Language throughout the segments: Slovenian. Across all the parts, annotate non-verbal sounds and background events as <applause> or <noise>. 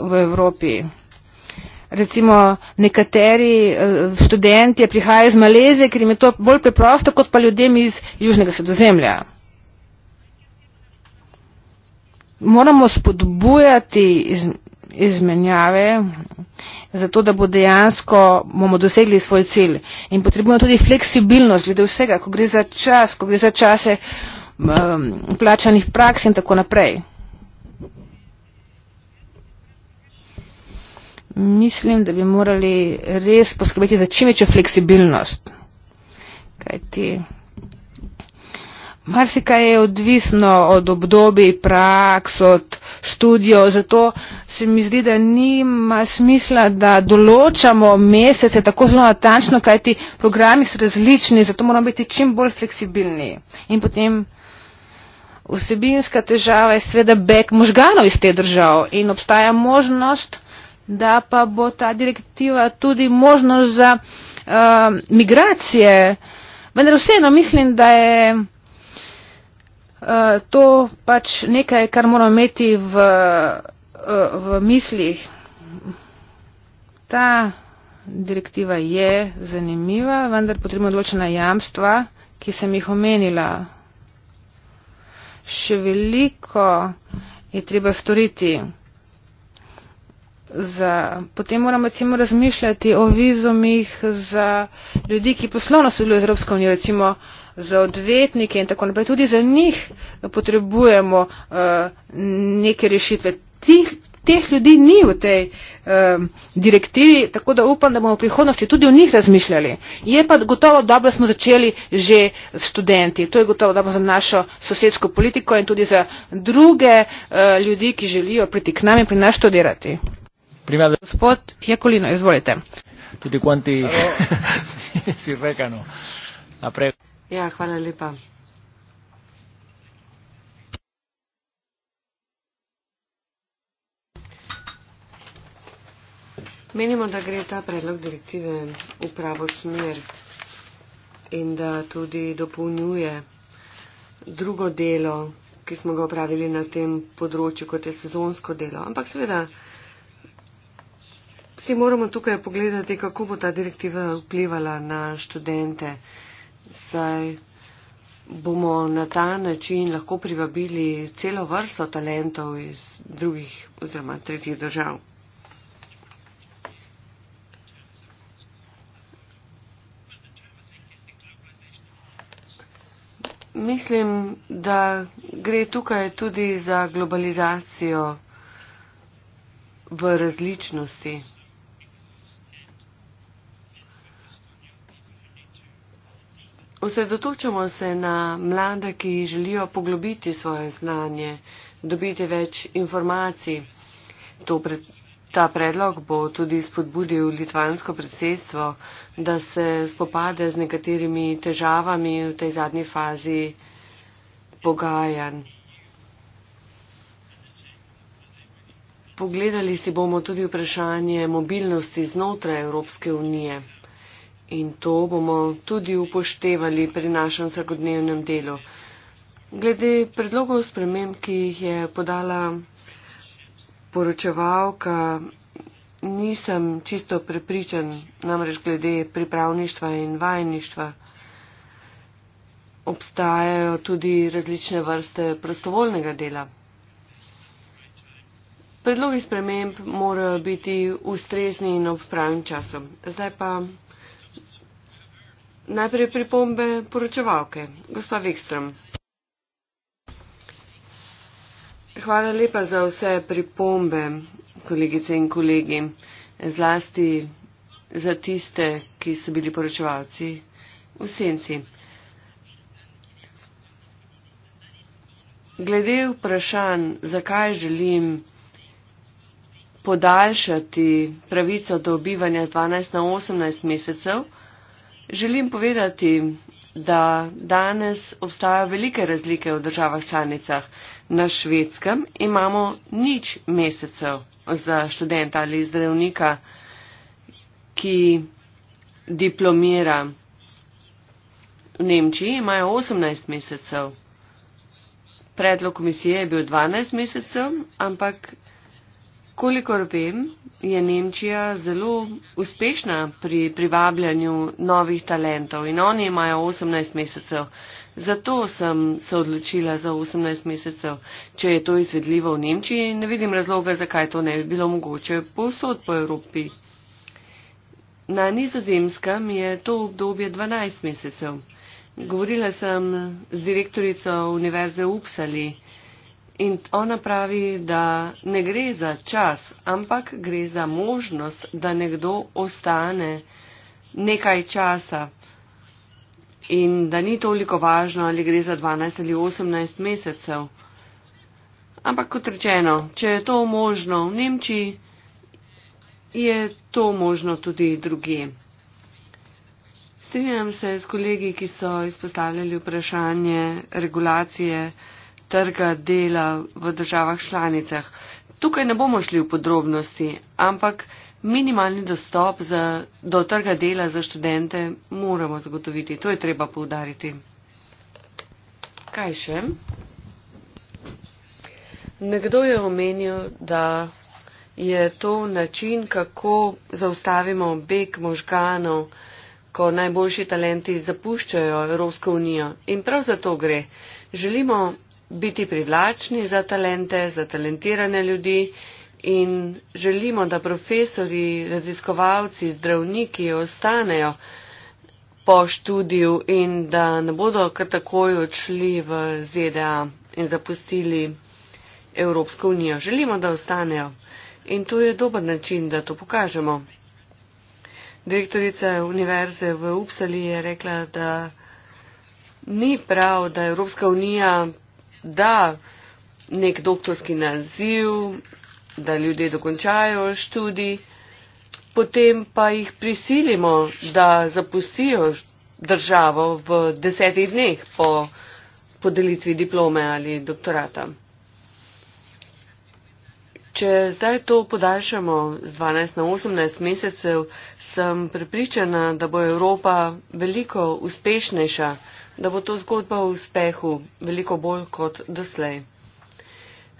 v Evropi. Recimo nekateri e, študenti prihajajo iz Malezije, ker jim je to bolj preprosto, kot pa ljudem iz Južnega sredozemlja. Moramo spodbujati iz, izmenjave, zato da bo dejansko bomo dosegli svoj cilj. In potrebujemo tudi fleksibilnost glede vsega, ko gre za čas, ko gre za čase um, plačanih praks in tako naprej. mislim, da bi morali res poskrbeti za čim večjo fleksibilnost. Kajti, marsikaj je odvisno od obdobij, praks, od študijo, zato se mi zdi, da nima smisla, da določamo mesece tako zelo natančno, kajti programi so različni, zato moramo biti čim bolj fleksibilni. In potem vsebinska težava je sveda beg možganov iz te države in obstaja možnost, da pa bo ta direktiva tudi možnost za uh, migracije. Vendar vseeno mislim, da je uh, to pač nekaj, kar moramo imeti v, uh, v mislih. Ta direktiva je zanimiva, vendar potrebno odločena jamstva, ki sem jih omenila. Še veliko je treba storiti. Za, potem moram recimo razmišljati o vizumih za ljudi, ki poslovno sodelujejo z Evropsko unijo, recimo za odvetnike in tako naprej. Tudi za njih potrebujemo uh, neke rešitve. Tih, teh ljudi ni v tej um, direktivi, tako da upam, da bomo v prihodnosti tudi o njih razmišljali. Je pa gotovo dobro, da smo začeli že s študenti. To je gotovo dobro za našo sosedsko politiko in tudi za druge uh, ljudi, ki želijo priti k nam in pri nas študirati. Gospod Jakolino, izvolite. Tudi kvanti <laughs> si rekano. Naprej. Ja, hvala lepa. Menimo, da gre ta predlog direktive v pravo smer in da tudi dopolnjuje drugo delo, ki smo ga upravili na tem področju, kot je sezonsko delo. Ampak seveda Vsi moramo tukaj pogledati, kako bo ta direktiva vplivala na študente, saj bomo na ta način lahko privabili celo vrsto talentov iz drugih oziroma tretjih držav. Mislim, da gre tukaj tudi za globalizacijo v različnosti. Osredotočamo se na mlade, ki želijo poglobiti svoje znanje, dobiti več informacij. Pred, ta predlog bo tudi spodbudil litvansko predsedstvo, da se spopade z nekaterimi težavami v tej zadnji fazi pogajanj. Pogledali si bomo tudi vprašanje mobilnosti znotraj Evropske unije. In to bomo tudi upoštevali pri našem vsakodnevnem delu. Glede predlogov sprememb, ki jih je podala poročevalka, nisem čisto prepričan, namreč glede pripravništva in vajništva. Obstajajo tudi različne vrste prostovoljnega dela. Predlogi sprememb morajo biti ustrezni in ob pravim času. Zdaj pa. Najprej pripombe poročevalke, gospod Vikström. Hvala lepa za vse pripombe, kolegice in kolegi, zlasti za tiste, ki so bili poročevalci v senci. Glede vprašanj, zakaj želim podaljšati pravico do obivanja z 12 na 18 mesecev, Želim povedati, da danes obstajajo velike razlike v državah članicah. Na švedskem imamo nič mesecev za študenta ali zdravnika, ki diplomira. V Nemčiji imajo 18 mesecev. Predlog komisije je bil 12 mesecev, ampak Kolikor vem, je Nemčija zelo uspešna pri privabljanju novih talentov in oni imajo 18 mesecev. Zato sem se odločila za 18 mesecev. Če je to izvedljivo v Nemčiji, ne vidim razloga, zakaj to ne bi bilo mogoče povsod po Evropi. Na nizozemskem je to obdobje 12 mesecev. Govorila sem z direktorico Univerze v Upsali. In ona pravi, da ne gre za čas, ampak gre za možnost, da nekdo ostane nekaj časa. In da ni toliko važno, ali gre za 12 ali 18 mesecev. Ampak kot rečeno, če je to možno v Nemčiji, je to možno tudi druge. Strinjam se s kolegi, ki so izpostavljali vprašanje regulacije trga dela v državah članicah. Tukaj ne bomo šli v podrobnosti, ampak minimalni dostop za, do trga dela za študente moramo zagotoviti. To je treba poudariti. Kaj še? Nekdo je omenil, da je to način, kako zaustavimo beg možganov, ko najboljši talenti zapuščajo Evropsko unijo. In prav za to gre. Želimo biti privlačni za talente, za talentirane ljudi in želimo, da profesori, raziskovalci, zdravniki ostanejo po študiju in da ne bodo kar takoj odšli v ZDA in zapustili Evropsko unijo. Želimo, da ostanejo in to je dober način, da to pokažemo. Direktorica univerze v Upsali je rekla, da ni prav, da Evropska unija da nek doktorski naziv, da ljudje dokončajo študij, potem pa jih prisilimo, da zapustijo državo v desetih dneh po podelitvi diplome ali doktorata. Če zdaj to podaljšamo z 12 na 18 mesecev, sem prepričana, da bo Evropa veliko uspešnejša da bo to zgodba o uspehu, veliko bolj kot doslej.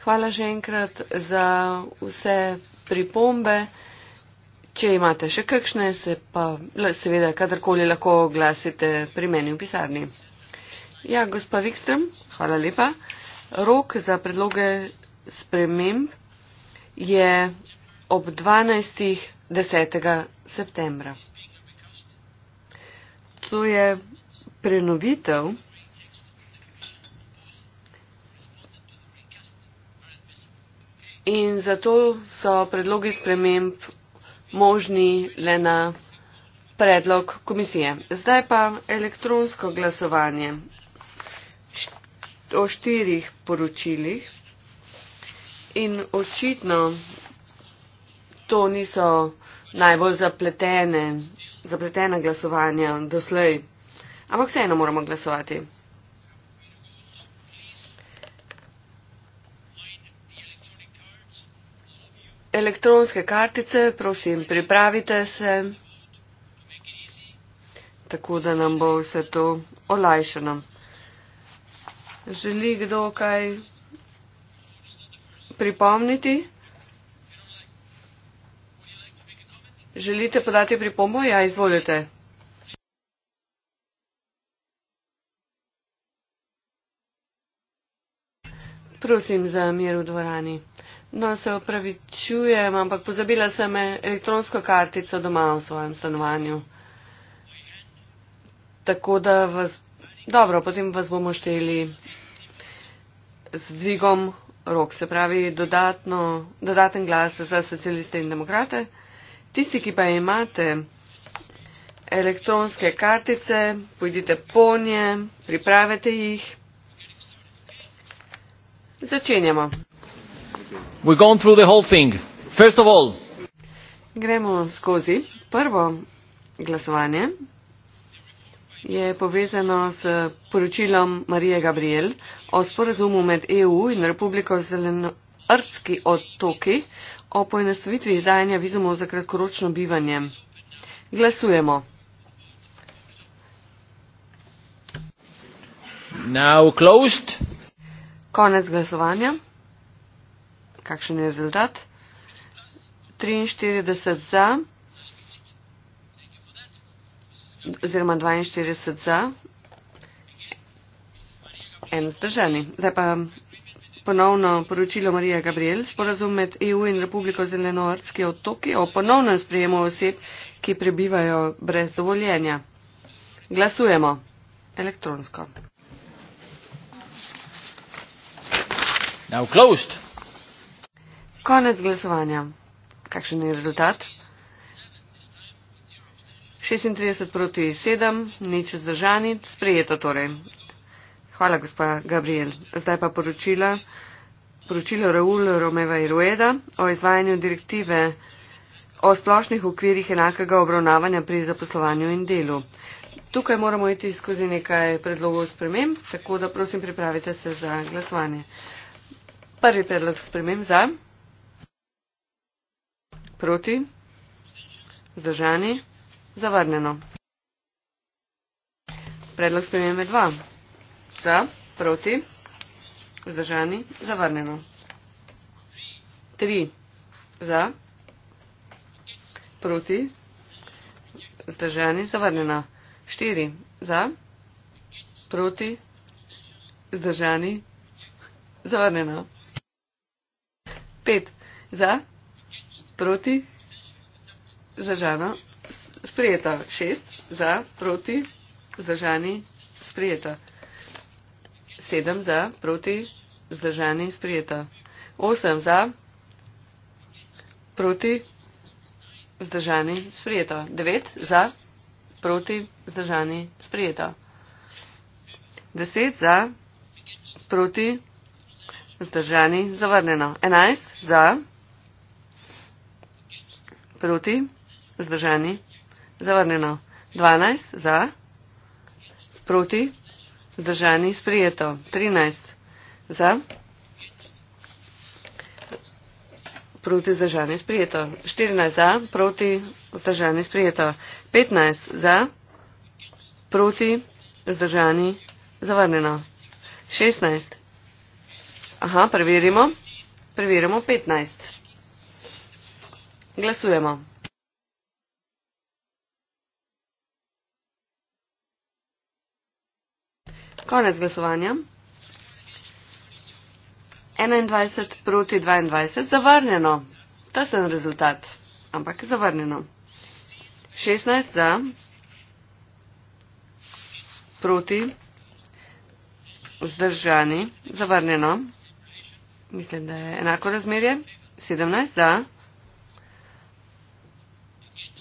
Hvala že enkrat za vse pripombe. Če imate še kakšne, se pa seveda kadarkoli lahko oglasite pri meni v pisarni. Ja, gospa Vikström, hvala lepa. Rok za predloge sprememb je ob 12.10. septembra. To je prenovitev in zato so predlogi sprememb možni le na predlog komisije. Zdaj pa elektronsko glasovanje o štirih poročilih in očitno to niso najbolj zapletene, zapletena glasovanja doslej. Ampak vseeno moramo glasovati. Elektronske kartice, prosim, pripravite se, tako da nam bo vse to olajšano. Želi kdo kaj pripomniti? Želite podati pripombo? Ja, izvolite. Prosim za mir v dvorani. No, se opravičujem, ampak pozabila sem elektronsko kartico doma v svojem stanovanju. Tako da vas. Dobro, potem vas bomo šteli z dvigom rok, se pravi dodatno, dodaten glas za socialiste in demokrate. Tisti, ki pa imate elektronske kartice, pojdite po nje, pripravite jih. Začenjamo. We've gone through the whole thing. First of all. Gremo skozi. Prvo glasovanje je povezano s poročilom Marije Gabriel o sporazumu med EU in Republiko Zelenorski otoki o poenostavitvi izdajanja vizumov za kratkoročno bivanje. Glasujemo. Now closed. Konec glasovanja. Kakšen je rezultat? 43 za. Oziroma 42 za. En zdržani. Zdaj pa ponovno poročilo Marija Gabriel. Sporazum med EU in Republiko Zelenoartske otoki o ponovnem sprejemu oseb, ki prebivajo brez dovoljenja. Glasujemo elektronsko. Now closed. Konec glasovanja. Kakšen je rezultat? 36 proti 7, nič zdržani, sprejeto torej. Hvala, gospa Gabriel. Zdaj pa poročila. Poročilo Raul Romeva Irueda o izvajanju direktive o splošnih okvirih enakega obravnavanja pri zaposlovanju in delu. Tukaj moramo iti skozi nekaj predlogov sprememb, tako da prosim pripravite se za glasovanje. Prvi predlog spremem za. Proti. Zdržani. Zavrneno. Predlog spremembe 2. Za, proti, zdržani, zavrneno. 3. Za, proti, zdržani, zavrneno. 4. Za, proti, zdržani, zavrneno. 5 za, proti, zažano, sprijeto. 6 za, proti, zažani, sprijeto. 7 za, proti, zažani, sprijeto. 8 za, proti, zažani, sprijeto. 9 za, proti, zažani, sprijeto. 10 za, proti, zažani, sprijeto. Zdržani, zavrnjeno. 11, za. Proti, zdržani, zavrnjeno. 12, za. Proti, zdržani, sprijeto. 13, za. Proti, zdržani, sprijeto. 14, za. Proti, zdržani, sprijeto. 15, za. Proti, zdržani, zavrnjeno. 16, Aha, preverimo. Preverimo 15. Glasujemo. Konec glasovanja. 21 proti 22. Zavrnjeno. Ta sem rezultat. Ampak zavrnjeno. 16 za. Proti. Vzdržani. Zavrnjeno. Mislim, da je enako razmerje. 17 za,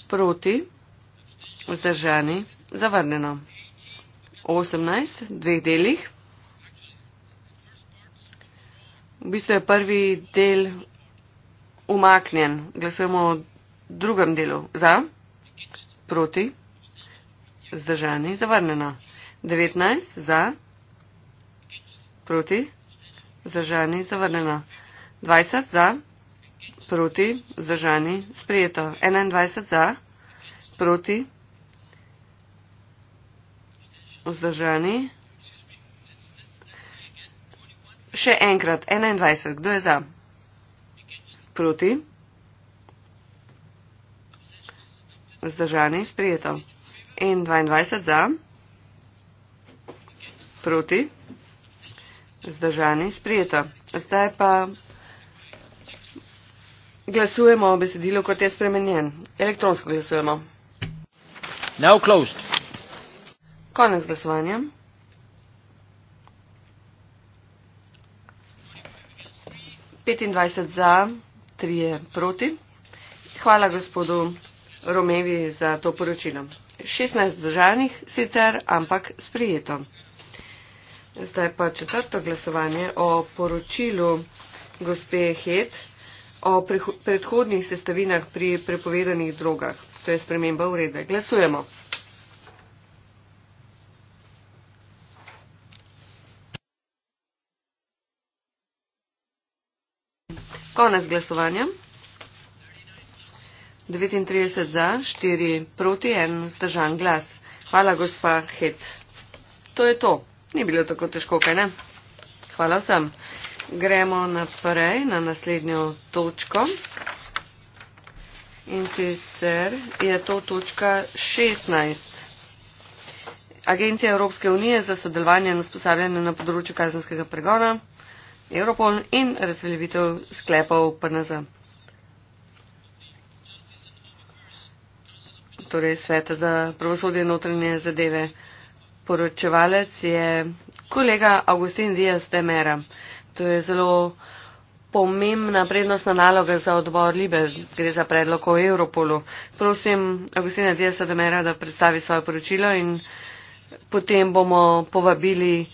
proti, vzdržani, zavrnjeno. 18, dveh delih. V bistvu je prvi del umaknjen. Glasujemo o drugem delu. Za, proti, vzdržani, zavrnjeno. 19 za, proti, vzdržani zdržani, zavrnjeno. 20 za, proti, zdržani, sprijeto. 21 za, proti, vzdržani. Še enkrat, 21, kdo je za? Proti, vzdržani, sprijeto. In 22 za, proti. Zdržani, sprijeta. Zdaj pa glasujemo o besedilu, kot je spremenjen. Elektronsko glasujemo. Now closed. Konec glasovanja. Petindvajset za, trije proti. Hvala gospodu Romevi za to poročilo. Šestnajst zdržanih sicer, ampak sprijeto. Zdaj pa četrto glasovanje o poročilu gospe Hed o predhodnih sestavinah pri prepovedanih drogah. To je sprememba uredbe. Glasujemo. Konec glasovanja. 39 za, 4 proti, 1 zdržan glas. Hvala, gospa Het. To je to. Ni bilo tako težko, kaj ne? Hvala vsem. Gremo naprej na naslednjo točko. In sicer je to točka 16. Agencija Evropske unije za sodelovanje in usposabljanje na področju kazenskega pregona, Europol in razveljavitev sklepov PNZ. Torej sveta za pravosodje in notranje zadeve poročevalec je kolega Augustin Dias de Mera. To je zelo pomembna prednostna naloga za odbor Libe, gre za predlog o Europolu. Prosim Augustina Dias de Mera, da predstavi svoje poročilo in potem bomo povabili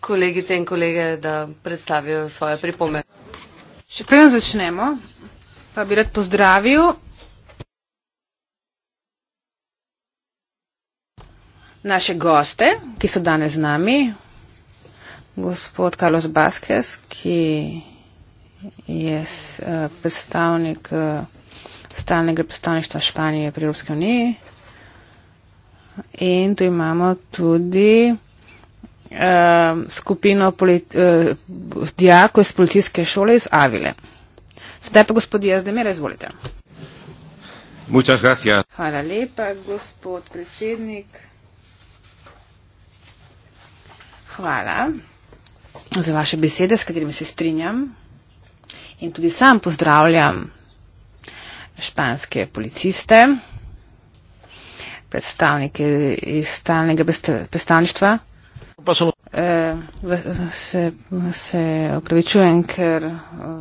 kolegice in kolege, da predstavijo svoje pripome. Še preden začnemo, pa bi rad pozdravil naše goste, ki so danes z nami. Gospod Carlos Baskes, ki je eh, predstavnik eh, stalnega predstavništva Španije pri Evropske unije. In tu imamo tudi uh, skupino uh, dijakov iz policijske šole iz Avile. Sedaj pa gospod Jazdemir, izvolite. Hvala lepa, gospod predsednik. Hvala za vaše besede, s katerimi se strinjam. In tudi sam pozdravljam španske policiste, predstavnike iz stalnega predstavništva. Eh, se, se opravičujem, ker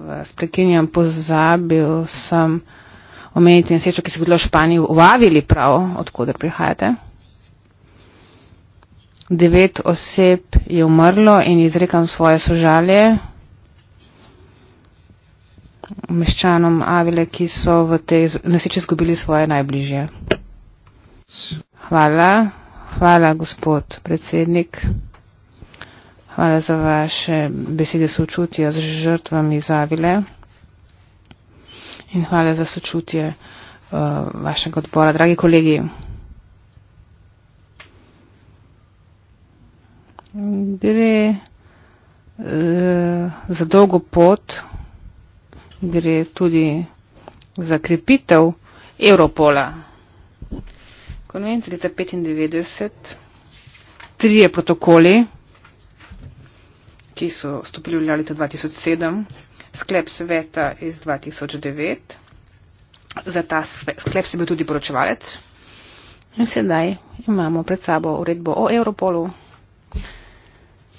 vas prekinjam, pozabil sem omeniti nesrečo, ki se je zgodila v Španiji, v Avili prav, odkudar prihajate devet oseb je umrlo in izrekam svoje sožalje meščanom Avile, ki so v tej nesreči izgubili svoje najbližje. Hvala, hvala gospod predsednik. Hvala za vaše besede sočutja z žrtvami Zavile in hvala za sočutje uh, vašega odbora. Dragi kolegi, gre eh, za dolgo pot, gre tudi za krepitev Europola. Konvencija leta 1995, trije protokoli, ki so stopili v ljali leta 2007, sklep sveta iz 2009, za ta sklep se bil tudi poročevalec. In sedaj imamo pred sabo uredbo o Europolu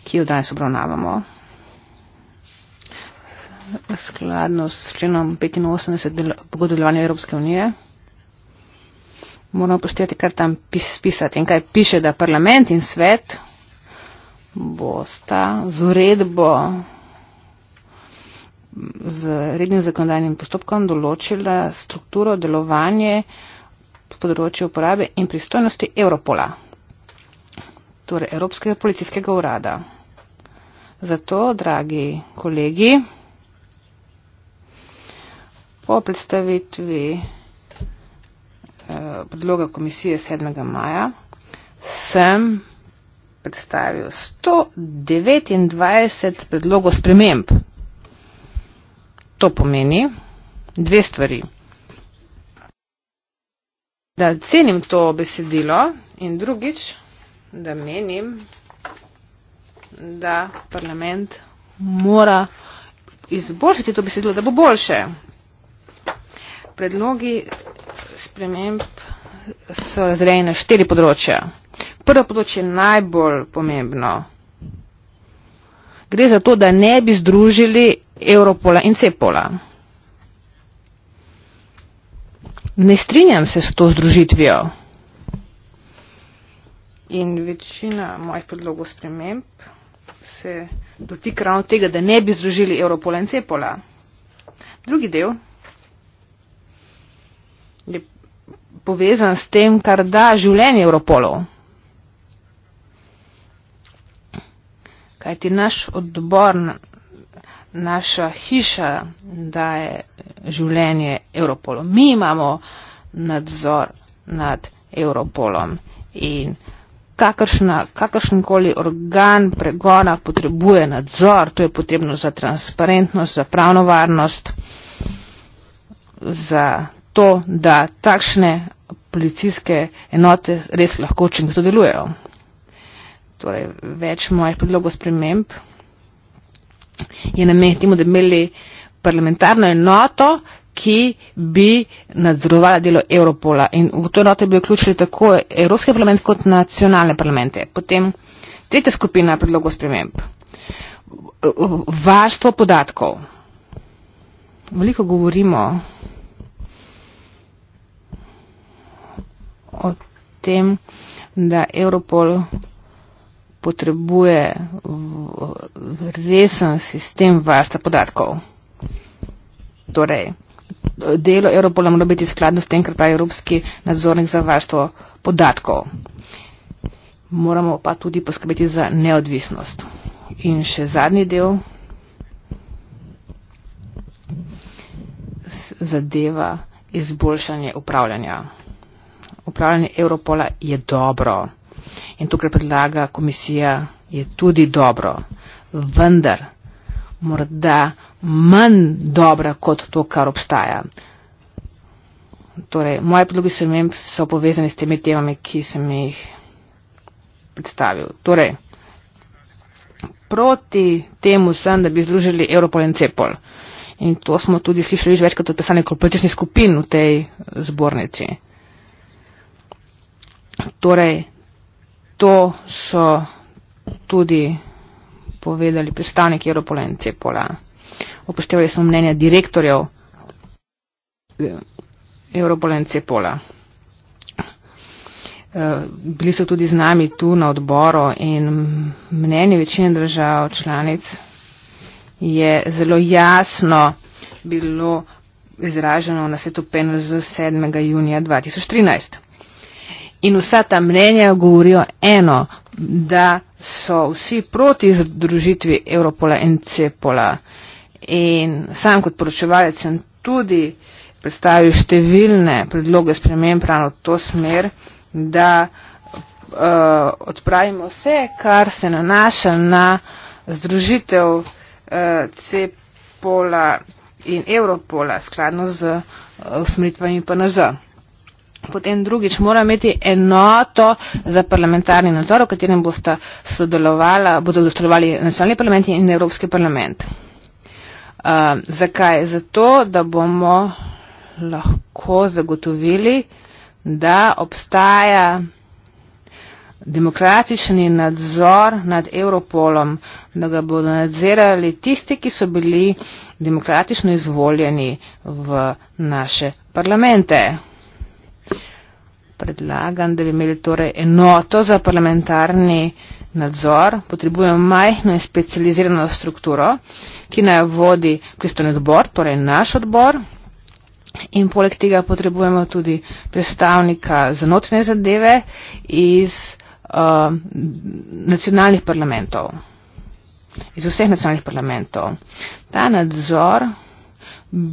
ki jo danes obravnavamo. Skladno s členom 85 pogodovanja Evropske unije moramo poštevati, kar tam pis, pisati in kaj piše, da parlament in svet bosta z uredbo z rednim zakonodajnim postopkom določila strukturo, delovanje področje uporabe in pristojnosti Evropola torej Evropskega policijskega urada. Zato, dragi kolegi, po predstavitvi eh, predloga komisije 7. maja sem predstavil 129 predlogov sprememb. To pomeni dve stvari. Da cenim to besedilo in drugič, da menim, da parlament mora izboljšati to besedilo, da bo boljše. Predlogi sprememb so razrejeni na štiri področja. Prvo področje je najbolj pomembno. Gre za to, da ne bi združili Europola in Cepola. Ne strinjam se s to združitvijo. In večina mojih predlogov sprememb se dotik ravno tega, da ne bi združili Europola in Cepola. Drugi del je povezan s tem, kar da življenje Europolov. Kajti naš odbor, naša hiša daje življenje Europolom. Mi imamo nadzor nad Europolom in kakršen koli organ pregona potrebuje nadzor, to je potrebno za transparentnost, za pravno varnost, za to, da takšne policijske enote res lahko učinko delujejo. Torej, več mojih predlogov sprememb je namen temu, da bi imeli parlamentarno enoto, ki bi nadzorovala delo Europola. In v to noto bi vključili tako Evropski parlament kot nacionalne parlamente. Potem tretja skupina predlogov sprememb. Varstvo podatkov. Veliko govorimo o tem, da Europol potrebuje resen sistem varstva podatkov. Torej, delo Europola mora biti skladno s tem, kar pravi Evropski nadzornik za varstvo podatkov. Moramo pa tudi poskrbeti za neodvisnost. In še zadnji del zadeva izboljšanje upravljanja. Upravljanje Europola je dobro in to, kar predlaga komisija, je tudi dobro. Vendar morda manj dobra kot to, kar obstaja. Torej, moje predloge sprememb so povezane s temi temami, ki sem jih predstavil. Torej, proti temu sem, da bi združili Europol in Cepol. In to smo tudi slišali že večkrat od predstavnikov političnih skupin v tej zbornici. Torej, to so tudi povedali predstavniki Europola in Cepola. Upoštevali smo mnenja direktorjev eh, Europola in Cepola. Eh, bili so tudi z nami tu na odboru in mnenje večine držav članic je zelo jasno bilo izraženo na svetu PNZ 7. junija 2013. In vsa ta mnenja govorijo eno, da so vsi proti združitvi Europola in Cepola. Uh, in sam kot poročevalec sem tudi predstavil številne predloge sprememb prav v to smer, da uh, odpravimo vse, kar se nanaša na združitev uh, eh, CEPOLA in Evropola skladno z uh, usmeritvami PNZ. Potem drugič mora imeti enoto za parlamentarni nadzor, v katerem bodo sodelovali nacionalni parlamenti in Evropski parlament zakaj? Zato, da bomo lahko zagotovili, da obstaja demokratični nadzor nad Europolom, da ga bodo nadzirali tisti, ki so bili demokratično izvoljeni v naše parlamente. Predlagam, da bi imeli torej enoto za parlamentarni uh, nadzor, potrebujemo majhno in specializirano strukturo, ki naj vodi pristojni odbor, torej naš odbor. In poleg tega potrebujemo tudi predstavnika za notne zadeve iz uh, nacionalnih parlamentov, iz vseh nacionalnih parlamentov. Ta nadzor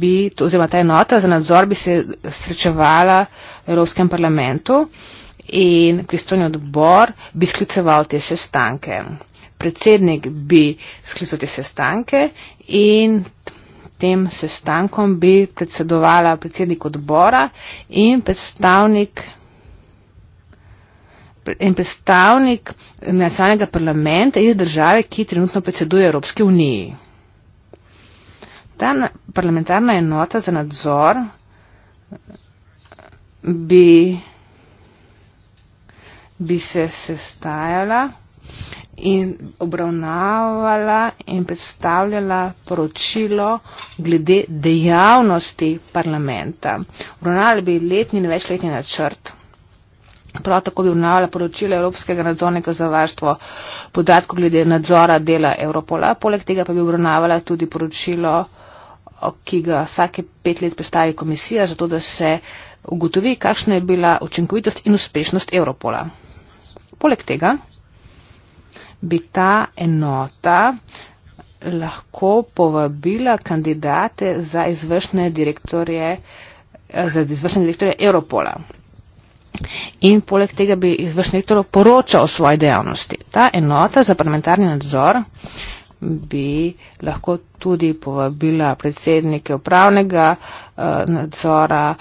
bi, oziroma ta enota za nadzor bi se srečevala v Evropskem parlamentu. Uh, in pristojni odbor bi skliceval te sestanke. Predsednik bi sklical te sestanke in tem sestankom bi predsedovala predsednik odbora in predstavnik. In predstavnik nacionalnega parlamenta iz države, ki trenutno predseduje Evropski uniji. Ta parlamentarna enota za nadzor bi bi se sestajala in obravnavala in predstavljala poročilo glede dejavnosti parlamenta. Obravnavala bi letni in večletni načrt. Prav tako bi obravnavala poročilo Evropskega nadzornega za varstvo podatkov glede nadzora dela Evropola. Poleg tega pa bi obravnavala tudi poročilo, ki ga vsake pet let predstavi komisija, zato da se ugotovi, kakšna je bila učinkovitost in uspešnost Evropola. Poleg tega bi ta enota lahko povabila kandidate za izvršne direktorje, za izvršne direktorje Europola. In poleg tega bi izvršni direktor poročal o svoji dejavnosti. Ta enota za parlamentarni nadzor bi lahko tudi povabila predsednike upravnega uh, nadzora,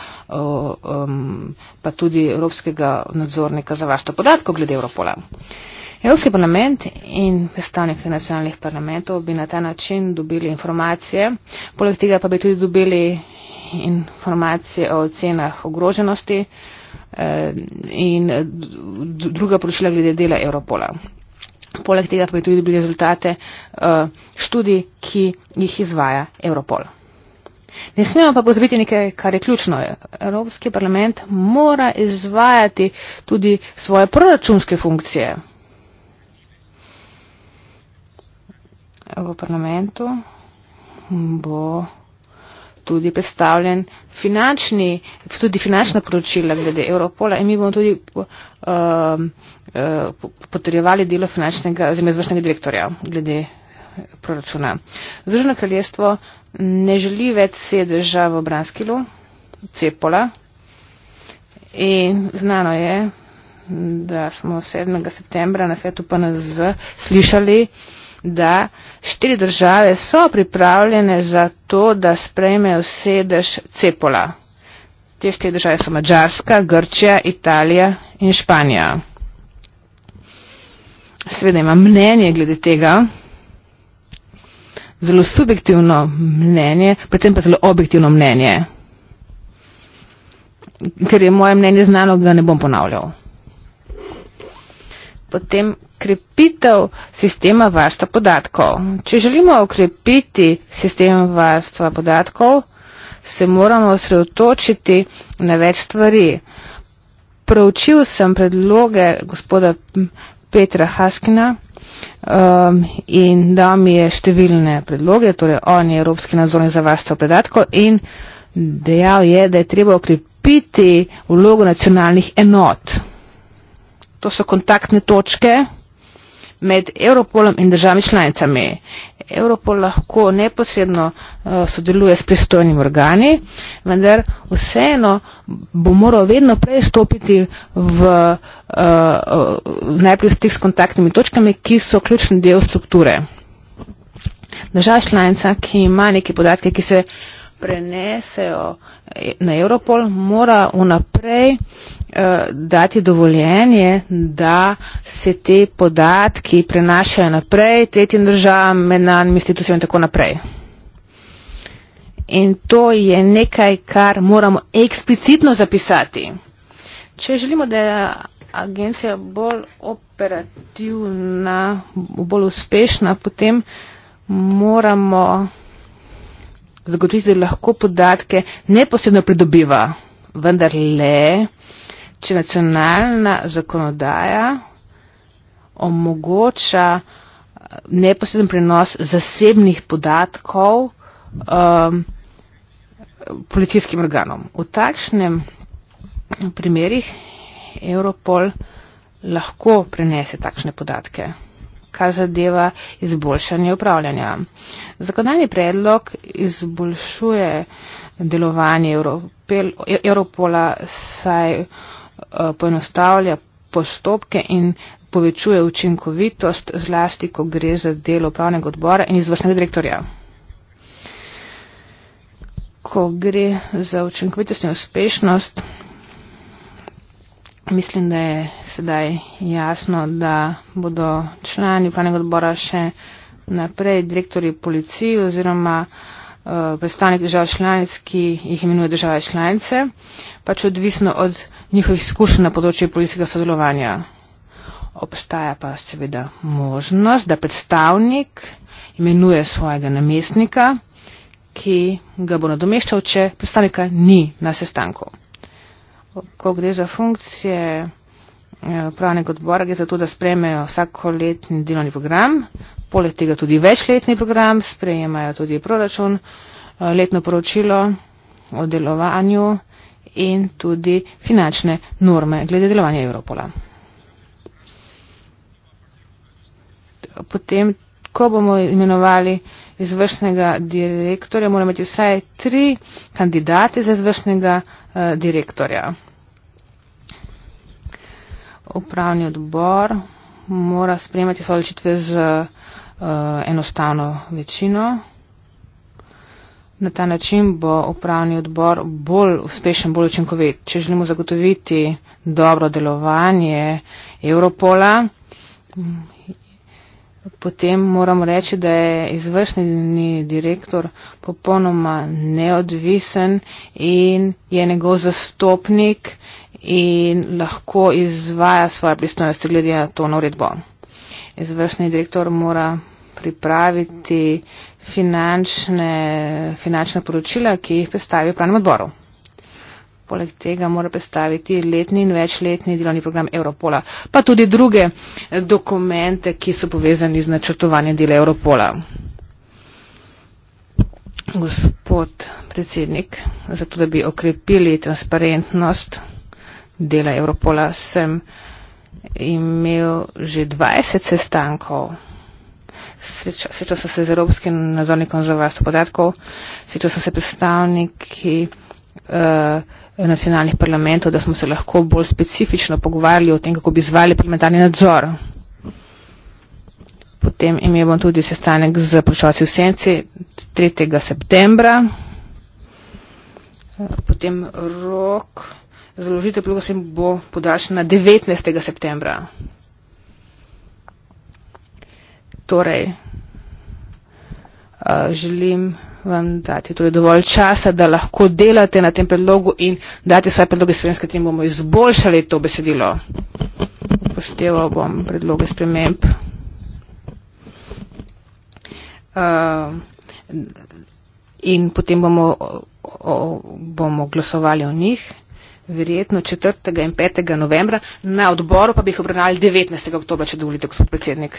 pa tudi Evropskega nadzornika za varstvo podatkov glede Evropola. Evropski parlament in predstavniki nacionalnih parlamentov bi na ta način dobili informacije, poleg tega pa bi tudi dobili informacije o ocenah ogroženosti eh, in druga poročila glede dela Evropola. Poleg tega pa bi tudi dobili rezultate eh, študij, ki jih izvaja Evropol. Ne smemo pa pozabiti nekaj, kar je ključno. Evropski parlament mora izvajati tudi svoje proračunske funkcije. V parlamentu bo tudi predstavljen finančni, tudi finančna poročila glede Evropola in mi bomo tudi uh, uh, potrjevali delo finančnega, oziroma izvršnega direktorja glede proračuna. Združeno kraljestvo ne želi več sedeža v Branskilu, Cepola. In znano je, da smo 7. septembra na svetu PNZ slišali, da štiri države so pripravljene za to, da sprejmejo sedež Cepola. Te štiri države so Mačarska, Grčija, Italija in Španija. Sveda imam mnenje glede tega zelo subjektivno mnenje, predvsem pa zelo objektivno mnenje. Ker je moje mnenje znano, ga ne bom ponavljal. Potem krepitev sistema varstva podatkov. Če želimo okrepiti sistem varstva podatkov, se moramo osredotočiti na več stvari. Proučil sem predloge gospoda Petra Haškina um, in da mi je številne predloge, torej on je Evropski nadzornik za varstvo predatkov in dejal je, da je treba okrepiti vlogo nacionalnih enot. To so kontaktne točke med Europolom in državami članicami. Europol lahko neposredno uh, sodeluje s pristojnimi organi, vendar vseeno bo moral vedno prej stopiti v, uh, uh, najprej v stik s kontaktnimi točkami, ki so ključni del strukture. Država članica, ki ima neke podatke, ki se prenesejo eh, na Europol, mora vnaprej uh, Eh, dati dovoljenje, da se te podatki prenašajo naprej, tretjim državam, mednarodnim institucijam in tako naprej. In to je nekaj, kar moramo eksplicitno zapisati. Če želimo, da je agencija bolj operativna, bolj uspešna, potem moramo zagotoviti, da lahko podatke neposredno pridobiva, vendar le če nacionalna zakonodaja omogoča eh, neposreden prenos zasebnih podatkov um, policijskim organom. V takšnem primerih Europol lahko prenese takšne podatke, kar zadeva izboljšanje upravljanja. Zakonodajni predlog izboljšuje delovanje e-, Europola, saj Eh, poenostavlja postopke in povečuje učinkovitost, zlasti, ko gre za delo pravnega odbora in izvršnega direktorja. Ko gre za učinkovitost in uspešnost, mislim, da je sedaj jasno, da bodo člani pravnega odbora še naprej direktori policiji oziroma uh, predstavniki držav članic, ki jih imenuje države članice, pač odvisno od njihovih izkušenj na področju policijskega sodelovanja. Obstaja pa seveda možnost, da predstavnik imenuje svojega namestnika, ki ga bo nadomeščal, če predstavnika ni na sestanku. Ko gre za funkcije eh, pravnega odbora, gre za to, da spremejo vsakoletni delovni program, poleg tega tudi večletni program, sprejemajo tudi proračun, eh, letno poročilo o delovanju in tudi finančne norme glede delovanja Evropola. Potem, ko bomo imenovali izvršnega direktorja, moramo imeti vsaj tri kandidate za izvršnega uh, direktorja. Upravni odbor mora sprejemati svoje odločitve z uh, enostavno večino. Na ta način bo upravni odbor bolj uspešen, bolj učinkovit. Če želimo zagotoviti dobro delovanje Europola, potem moramo reči, da je izvršni direktor popolnoma neodvisen in je njegov zastopnik in lahko izvaja svoje pristojnosti glede na to na uredbo. Izvršni direktor mora pripraviti finančne, finančna poročila, ki jih predstavi v pravnem odboru. Poleg tega mora predstaviti letni in večletni delovni program Europola, pa tudi druge dokumente, ki so povezani z načrtovanjem dela Europola. Gospod predsednik, zato da bi okrepili transparentnost dela Europola, sem imel že 20 sestankov. Sreča, srečal sem se z Evropskim nadzornikom za varstvo podatkov, srečal sem se predstavniki uh, nacionalnih parlamentov, da smo se lahko bolj specifično pogovarjali o tem, kako bi zvali parlamentarni nadzor. Potem imel bom tudi sestanek z pročovci v Senci 3. septembra. Potem rok za vložitev priloga bo podaljšan na 19. septembra. Torej, eh, želim vam dati tudi dovolj časa, da lahko delate na tem predlogu in date svoje predloge sprem, s katerim bomo izboljšali to besedilo. Pošteval bom predloge sprememb. Eh, in potem bomo, o, bomo glasovali o njih, verjetno 4. in 5. novembra. Na odboru pa bi jih obravnali 19. oktober, če dovolite, gospod predsednik.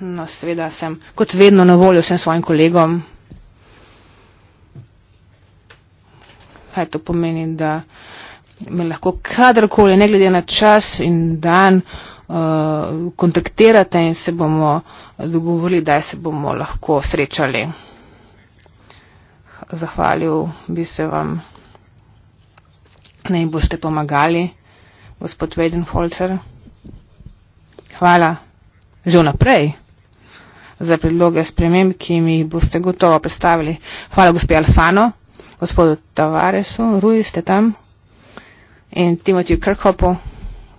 No, seveda sem kot vedno na voljo vsem svojim kolegom. Kaj to pomeni, da me lahko kadarkoli, ne glede na čas in dan, uh, kontaktirate in se bomo dogovorili, da se bomo lahko srečali. Zahvalil bi se vam, da jim boste pomagali, gospod Weidenholzer. Hvala. Že naprej za predloge sprememb, ki mi jih boste gotovo predstavili. Hvala gospe Alfano, gospodu Tavaresu, Rui ste tam in Timotiju Krkopu,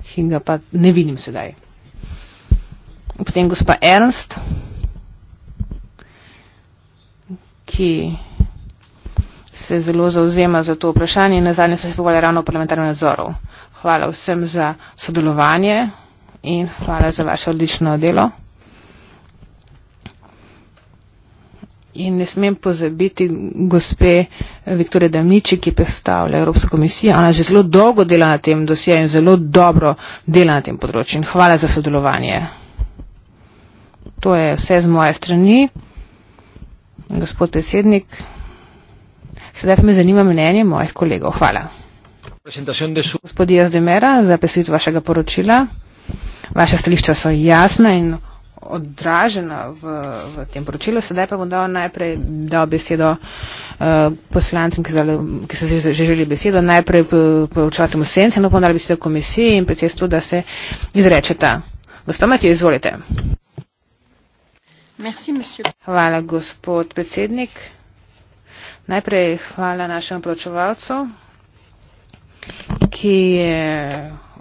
ki ga pa ne vidim sedaj. Potem gospa Ernst, ki se zelo zauzema za to vprašanje in na zadnje se spogleda ravno v parlamentarnem nadzoru. Hvala vsem za sodelovanje in hvala za vaše odlično delo. In ne smem pozabiti gospe eh, Viktore Damniči, ki predstavlja Evropsko komisijo. Ona že zelo dolgo dela na tem dosjeju in zelo dobro dela na tem področju. In hvala za sodelovanje. To je vse z moje strani. Gospod predsednik, sedaj pa me zanima mnenje mojih kolegov. Hvala. Gospod Jazdemera, za predstavitev vašega poročila. Vaše stališča so jasna in odražena v, v tem poročilu. Sedaj pa bom dal najprej dal besedo uh, poslancem, ki, zale, ki so že želeli besedo, najprej poročati v senci, no pa dal besedo komisiji in predsedstvu, da se izrečeta. Gospod Matija, izvolite. Merci, hvala, gospod predsednik. Najprej hvala našemu poročevalcu, ki je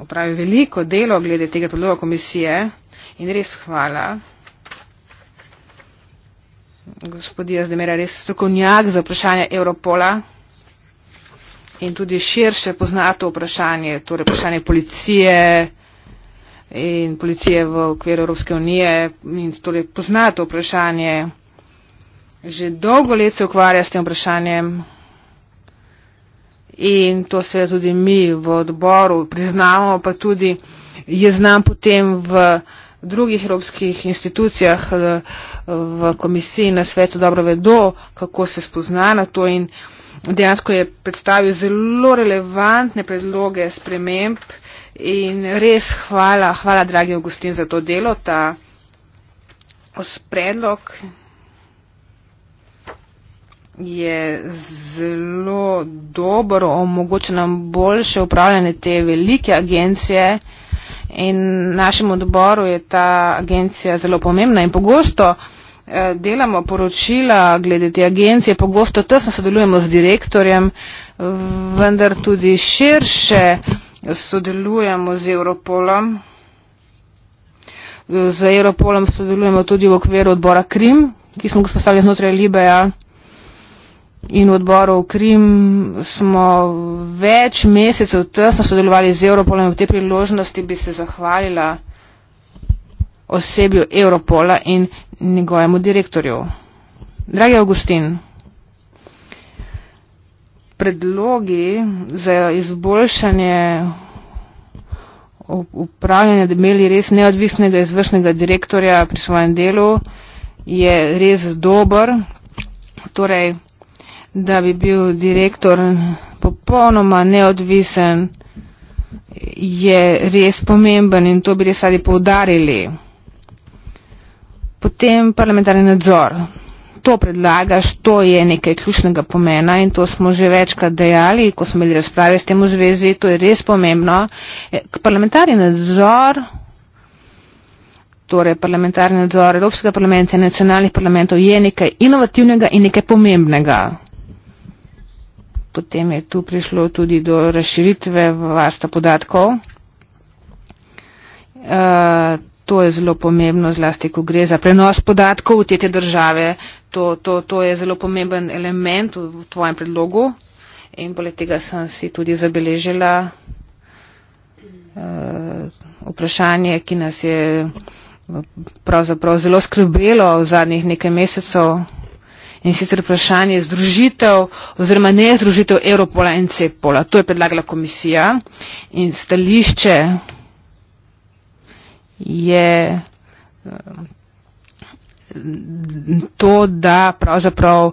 opravil veliko delo glede tega predloga komisije. In res hvala. Gospodi Jazdemir je res strokovnjak za vprašanje Europola in tudi širše poznato vprašanje, torej vprašanje policije in policije v okviru Evropske unije in torej poznato vprašanje. Že dolgo let se ukvarja s tem vprašanjem in to se tudi mi v odboru priznamo, pa tudi je znam potem v v drugih evropskih institucijah, eh, v komisiji na svetu dobro vedo, kako se spozna na to in dejansko je predstavil zelo relevantne predloge sprememb in res hvala, hvala dragi Augustin za to delo, ta predlog je zelo dobro, omogoča nam boljše upravljanje te velike agencije in našem odboru je ta agencija zelo pomembna in pogosto eh, delamo poročila glede te agencije, pogosto tesno sodelujemo z direktorjem, vendar tudi širše sodelujemo z Europolom. Z Europolom sodelujemo tudi v okviru odbora Krim, ki smo ga spostavili znotraj Libeja in odborov Krim smo več mesecev tesno sodelovali z Europolom in v tej priložnosti bi se zahvalila osebju Europola in njegovemu direktorju. Dragi Augustin, predlogi za izboljšanje upravljanja, da bi imeli res neodvisnega izvršnega direktorja pri svojem delu, je res dober. Torej, da bi bil direktor popolnoma neodvisen, je res pomemben in to bi res radi poudarili. Potem parlamentarni nadzor. To predlagaš, to je nekaj ključnega pomena in to smo že večkrat dejali, ko smo imeli razprave s tem v zvezi, to je res pomembno. E, parlamentarni nadzor, torej parlamentarni nadzor Evropskega parlamenta in nacionalnih parlamentov je nekaj inovativnega in nekaj pomembnega potem je tu prišlo tudi do razširitve varstva podatkov. E, to je zelo pomembno, zlasti ko gre za prenos podatkov v tete države. To, to, to je zelo pomemben element v, v tvojem predlogu in poleg tega sem si tudi zabeležila e, vprašanje, ki nas je eh, pravzaprav zelo skrbelo v zadnjih nekaj mesecev in sicer vprašanje združitev oziroma ne združitev Europola in Cepola. To je predlagala komisija in stališče je eh, to, da pravzaprav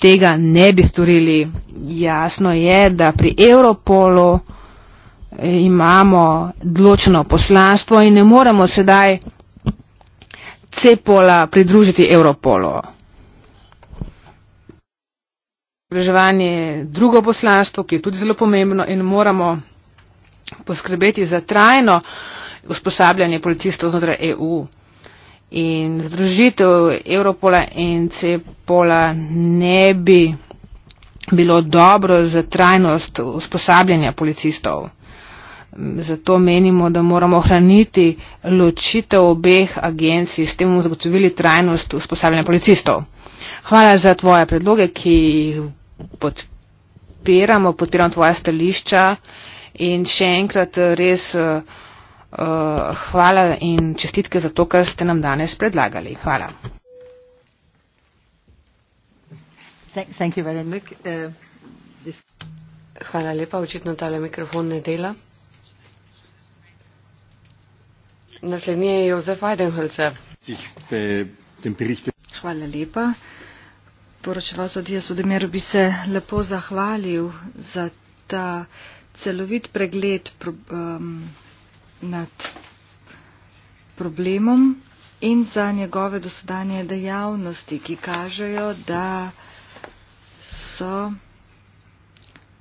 tega ne bi storili. Jasno je, da pri Europolu eh, imamo odločno poslanstvo in ne moremo sedaj Cepola pridružiti Europolu izobraževanje je drugo poslanstvo, ki je tudi zelo pomembno in moramo poskrbeti za trajno usposabljanje policistov znotraj EU. In združitev Europola in CEPOLA ne bi bilo dobro za trajnost usposabljanja policistov. Zato menimo, da moramo ohraniti ločitev obeh agencij, s tem bomo zagotovili trajnost usposabljanja policistov. Hvala za tvoje predloge, ki podpiramo, podpiramo tvoja stališča in še enkrat eh, res uh, uh, hvala in čestitke za to, kar ste nam danes predlagali. Hvala. Thank, thank uh, Hvala lepa, očitno tale mikrofon ne dela. Naslednji je Jozef Weidenholzer. Hvala lepa poročevalcu Dijasu Demiru bi se lepo zahvalil za ta celovit pregled pro, um, nad problemom in za njegove dosedanje dejavnosti, ki kažejo, da so,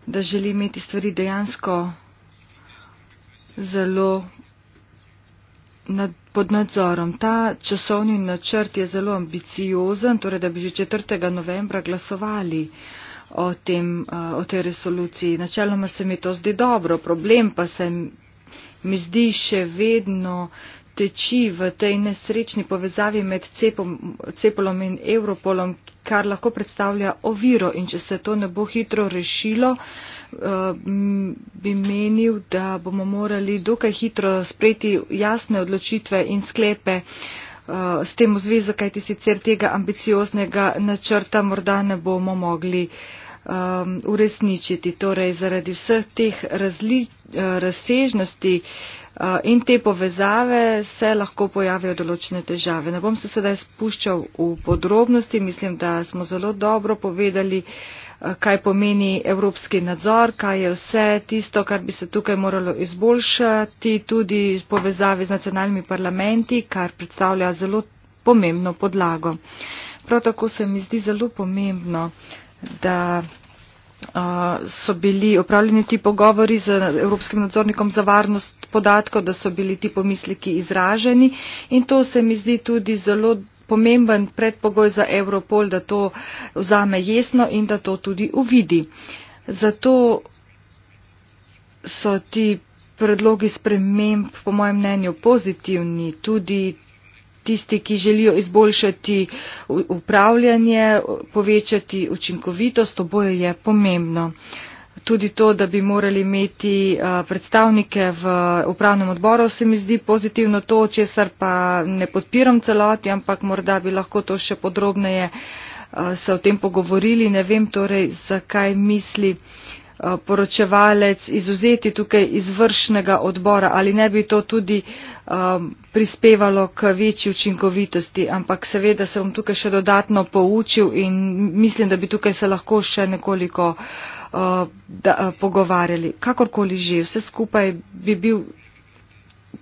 da želi imeti stvari dejansko zelo nad, pod nadzorom. Ta časovni načrt je zelo ambiciozen, torej da bi že 4. novembra glasovali o, tem, o tej resoluciji. Načeloma se mi to zdi dobro, problem pa se mi zdi še vedno teči v tej nesrečni povezavi med cepom, cepolom in Evropolom, kar lahko predstavlja oviro in če se to ne bo hitro rešilo, bi menil, da bomo morali dokaj hitro sprejeti jasne odločitve in sklepe eh, s tem v zvezi, kajti sicer tega ambicioznega načrta morda ne bomo mogli ehm, uresničiti. Torej, zaradi vseh teh razli, eh, razsežnosti eh, in te povezave se lahko pojavijo določene težave. Ne bom se sedaj spuščal v podrobnosti, mislim, da smo zelo dobro povedali, kaj pomeni evropski nadzor, kaj je vse tisto, kar bi se tukaj moralo izboljšati, tudi povezave z nacionalnimi parlamenti, kar predstavlja zelo pomembno podlago. Prav tako se mi zdi zelo pomembno, da so bili opravljeni ti pogovori z Evropskim nadzornikom za varnost podatkov, da so bili ti pomisliki izraženi in to se mi zdi tudi zelo pomemben predpogoj za Europol, da to vzame jesno in da to tudi uvidi. Zato so ti predlogi sprememb po mojem mnenju pozitivni, tudi tisti, ki želijo izboljšati upravljanje, povečati učinkovitost, oboje je pomembno. Uh, tudi to, da bi morali imeti eh, predstavnike v upravnem odboru, se mi zdi pozitivno to, česar pa ne podpiram celoti, ampak morda bi lahko to še podrobneje eh, se o tem pogovorili. Ne vem torej, zakaj misli eh, poročevalec izuzeti tukaj izvršnega odbora ali ne bi to tudi um, prispevalo k večji učinkovitosti, ampak seveda se bom tukaj še dodatno poučil in mislim, da bi tukaj se lahko še nekoliko uh, uh, da, uh, pogovarjali. Kakorkoli že, vse skupaj bi bil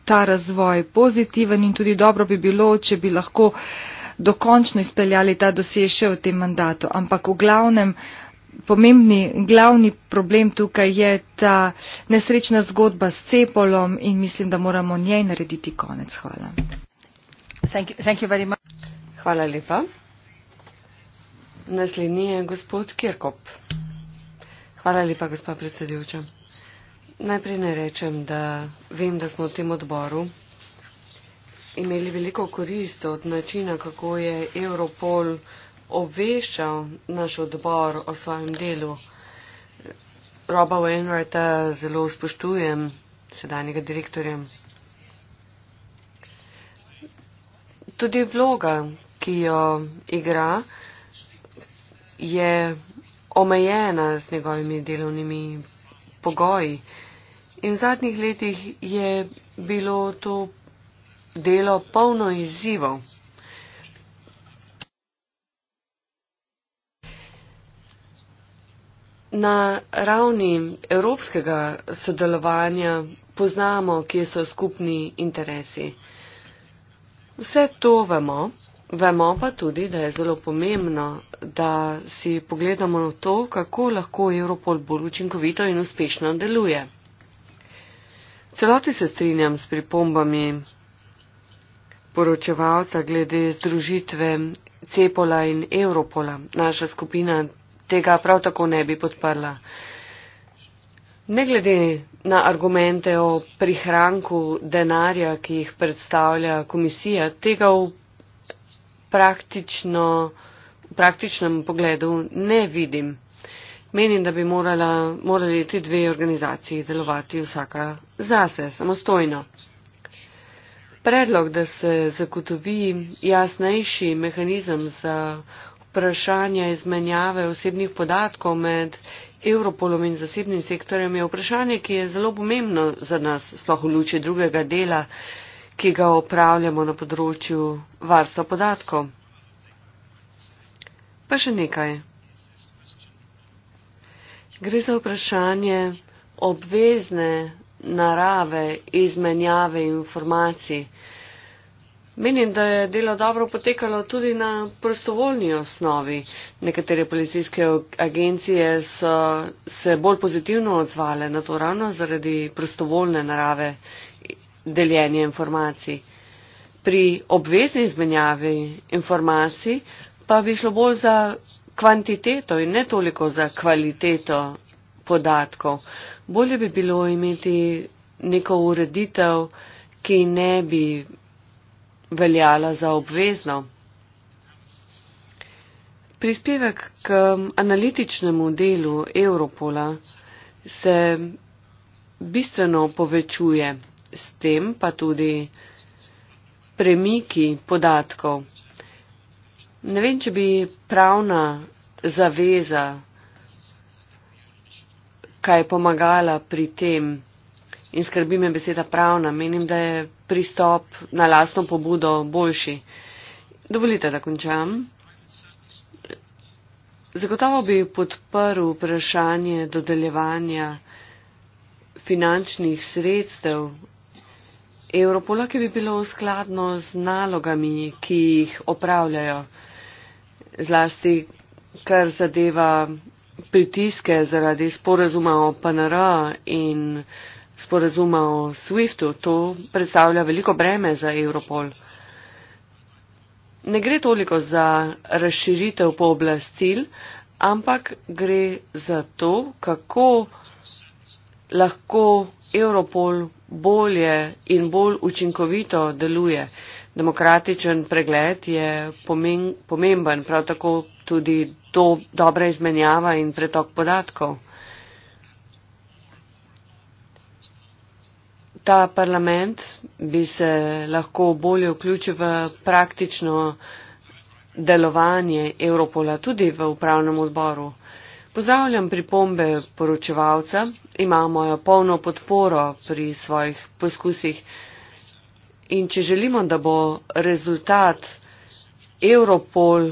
ta razvoj pozitiven in tudi dobro bi bilo, če bi lahko dokončno izpeljali ta dosež še v tem mandatu. Ampak v glavnem. Pomembni glavni problem tukaj je ta nesrečna zgodba s cepolom in mislim, da moramo njej narediti konec. Hvala. Thank you, thank you Hvala lepa. Naslednji je gospod Kirkop. Hvala lepa, gospa predsedujoča. Najprej ne rečem, da vem, da smo v tem odboru imeli veliko korist od načina, kako je Europol obveščal naš odbor o svojem delu. Roba Wainwrighta zelo spoštujem, sedanjega direktorja. Tudi vloga, ki jo igra, je omejena z njegovimi delovnimi pogoji. In v zadnjih letih je bilo to delo polno izzivov. Na ravni evropskega sodelovanja poznamo, kje so skupni interesi. Vse to vemo, Vemo pa tudi, da je zelo pomembno, da si pogledamo na to, kako lahko Europol bolj učinkovito in uspešno deluje. Celoti se strinjam s pripombami poročevalca glede združitve Cepola in Europola. Naša skupina tega prav tako ne bi podprla. Ne glede na argumente o prihranku denarja, ki jih predstavlja komisija, tega v praktično, v praktičnem pogledu ne vidim. Menim, da bi morala, morali ti dve organizaciji delovati vsaka zase, samostojno. Predlog, da se zagotovi jasnejši mehanizem za vprašanje izmenjave osebnih podatkov med Europolom in zasebnim sektorjem, je vprašanje, ki je zelo pomembno za nas, sploh v luči drugega dela ki ga opravljamo na področju varstva podatkov. Pa še nekaj. Gre za vprašanje obvezne narave izmenjave informacij. Menim, da je delo dobro potekalo tudi na prostovoljni osnovi. Nekatere policijske agencije so se bolj pozitivno odzvale na to ravno zaradi prostovoljne narave deljenje informacij. Pri obvezni izmenjavi informacij pa bi šlo bolj za kvantiteto in ne toliko za kvaliteto podatkov. Bolje bi bilo imeti neko ureditev, ki ne bi veljala za obvezno. Prispevek k analitičnemu delu Europola se bistveno povečuje s tem pa tudi premiki podatkov. Ne vem, če bi pravna zaveza kaj je pomagala pri tem in skrbi me beseda pravna. Menim, da je pristop na lastno pobudo boljši. Dovolite, da končam. Zagotovo bi podprl vprašanje dodeljevanja finančnih sredstev Evropola, ki bi bilo skladno z nalogami, ki jih opravljajo, zlasti kar zadeva pritiske zaradi sporazuma o PNR in sporazuma o SWIFT-u, to predstavlja veliko breme za Evropol. Ne gre toliko za razširitev pooblastil, ampak gre za to, kako lahko Evropol bolje in bolj učinkovito deluje. Demokratičen pregled je pomemben, prav tako tudi do, dobra izmenjava in pretok podatkov. Ta parlament bi se lahko bolje vključil v praktično delovanje Europola tudi v upravnem odboru. Pozdravljam pripombe poročevalca ima mojo polno podporo pri svojih poskusih. In če želimo, da bo rezultat Europol,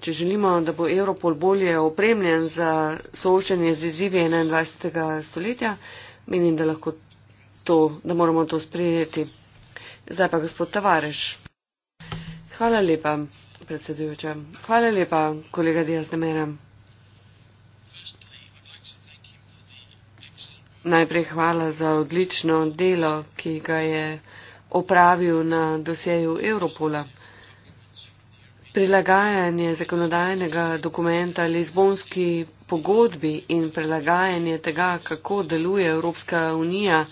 če želimo, da bo Europol bolje opremljen za soočanje z izzivi 21. stoletja, menim, da, to, da moramo to sprejeti. Zdaj pa gospod Tavareš. Hvala lepa, predsedujoča. Hvala lepa, kolega Diaz Demeram. Najprej hvala za odlično delo, ki ga je opravil na dosjeju Europola. Prilagajanje zakonodajnega dokumenta Lizbonski pogodbi in prilagajanje tega, kako deluje Evropska unija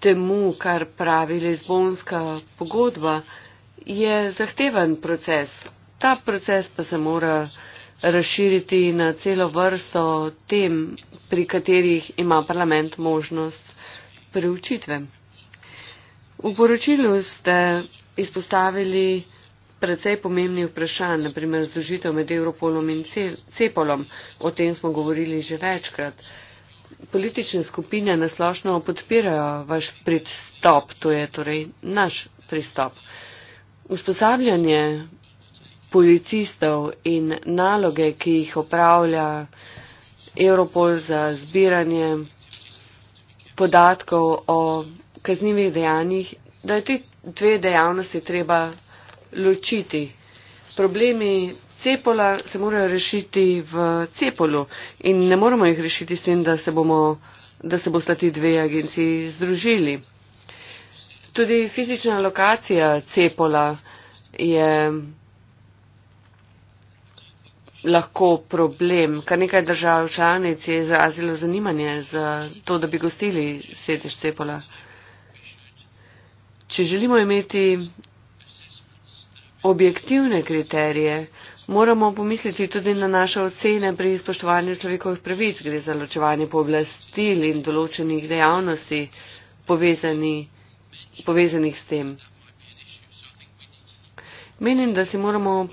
temu, kar pravi Lizbonska pogodba, je zahteven proces. Ta proces pa se mora razširiti na celo vrsto tem, pri katerih ima parlament možnost preučitve. V poročilu ste izpostavili predvsej pomembnih vprašanj, naprimer združitev med Europolom in Cepolom. O tem smo govorili že večkrat. Politične skupine nasplošno podpirajo vaš pristop, to je torej naš pristop. Usposabljanje policistov in naloge, ki jih opravlja Europol za zbiranje podatkov o kaznjivih dejanjih, da je te dve dejavnosti treba ločiti. Problemi cepola se morajo rešiti v cepolu in ne moramo jih rešiti s tem, da se, bomo, da se bosta ti dve agenciji združili. Tudi fizična lokacija cepola je lahko problem. Kar nekaj držav članic je izrazilo zanimanje za to, da bi gostili sedež cepola. Če želimo imeti objektivne kriterije, moramo pomisliti tudi na naše ocene pri izpoštovanju človekovih pravic, gre za ločevanje pooblastil in določenih dejavnosti povezani, povezanih s tem. Menim, da si moramo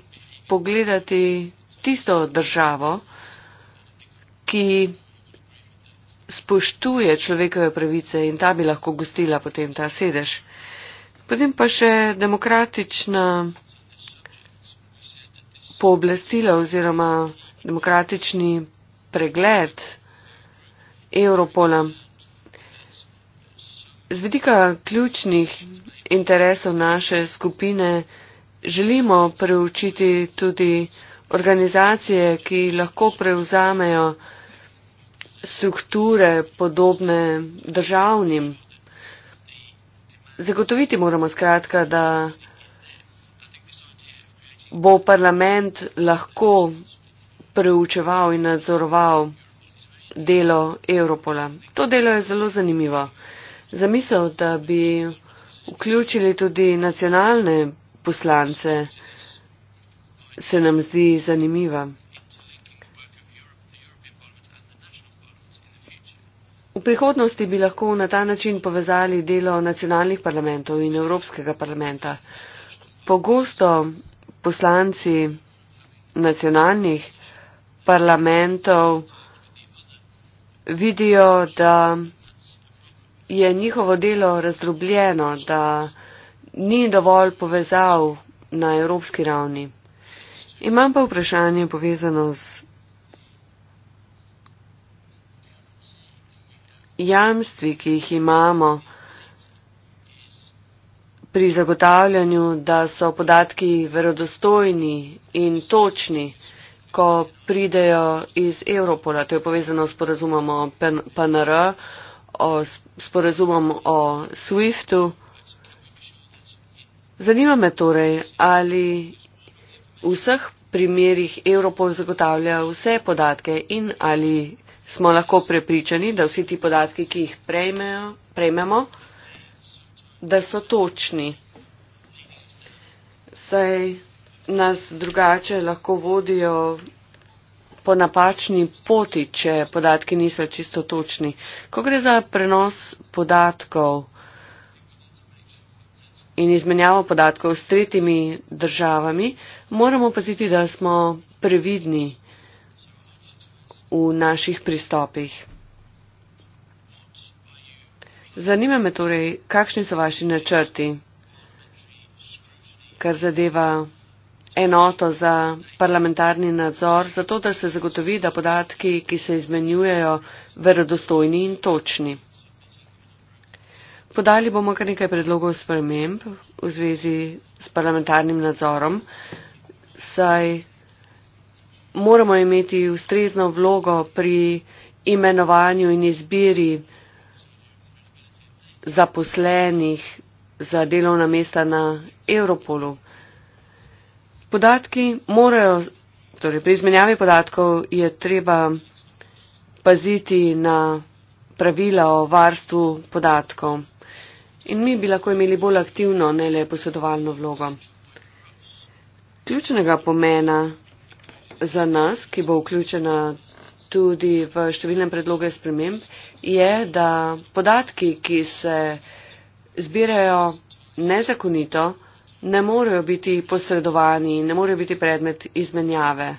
pogledati tisto državo, ki spoštuje človekove pravice in ta bi lahko gostila potem ta sedež. Potem pa še demokratična pooblastila oziroma demokratični pregled Europola. Z vidika ključnih interesov naše skupine želimo preučiti tudi organizacije, ki lahko prevzamejo strukture podobne državnim. Zagotoviti moramo skratka, da bo parlament lahko preučeval in nadzoroval delo Evropola. To delo je zelo zanimivo. Zamisel, da bi vključili tudi nacionalne poslance se nam zdi zanimiva. V prihodnosti bi lahko na ta način povezali delo nacionalnih parlamentov in Evropskega parlamenta. Pogosto poslanci nacionalnih parlamentov vidijo, da je njihovo delo razdrobljeno, da ni dovolj povezav na evropski ravni. Imam pa vprašanje povezano z jamstvi, ki jih imamo pri zagotavljanju, da so podatki verodostojni in točni, ko pridejo iz Evropola. To je povezano s porazumom o PNR, s porazumom o SWIFT-u. Zanima me torej, ali v vseh primerjih Evropol zagotavlja vse podatke in ali smo lahko prepričani, da vsi ti podatki, ki jih prejmejo, prejmemo, da so točni. Saj nas drugače lahko vodijo po napačni poti, če podatki niso čisto točni. Ko gre za prenos podatkov, in izmenjavo podatkov s tretjimi državami, moramo paziti, da smo previdni v naših pristopih. Zanima me torej, kakšni so vaši načrti, kar zadeva enoto za parlamentarni nadzor, zato da se zagotovi, da podatki, ki se izmenjujejo, verodostojni in točni. Podali bomo kar nekaj predlogov sprememb v zvezi s parlamentarnim nadzorom, saj moramo imeti ustrezno vlogo pri imenovanju in izbiri zaposlenih za delovna mesta na Europolu. Podatki morajo, torej pri izmenjavi podatkov je treba paziti na pravila o varstvu podatkov in mi bi lahko imeli bolj aktivno, ne le posedovalno vlogo. Ključnega pomena za nas, ki bo vključena tudi v številne predloge sprememb, je, da podatki, ki se zbirajo nezakonito, ne morejo biti posredovani, ne morejo biti predmet izmenjave.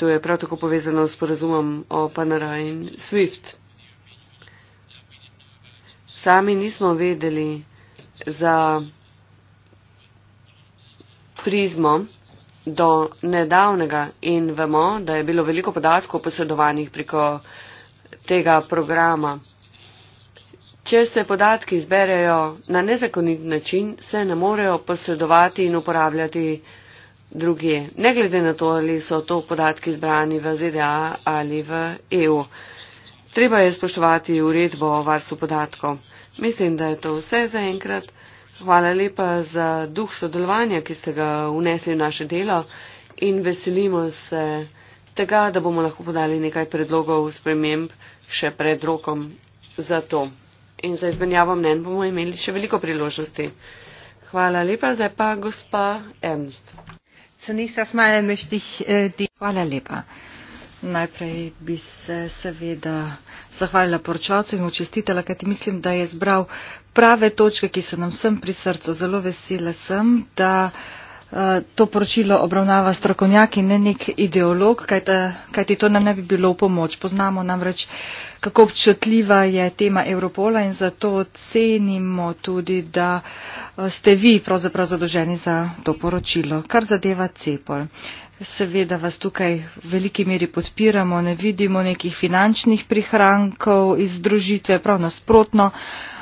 To je prav tako povezano s porazumom o PNR in SWIFT sami nismo vedeli za prizmo do nedavnega in vemo, da je bilo veliko podatkov posredovanih preko tega programa. Če se podatki izberejo na nezakonit način, se ne morejo posredovati in uporabljati druge, ne glede na to, ali so to podatki zbrani v ZDA ali v EU. Treba je spoštovati uredbo o varstvu podatkov. Mislim, da je to vse za enkrat. Hvala lepa za duh sodelovanja, ki ste ga unesli v naše delo in veselimo se tega, da bomo lahko podali nekaj predlogov sprememb še pred rokom za to. In za izmenjavo mnen bomo imeli še veliko priložnosti. Hvala lepa, zdaj pa gospa Ernst. Eh, Hvala lepa. Najprej bi se seveda zahvalila poročalcu in mu čestitela, kajti mislim, da je zbral prave točke, ki so nam vsem pri srcu. Zelo vesela sem, da eh, to poročilo obravnava strokovnjak in ne nek ideolog, kajti to nam ne bi bilo v pomoč. Poznamo namreč, kako občutljiva je tema Evropola in zato cenimo tudi, da eh, ste vi pravzaprav zadoženi za to poročilo. Kar zadeva Cepol. Seveda vas tukaj v veliki meri podpiramo, ne vidimo nekih finančnih prihrankov iz družitve, prav nasprotno.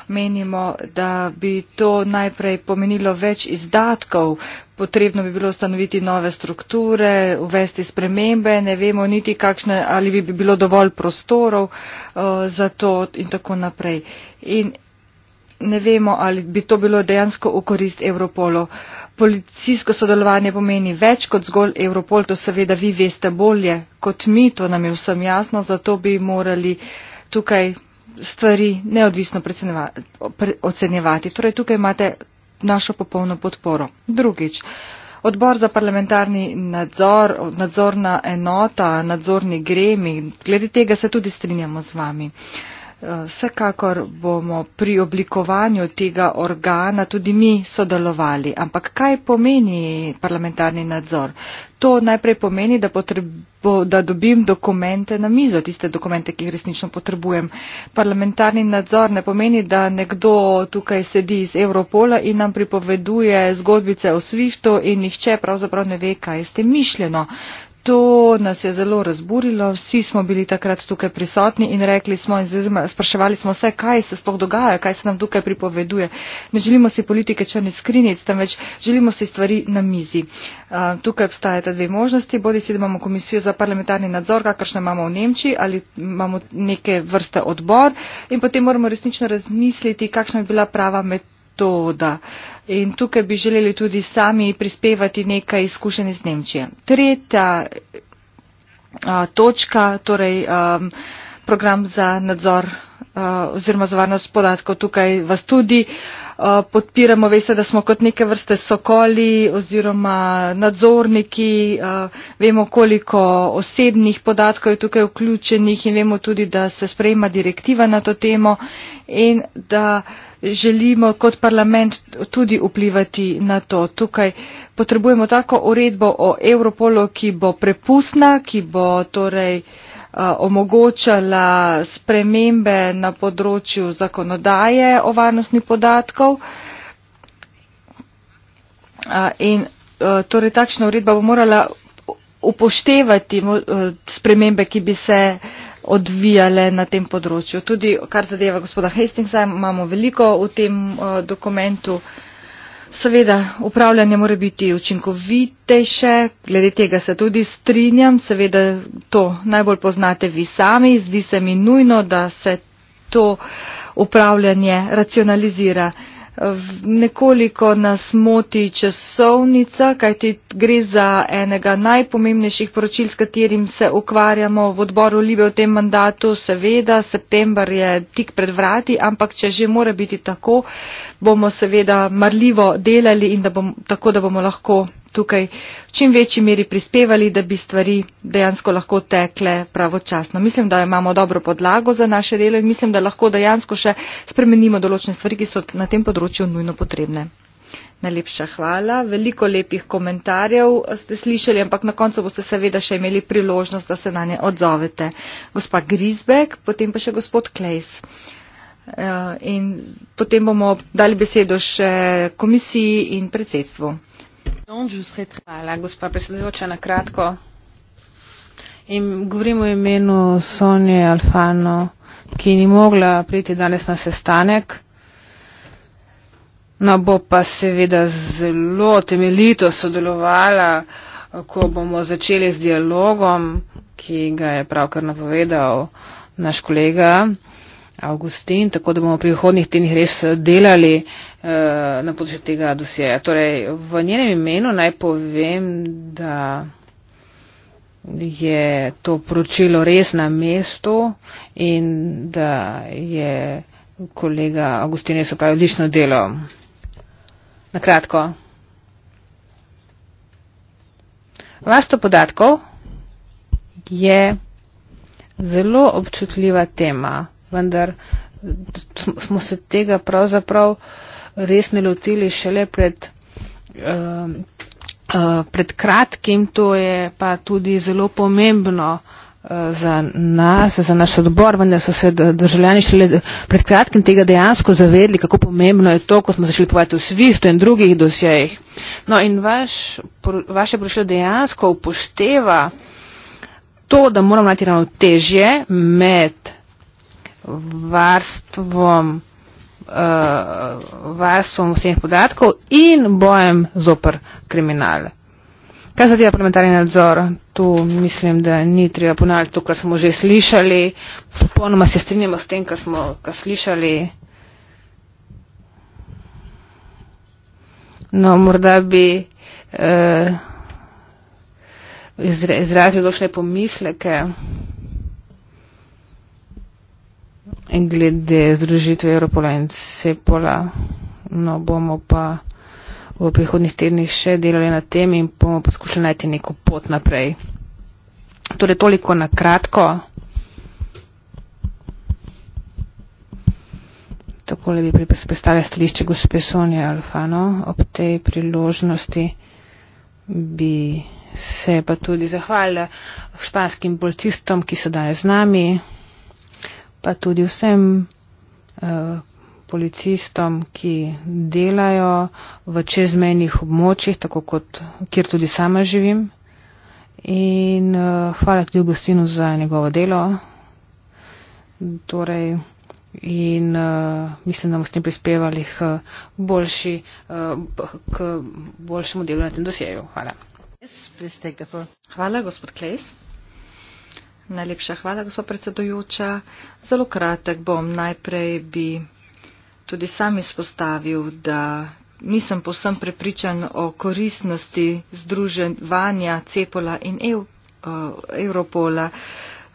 Menimo, da bi to najprej pomenilo več izdatkov, potrebno bi bilo ustanoviti nove strukture, uvesti spremembe, ne vemo niti kakšne, ali bi bilo dovolj prostorov uh, za to in tako naprej. In ne vemo ali bi to bilo dejansko v korist Europolu. Policijsko sodelovanje pomeni več kot zgolj Europol, to seveda vi veste bolje kot mi, to nam je vsem jasno, zato bi morali tukaj stvari neodvisno ocenjevati. Torej tukaj imate našo popolno podporo. Drugič, odbor za parlamentarni nadzor, nadzorna enota, nadzorni gremi, glede tega se tudi strinjamo z vami. Uh, Vsekakor bomo pri oblikovanju tega organa tudi mi sodelovali. Ampak kaj pomeni parlamentarni nadzor? To najprej pomeni, da, potrebo, da dobim dokumente na mizo, tiste dokumente, ki jih resnično potrebujem. Parlamentarni nadzor ne pomeni, da nekdo tukaj sedi iz Evropola in nam pripoveduje zgodbice o svištu in nihče pravzaprav ne ve, kaj je s tem mišljeno to nas je zelo razburilo, vsi smo bili takrat tukaj prisotni in rekli smo in spraševali smo vse, kaj se sploh dogaja, kaj se nam tukaj pripoveduje. Ne želimo si politike črnih skrinic, temveč želimo si stvari na mizi. Uh, tukaj obstajata dve možnosti, bodi si, da imamo komisijo za parlamentarni nadzor, kakršno imamo v Nemčiji, ali imamo neke vrste odbor in potem moramo resnično razmisliti, kakšna bi bila prava metoda metoda. In tukaj bi želeli tudi sami prispevati nekaj izkušenj iz Nemčije. Tretja a, točka, torej a, program za nadzor a, oziroma za varnost podatkov tukaj vas tudi. Eh, podpiramo veste da smo kot neke vrste sokoli oziroma nadzorniki eh, vemo koliko osebnih podatkov je tukaj vključenih in vemo tudi da se sprejema direktiva na to temo in da želimo kot parlament tudi vplivati na to. Tukaj potrebujemo tako uredbo o Europolu, ki bo prepustna, ki bo torej uh, Eh, omogočala spremembe na področju zakonodaje o varnosti podatkov. Eh, in eh, torej takšna uredba bo morala upoštevati spremembe, ki bi se odvijale na tem področju. Tudi kar zadeva gospoda Hastingsa, imamo veliko v tem dokumentu seveda upravljanje mora biti učinkovitejše glede tega se tudi strinjam seveda to najbolj poznate vi sami zdi se mi nujno da se to upravljanje racionalizira. Nekoliko nas moti časovnica, kajti gre za enega najpomembnejših poročil, s katerim se ukvarjamo v odboru Libe v tem mandatu. Seveda, september je tik pred vrati, ampak če že mora biti tako, bomo seveda marljivo delali in da bom, tako, da bomo lahko tukaj v čim večji meri prispevali, da bi stvari dejansko lahko tekle pravočasno. Mislim, da imamo dobro podlago za naše delo in mislim, da lahko dejansko še spremenimo določene stvari, ki so na tem področju nujno potrebne. Najlepša hvala. Veliko lepih komentarjev ste slišali, ampak na koncu boste seveda še imeli priložnost, da se na nje odzovete. Gospa Grisbek, potem pa še gospod Klejs. Eh, in potem bomo dali besedo še komisiji in predsedstvu. Hvala, gospa predsedujoča, na kratko. In govorim o imenu Sonje Alfano, ki ni mogla priti danes na sestanek. No, bo pa seveda zelo temeljito sodelovala, ko bomo začeli z dialogom, ki ga je pravkar napovedal naš kolega Augustin, tako da bomo v prihodnih tednih res delali uh, Eh, na področju tega dosjeja. Torej, v njenem imenu naj povem, da je to poročilo res na mestu in da je kolega Agustin je spravil odlično delo. Na kratko. Varstvo podatkov je zelo občutljiva tema, vendar smo se tega pravzaprav uh, resno lotili šele pred, uh, uh, pred kratkim, to je pa tudi zelo pomembno uh, za nas, za naš odbor, vendar so se državljani šele pred kratkim tega dejansko zavedli, kako pomembno je to, ko smo začeli povedati o svistu in drugih dosjejih. No in vaš, vaše prošlo dejansko upošteva to, da moramo najti ravno težje med varstvom uh, varstvom vseh podatkov in bojem zoper kriminal. Kaj se tiče parlamentarni nadzor, tu mislim, da ni treba ponavljati to, kar smo že slišali. Popolnoma se strinjamo s tem, kar smo kar slišali. No, morda bi uh, izrazil došle pomisleke. glede združitve Europola in Sepola. No, bomo pa v prihodnih tednih še delali na tem in bomo poskušali najti neko pot naprej. Torej, toliko na kratko. Takole bi predstavila stališče gospe Sonja Alfano. Ob tej priložnosti bi se pa tudi zahvalila španskim policistom, ki so danes z nami pa tudi vsem eh, policistom, ki delajo v čezmenjih območjih, tako kot kjer tudi sama živim. In uh, hvala tudi gostinu za njegovo delo. Torej, in uh, mislim, da bomo s tem prispevali k, boljši, uh, k boljšemu delu na tem dosjeju. Hvala. Hvala, gospod Klejs. Najlepša hvala, gospod predsedujoča. Zelo kratek bom. Najprej bi tudi sam izpostavil, da nisem posem prepričan o koristnosti združevanja Cepola in EU, uh, eh, Europola.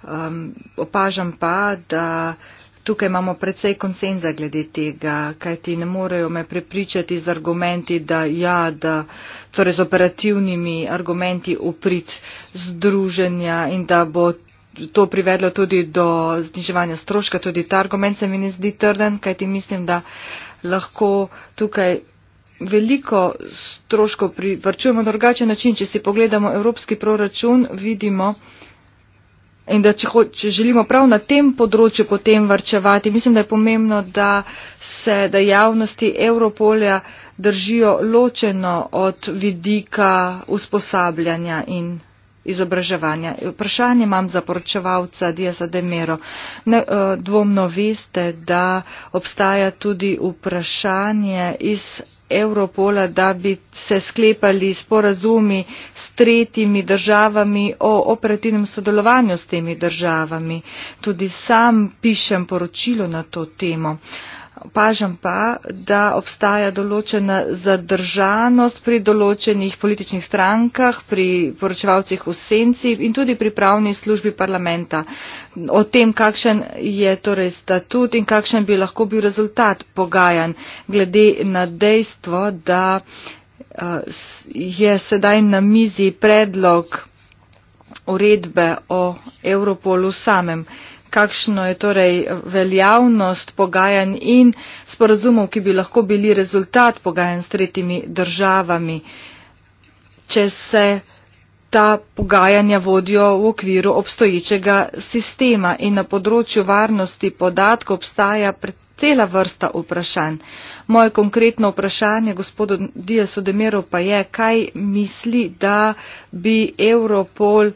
Um, opažam pa, da tukaj imamo precej konsenza glede tega, kajti ne morejo me prepričati z argumenti, da ja, da torej z operativnimi argumenti uprit združenja in da bo to privedlo tudi do zniževanja stroška. Tudi ta argument se mi ne zdi trden, kajti mislim, da lahko tukaj veliko stroškov privrčujemo na drugačen način. Če si pogledamo evropski proračun, vidimo. In da če, če želimo prav na tem področju potem varčevati, mislim, da je pomembno, da se dejavnosti Evropolja držijo ločeno od vidika usposabljanja in izobraževanja. Vprašanje imam za poročevalca Diaza Demero. Ne, eh, dvomno veste, da obstaja tudi vprašanje iz Evropola, da bi se sklepali sporazumi s tretjimi državami o operativnem sodelovanju s temi državami. Tudi sam pišem poročilo na to temo. Uh, Opažam pa, da obstaja določena zadržanost pri določenih političnih strankah, pri poročevalcih v senci in tudi pri pravni službi parlamenta. O tem, kakšen je torej statut in kakšen bi lahko bil rezultat pogajan glede na dejstvo, da eh, je sedaj na mizi predlog uredbe o Europolu samem kakšno je torej veljavnost pogajanj in sporazumov, ki bi lahko bili rezultat pogajanj s tretjimi državami, če se ta pogajanja vodijo v okviru obstoječega sistema in na področju varnosti podatkov obstaja cela vrsta vprašanj. Moje konkretno vprašanje gospodu Dijasu Demeru pa je, kaj misli, da bi Europol,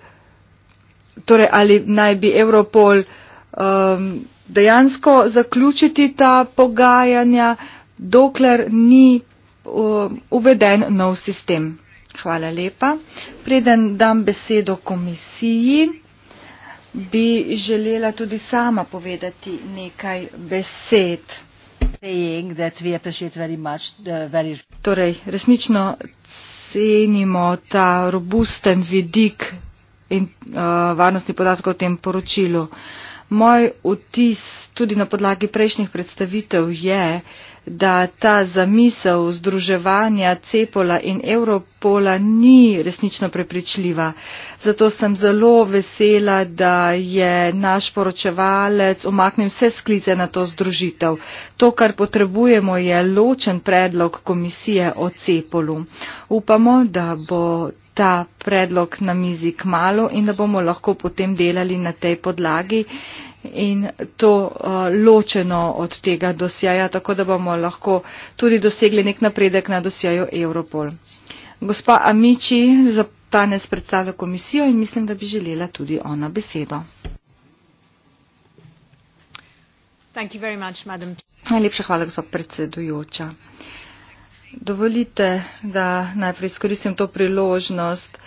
torej ali naj bi Europol uh, um, dejansko zaključiti ta pogajanja, dokler ni um, uveden nov sistem. Hvala lepa. Preden dam besedo komisiji, bi želela tudi sama povedati nekaj besed. Very much, uh, very... Torej, resnično cenimo ta robusten vidik in uh, varnostni podatkov v tem poročilu. Uh, Moj vtis tudi na podlagi prejšnjih predstavitev je, da ta zamisel združevanja Cepola in Evropola ni resnično prepričljiva. Zato sem zelo vesela, da je naš poročevalec omaknil vse sklice na to združitev. To, kar potrebujemo, je ločen predlog komisije o Cepolu. Upamo, da bo ta predlog na mizi k malu in da bomo lahko potem delali na tej podlagi in to uh, ločeno od tega dosjaja, tako da bomo lahko tudi dosegli nek napredek na dosjaju Europol. Gospa Amici za danes predstavlja komisijo in mislim, da bi želela tudi ona besedo. Najlepša hvala, gospod predsedujoča. Dovolite, da najprej izkoristim to priložnost,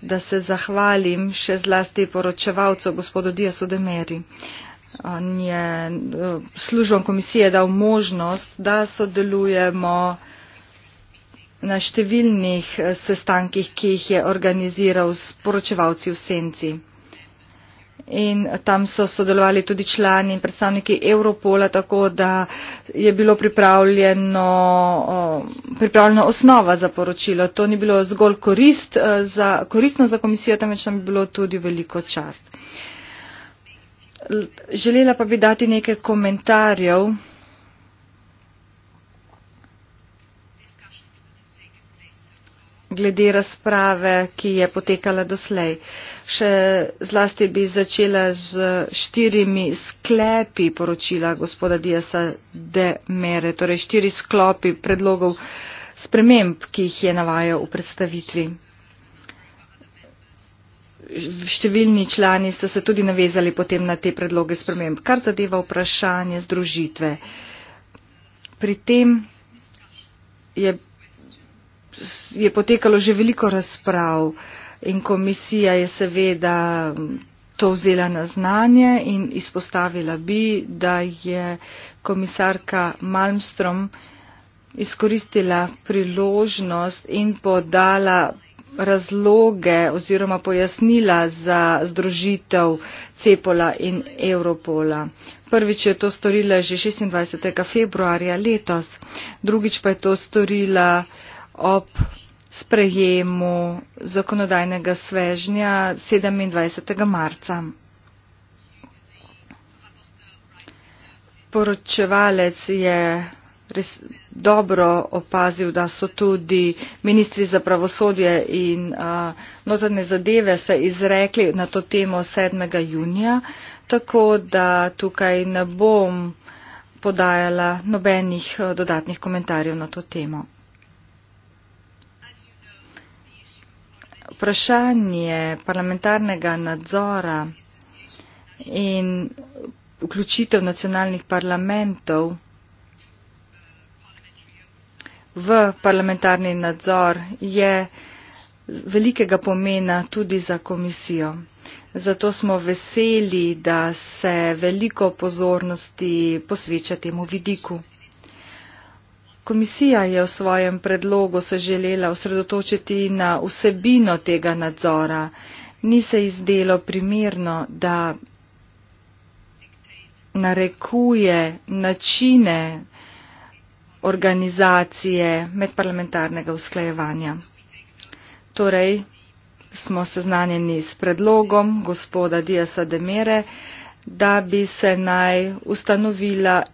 da se zahvalim še zlasti poročevalcu gospodu Diasu de Meri. On je eh, službom komisije dal možnost, da sodelujemo na številnih eh, sestankih, ki jih je organiziral s poročevalci v senci in tam so sodelovali tudi člani in predstavniki Europola, tako da je bilo pripravljeno, eh, pripravljeno osnova za poročilo. To ni bilo zgolj korist eh, za, koristno za komisijo, temveč nam je bilo tudi veliko čast. Želela pa bi dati nekaj komentarjev. glede razprave, ki je potekala doslej. Še zlasti bi začela z štirimi sklepi poročila gospoda Diasa de Mere, torej štiri sklopi predlogov sprememb, ki jih je navajal v predstavitvi. Številni člani so se tudi navezali potem na te predloge sprememb, kar zadeva vprašanje združitve. Pri tem je je potekalo že veliko razprav in komisija je seveda mm, to vzela na znanje in izpostavila bi, da je komisarka Malmstrom izkoristila priložnost in podala razloge oziroma pojasnila za združitev Cepola in Europola. Prvič je to storila že 26. februarja letos, drugič pa je to storila ob sprejemu zakonodajnega svežnja 27. marca. Poročevalec je res dobro opazil, da so tudi ministri za pravosodje in uh, notranje zadeve se izrekli na to temo 7. junija, tako da tukaj ne bom podajala nobenih dodatnih komentarjev na to temo. vprašanje parlamentarnega nadzora in vključitev nacionalnih parlamentov v parlamentarni nadzor je velikega pomena tudi za komisijo. Zato smo veseli, da se veliko pozornosti posveča temu vidiku. Komisija je v svojem predlogu se želela osredotočiti na vsebino tega nadzora. Ni se izdelo primerno, da narekuje načine organizacije medparlamentarnega usklajevanja. Torej smo seznanjeni s predlogom gospoda Diasa Demere, da bi se naj ustanovila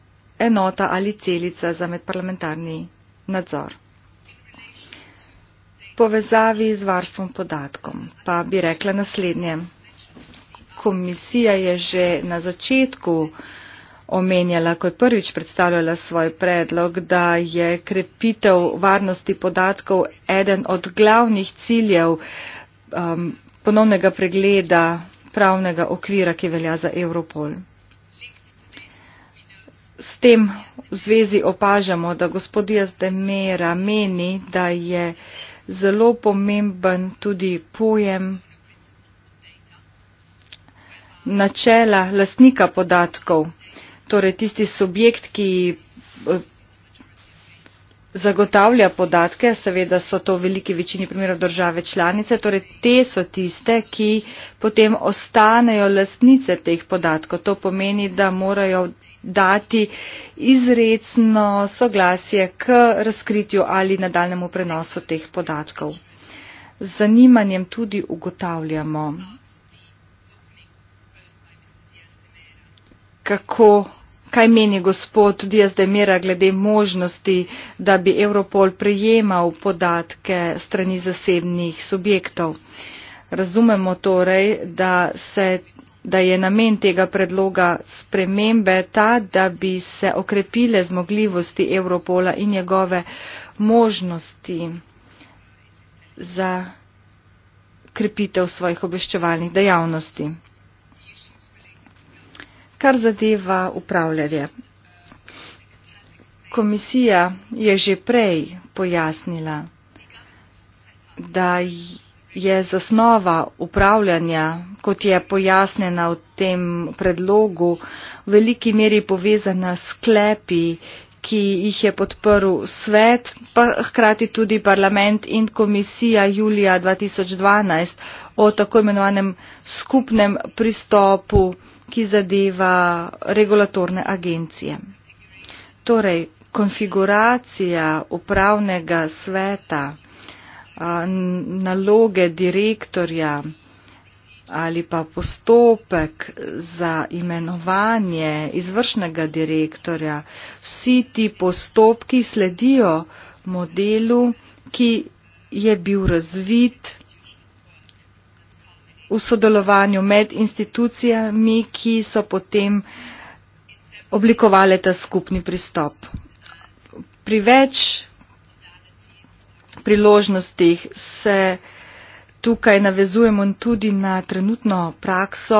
enota ali celica za medparlamentarni nadzor. Povezavi z varstvom podatkom pa bi rekla naslednje. Komisija je že na začetku omenjala, ko je prvič predstavljala svoj predlog, da je krepitev varnosti podatkov eden od glavnih ciljev um, ponovnega pregleda pravnega okvira, ki velja za Europol s tem v zvezi opažamo, da gospod Jaz Demera meni, da je zelo pomemben tudi pojem načela lastnika podatkov, torej tisti subjekt, ki zagotavlja podatke, seveda so to v veliki večini primerov države članice, torej te so tiste, ki potem ostanejo lastnice teh podatkov. To pomeni, da morajo dati izredno soglasje k razkritju ali nadaljemu prenosu teh podatkov. Z zanimanjem tudi ugotavljamo, kako kaj meni gospod Diaz de Mera glede možnosti, da bi Europol prejemal podatke strani zasebnih subjektov. Razumemo torej, da, se, da je namen tega predloga spremembe ta, da bi se okrepile zmogljivosti Europola in njegove možnosti za krepitev svojih obveščevalnih dejavnosti kar zadeva upravljanje. Komisija je že prej pojasnila, da je zasnova upravljanja, kot je pojasnjena v tem predlogu, v veliki meri povezana s klepi, ki jih je podprl svet, pa hkrati tudi parlament in komisija julija 2012 o tako imenovanem skupnem pristopu, ki zadeva regulatorne agencije. Torej, konfiguracija upravnega sveta, naloge direktorja, ali pa postopek za imenovanje izvršnega direktorja, vsi ti postopki sledijo modelu, ki je bil razvit v sodelovanju med institucijami, ki so potem oblikovali ta skupni pristop. Pri več priložnostih se je Tukaj navezujemo tudi na trenutno prakso,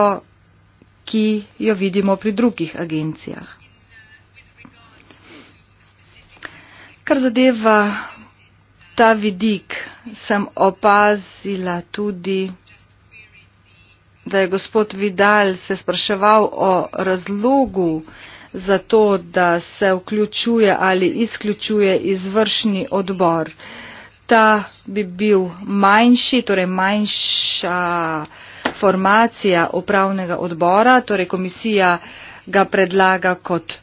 ki jo vidimo pri drugih agencijah. Kar zadeva ta vidik, sem opazila tudi, da je gospod Vidal se spraševal o razlogu za to, da se vključuje ali izključuje izvršni odbor. Uh, leta bi bil manjši, torej manjša formacija upravnega odbora, torej komisija ga predlaga kot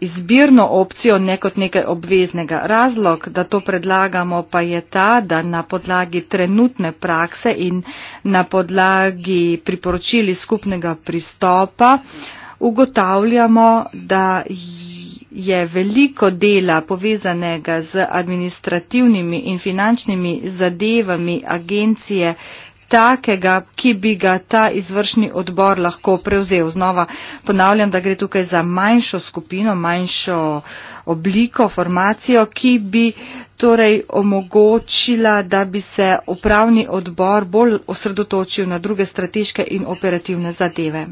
izbirno opcijo, ne kot nekaj obveznega. Razlog, da to predlagamo, pa je ta, da na podlagi trenutne prakse in na podlagi priporočili skupnega pristopa ugotavljamo, da je veliko dela povezanega z administrativnimi in finančnimi zadevami agencije takega, ki bi ga ta izvršni odbor lahko prevzel. Znova ponavljam, da gre tukaj za manjšo skupino, manjšo obliko, formacijo, ki bi torej omogočila, da bi se upravni odbor bolj osredotočil na druge strateške in operativne zadeve.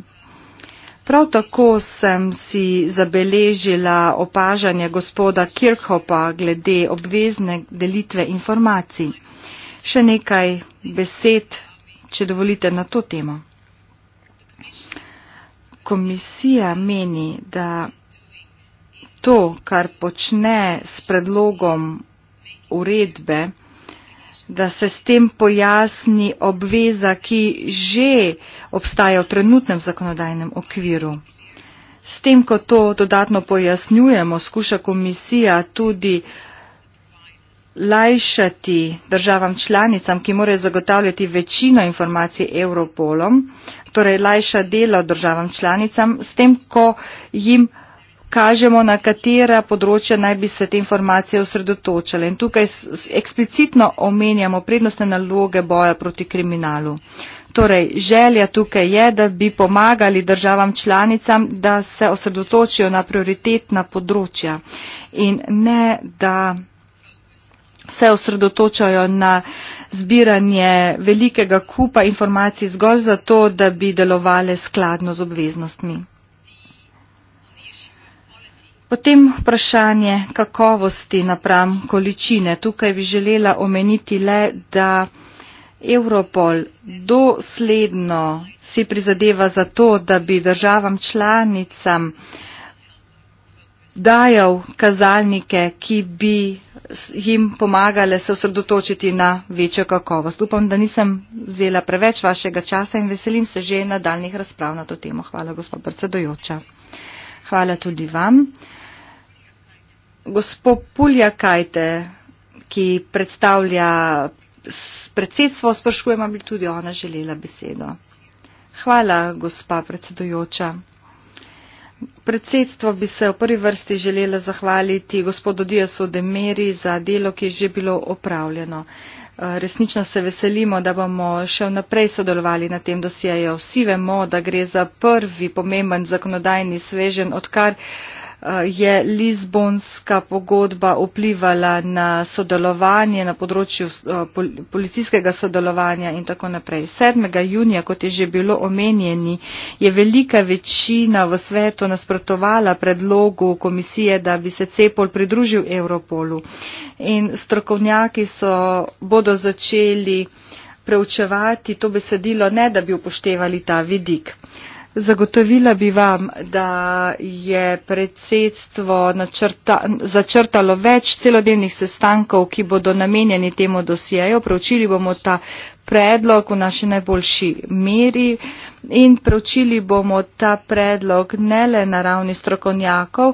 Prav tako sem si zabeležila opažanje gospoda Kirchhopa glede obvezne delitve informacij. Še nekaj besed, če dovolite na to temo. Komisija meni, da to, kar počne s predlogom uredbe, da se s tem pojasni obveza, ki že obstaja v trenutnem zakonodajnem okviru. S tem, ko to dodatno pojasnjujemo, skuša komisija tudi lajšati državam članicam, ki morajo zagotavljati večino informacij Europolom, torej lajša delo državam članicam, s tem, ko jim kažemo, na katera področja naj bi se te informacije osredotočile. In tukaj eksplicitno omenjamo prednostne naloge boja proti kriminalu. Torej, želja tukaj je, da bi pomagali državam članicam, da se osredotočijo na prioritetna področja in ne, da se osredotočajo na zbiranje velikega kupa informacij zgolj zato, da bi delovali skladno z obveznostmi. Potem vprašanje kakovosti napram količine. Tukaj bi želela omeniti le, da Europol dosledno si prizadeva za to, da bi državam članicam dajal kazalnike, ki bi jim pomagale se osredotočiti na večjo kakovost. Upam, da nisem vzela preveč vašega časa in veselim se že nadaljnih razprav na to temo. Hvala, gospod predsedojoča. Hvala tudi vam gospod Pulja Kajte, ki predstavlja predsedstvo, sprašujem, ali bi tudi ona želela besedo. Hvala, gospa predsedujoča. Predsedstvo bi se v prvi vrsti želela zahvaliti gospodu Diasu Demeri za delo, ki je že bilo opravljeno. Eh, resnično se veselimo, da bomo še naprej sodelovali na tem dosijaju. Vsi vemo, da gre za prvi pomemben zakonodajni svežen, odkar uh, je Lizbonska pogodba vplivala na sodelovanje na področju eh, policijskega sodelovanja in tako naprej. 7. junija, kot je že bilo omenjeni, je velika večina v svetu nasprotovala predlogu komisije, da bi se Cepol pridružil Europolu. In strokovnjaki so, bodo začeli preučevati to besedilo, ne da bi upoštevali ta vidik. Zagotovila bi vam, da je predsedstvo načrta, začrtalo več celodennih sestankov, ki bodo namenjeni temu dosjeju. Preučili bomo ta predlog v naši najboljši meri in preučili bomo ta predlog ne le na ravni strokovnjakov,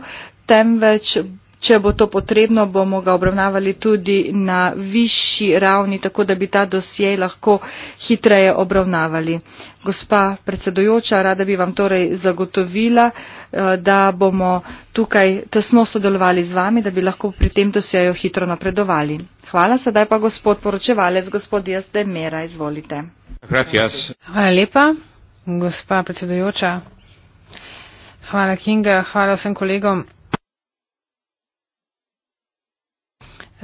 temveč Če bo to potrebno, bomo ga obravnavali tudi na višji ravni, tako da bi ta dosjej lahko hitreje obravnavali. Gospa predsedujoča, rada bi vam torej zagotovila, eh, da bomo tukaj tesno sodelovali z vami, da bi lahko pri tem dosjeju hitro napredovali. Hvala, sedaj pa gospod poročevalec, gospod Jaz Demera, izvolite. Gracias. Hvala lepa, gospa predsedujoča. Hvala Kinga, hvala vsem kolegom.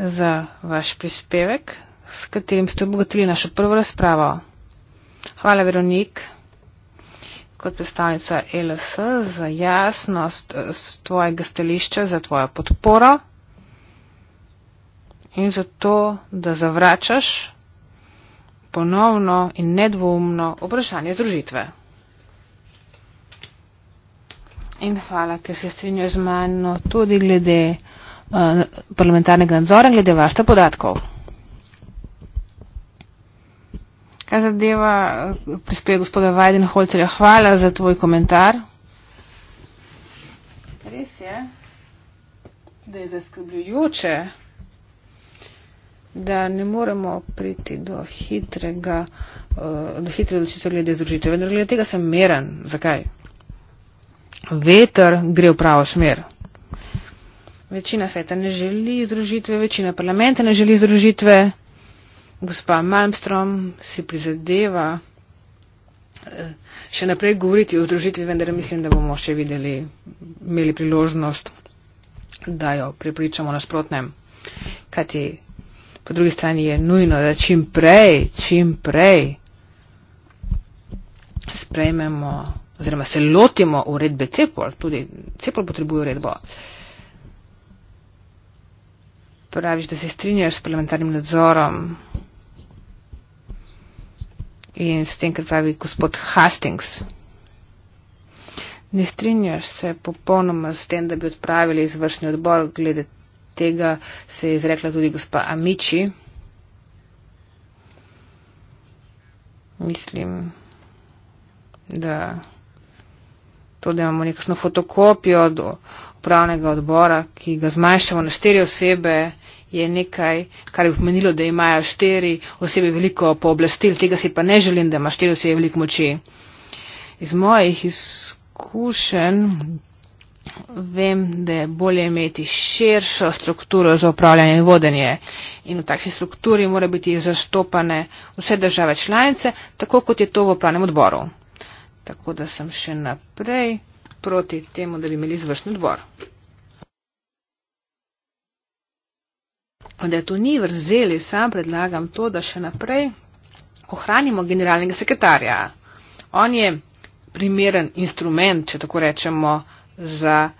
za vaš prispevek, s katerim ste obogatili našo prvo razpravo. Hvala, Veronik, kot predstavnica e LS, za jasnost z tvojega stališča, za tvojo podporo in za to, da zavračaš ponovno in nedvomno vprašanje združitve. In hvala, ker se strinjajo z mano tudi glede Eh, parlamentarnega nadzora glede vasta podatkov. Kaj zadeva eh, prispev gospoda Weidenholzerja, hvala za tvoj komentar. Res je, da je zaskrbljujoče, da ne moremo priti do hitrega, eh, do hitre odločitve glede združitve. Vendar glede tega sem meren. Zakaj? Veter gre v pravo smer. Večina sveta ne želi združitve, večina parlamenta ne želi združitve. Gospa Malmstrom si prizadeva eh, še naprej govoriti o združitvi, vendar mislim, da bomo še videli, imeli priložnost, da jo pripričamo nasprotnem. Kajti po drugi strani je nujno, da čim prej, čim prej sprejmemo oziroma se lotimo uredbe CEPOL, tudi CEPOL potrebuje uredbo. Uh, praviš, da se strinjaš s parlamentarnim nadzorom in s tem, kar pravi gospod Hastings. Ne strinjaš se popolnoma s tem, da bi odpravili izvršni odbor, glede tega se je izrekla tudi gospa Amici. Mislim, da to, da imamo nekakšno fotokopijo od upravnega odbora, ki ga zmanjšamo na štiri osebe, je nekaj, kar bi pomenilo, da imajo štiri osebe veliko pooblastil, tega si pa ne želim, da ima štiri osebe veliko moči. Iz mojih izkušenj vem, da je bolje imeti širšo strukturo za upravljanje in vodenje. In v takšni strukturi mora biti zastopane vse države članice, tako kot je to v upravnem odboru. Tako da sem še naprej proti temu, da bi imeli izvršni odbor. da je to ni vrzeli, sam predlagam to, da še naprej ohranimo generalnega sekretarja. On je primeren instrument, če tako rečemo, za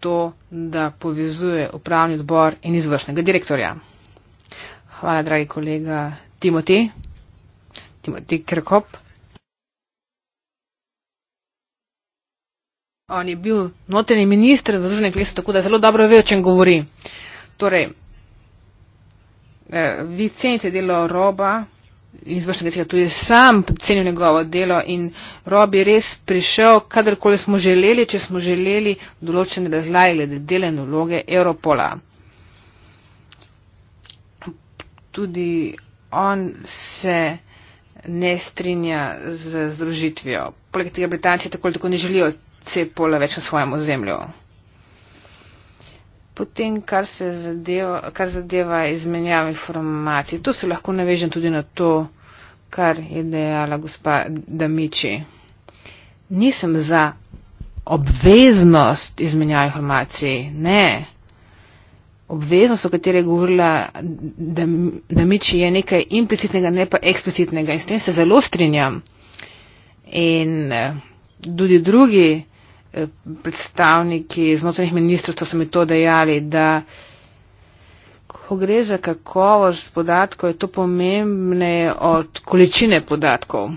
to, da povezuje upravni odbor in izvršnega direktorja. Hvala, dragi kolega Timoti, Timoti Krkop. On je bil notrni minister v Združenih kraljestvih, tako da zelo dobro ve, o čem govori. Torej, Eh, vi cenite delo roba, izvršnega tega tudi sam cenil njegovo delo in rob je res prišel, kadarkoli smo želeli, če smo želeli določene razlaje glede dele in vloge Europola. Tudi on se ne strinja z združitvijo. Poleg tega Britanci tako ali tako ne želijo C pola več na svojem ozemlju. Potem, kar, zadeva, kar zadeva izmenjavo informacij, to se lahko navežem tudi na to, kar je dejala gospa Damiči. Nisem za obveznost izmenjave informacij, ne. Obveznost, o kateri je govorila Damiči, je nekaj implicitnega, ne pa eksplicitnega in s tem se zelo strinjam. In eh, tudi drugi predstavniki znotraj ministrstva so mi to dejali, da ko gre za kakovost podatkov, je to pomembneje od količine podatkov.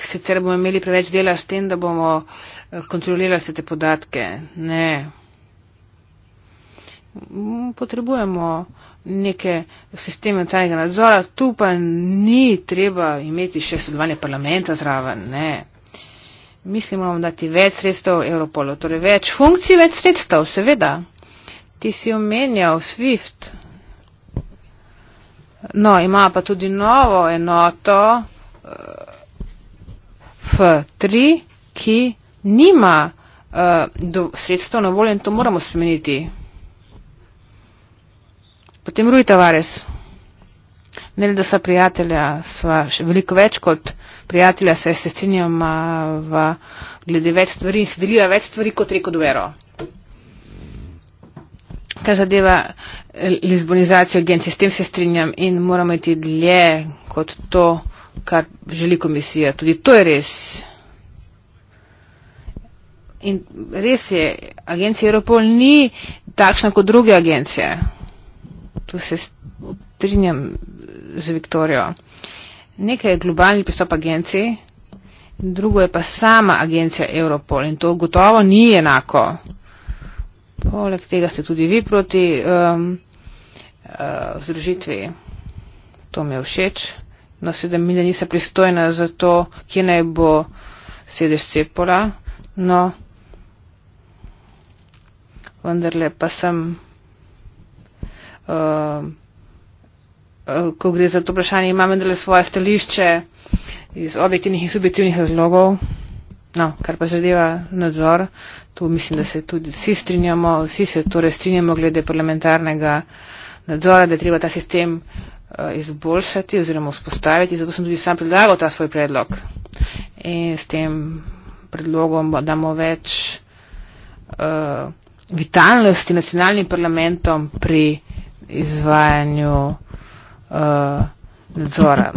Sicer bomo imeli preveč dela s tem, da bomo eh, kontrolirali vse te podatke. Ne. Potrebujemo neke sisteme tajnega nadzora, tu pa ni treba imeti še sodelovanje parlamenta zraven. Ne. Mislim, moramo dati več sredstev Europolu, torej več funkcij, več sredstev, seveda. Ti si omenjal SWIFT. No, ima pa tudi novo enoto eh, F3, ki nima eh, sredstev na voljo in to moramo spremeniti. Potem Rui Tavares. Ne, da sva prijatelja, sva še veliko več kot prijatelja, saj se strinjam glede več stvari in se delila več stvari kot reko duero. Kar zadeva eh, lizbonizacijo agencij, s tem se strinjam in moramo iti dlje kot to, kar želi komisija. Tudi to je res. In res je, agencija Europol ni takšna kot druge agencije. Tu se strinjam z Viktorijo. Nekaj je globalni pristop agencij, drugo je pa sama agencija Europol in to gotovo ni enako. Poleg tega ste tudi vi proti um, uh, združitvi. To mi je všeč. No, sedem milja nisa pristojna za to, kje naj bo sedež Cepola. No, vendarle pa sem. Um, Eh, ko gre za to vprašanje, imam vendarle svoje stališče iz objektivnih in subjektivnih razlogov. No, kar pa zadeva nadzor, tu mislim, da se tudi vsi strinjamo, vsi se torej strinjamo glede parlamentarnega nadzora, da je treba ta sistem eh, izboljšati oziroma vzpostaviti. Zato sem tudi sam predlagal ta svoj predlog. In s tem predlogom damo več uh, vitalnosti nacionalnim parlamentom pri izvajanju. Eh, nadzora.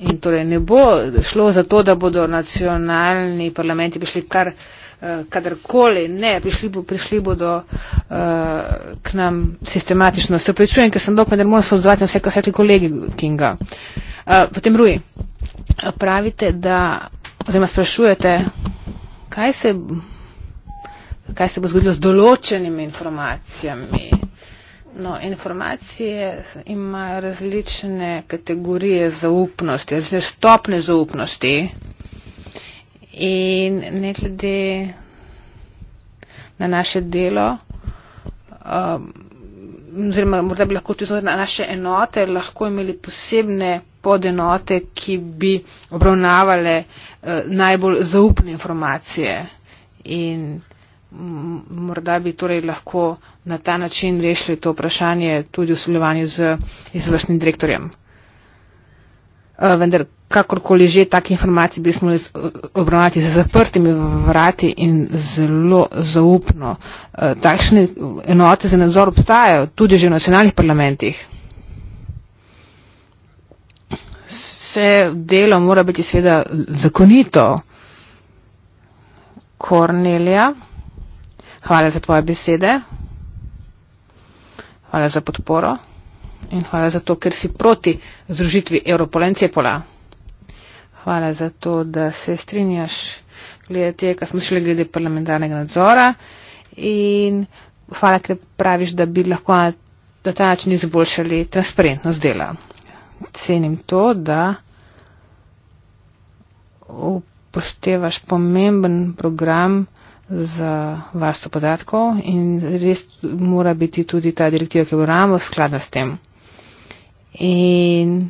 In torej ne bo šlo za to, da bodo nacionalni parlamenti prišli kar eh, kadarkoli, ne, prišli, bo, prišli bodo uh, k nam sistematično. Se prečujem, ker sem dokaj, da moram se odzvati na vse, kar so rekli kolegi Kinga. Uh, potem Rui, pravite, da, oziroma sprašujete, kaj se, kaj se bo zgodilo z določenimi informacijami. No, informacije imajo različne kategorije zaupnosti, različne stopne zaupnosti. In ne glede na naše delo, um, oziroma morda bi lahko tudi na naše enote, lahko imeli posebne podenote, ki bi obravnavale uh, najbolj zaupne informacije. In morda bi torej lahko na ta način rešili to vprašanje tudi v sodelovanju z izvršnim direktorjem. Eh, vendar, kakorkoli že, take informacije bi smo eh, obravnavati za zaprtimi vrati in zelo zaupno. Eh, takšne enote za nadzor obstajajo tudi že v nacionalnih parlamentih. Vse delo mora biti seveda zakonito. Kornelija. Hvala za tvoje besede, hvala za podporo in hvala za to, ker si proti združitvi Europola in Cepola. Hvala za to, da se strinjaš glede tega, kar smo šli glede parlamentarnega nadzora in hvala, ker praviš, da bi lahko na ta način izboljšali transparentnost dela. Cenim to, da upoštevaš pomemben program z varstvo podatkov in res mora biti tudi ta direktiva, ki jo ramo, sklada s tem. In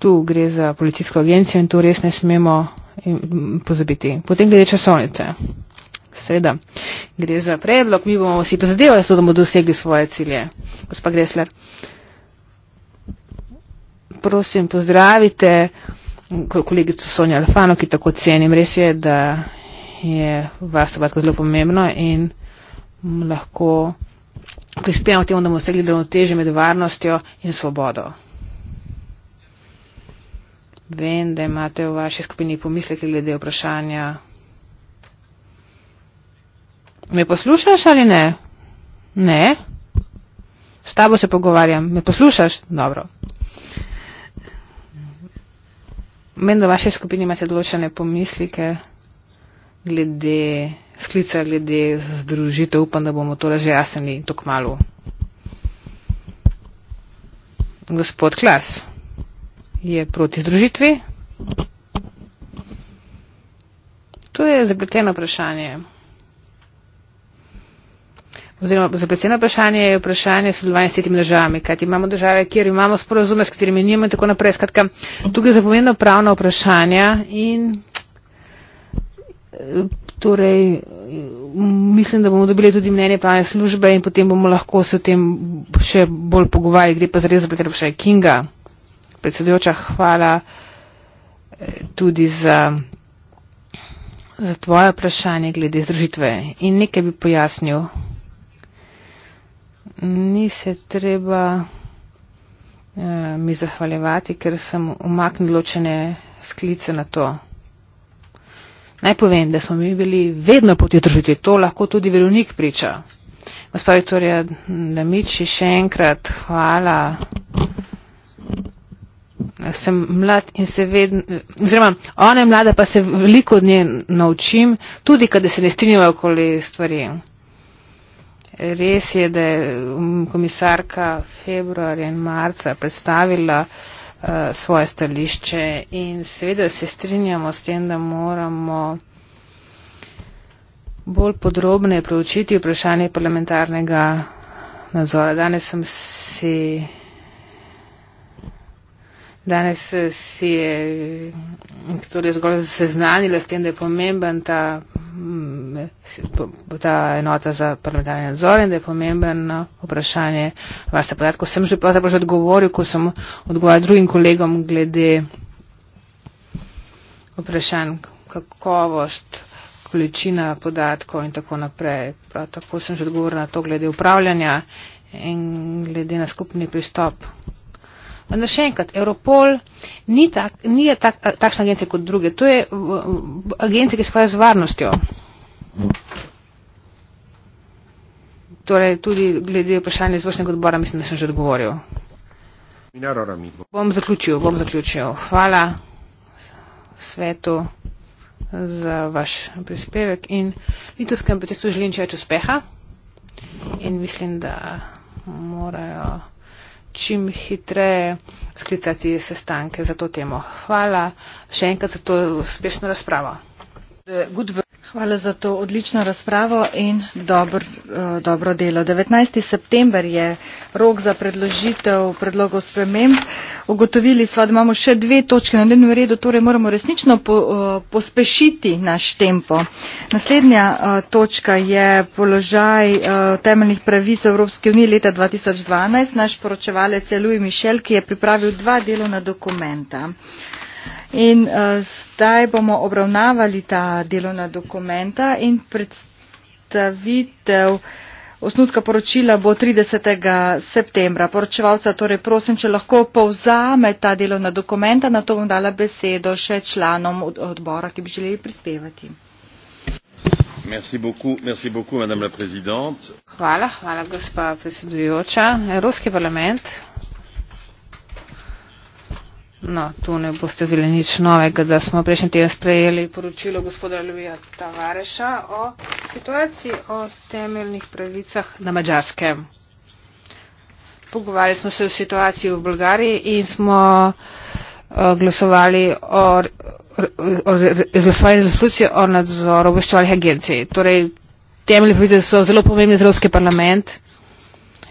tu gre za policijsko agencijo in tu res ne smemo eh, pozabiti. Potem glede časovnice. Seveda, gre za predlog, mi bomo si prizadevali, da bomo dosegli svoje cilje. Gospa Gresler, prosim, pozdravite kolegico Sonja Alfano, ki tako cenim. Res je, da je vas obratko zelo pomembno in lahko prispevamo temu, da bomo vsegli ravnoteže med varnostjo in svobodo. Vem, da imate v vaši skupini pomisleke glede vprašanja. Me poslušaš ali ne? Ne. S tabo se pogovarjam. Me poslušaš? Dobro. Meni, da v vaši skupini imate določene pomislike glede sklica, glede združitev. Upam, da bomo to že jasnili tako malo. Gospod Klas je proti združitvi. To je zapleteno vprašanje oziroma zapleteno vprašanje je vprašanje sodelovanja s tretjimi državami, kajti imamo države, kjer imamo sporozume, s katerimi nimamo in tako naprej. Skratka, tukaj je zapomenjeno pravno vprašanje in eh, torej mislim, da bomo dobili tudi mnenje pravne službe in potem bomo lahko se o tem še bolj pogovarjali. Gre pa za res zapleteno vprašanje Kinga. Predsedujoča, hvala eh, tudi za. Za tvoje vprašanje glede združitve in nekaj bi pojasnil ni se treba eh, mi zahvaljevati, ker sem umaknil ločene sklice na to. Naj povem, da smo mi bili vedno proti družiti, to lahko tudi verovnik priča. Gospa Vitorija Damiči, še enkrat hvala. Sem mlad in se vedno, oziroma ona je mlada, pa se veliko od nje naučim, tudi kad se ne strinjajo okoli stvari. Res je, da je um, komisarka februarja in marca predstavila uh, svoje stališče in seveda se strinjamo s tem, da moramo bolj podrobne preučiti vprašanje parlamentarnega nadzora. Danes sem si. Se danes eh, si je torej zgolj seznanila s tem, da je pomemben ta, mm, eh, ta enota za parlamentarni nadzor in da je pomemben no, vprašanje vašega podatka. Sem že pravzaprav že odgovoril, ko sem odgovarjal drugim kolegom glede vprašanj kakovost količina podatkov in tako naprej. Prav tako sem že odgovorila na to glede upravljanja in glede na skupni pristop. Vendar še enkrat, Europol ni, tak, ni tak, takšna agencija kot druge. To je v, v, agencija, ki se ukvarja z varnostjo. Torej, tudi glede vprašanja izvršnega odbora, mislim, da sem že odgovoril. Bom zaključil, bom zaključil. Hvala svetu za vaš prispevek in litovskem predsedstvu želim če več uspeha in mislim, da morajo čim hitreje sklicati sestanke za to temo. Hvala še enkrat za to uspešno razpravo. Hvala za to odlično razpravo in dobro, eh, dobro delo. 19. september je rok za predložitev predlogov sprememb. Ugotovili smo, da imamo še dve točke na dnevnem redu, torej moramo resnično po, eh, pospešiti naš tempo. Naslednja eh, točka je položaj temeljnih pravic Evropske unije leta 2012. Naš poročevalec je Louis Michel, ki je pripravil dva delovna dokumenta. In uh, zdaj bomo obravnavali ta delovna dokumenta in predstavitev osnutka poročila bo 30. septembra. Poročevalca torej prosim, če lahko povzame ta delovna dokumenta, na to bom dala besedo še članom odbora, ki bi želeli prispevati. Merci beaucoup, merci beaucoup, hvala, hvala gospa predsedujoča. Evropski parlament No, tu ne boste zeli nič novega, da smo prejšnji teden sprejeli poročilo gospoda Ljubija Tavareša o situaciji o temeljnih pravicah na Mačarskem. Pogovarjali smo se o situaciji v Bolgariji in smo eh, glasovali o, o, o izglasovali resolucijo o nadzoru obveščevalnih agencij. Torej, temeljne pravice so zelo pomembne za Evropski parlament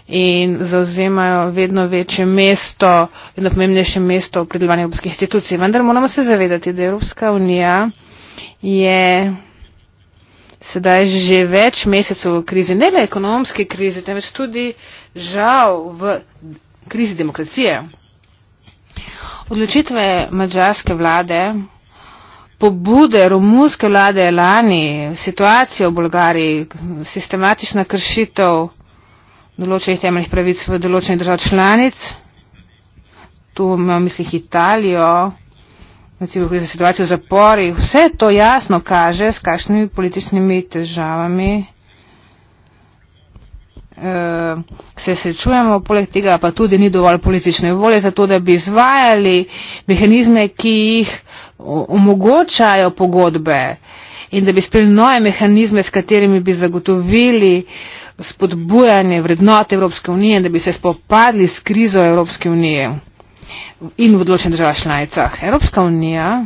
in zauzemajo vedno večje mesto, vedno pomembnejše mesto v predelovanju evropskih institucij. Vendar moramo se zavedati, da Evropska unija je sedaj že več mesecev v krizi, ne le ekonomske krize, temveč tudi žal v krizi demokracije. Odločitve mađarske vlade, pobude romunske vlade lani, situacija v Bolgariji, sistematična kršitev določenih temeljnih pravic v določenih držav članic. Tu imam v mislih Italijo, recimo, ki je za situacijo v zaporih. Vse to jasno kaže, s kakšnimi političnimi težavami uh, se srečujemo. Poleg tega pa tudi ni dovolj politične volje za to, da bi izvajali mehanizme, ki jih omogočajo pogodbe in da bi sprejeli nove mehanizme, s katerimi bi zagotovili uh, spodbujanje vrednot Evropske unije, da bi se spopadli s krizo Evropske unije in v odločenih državah članicah. Evropska unija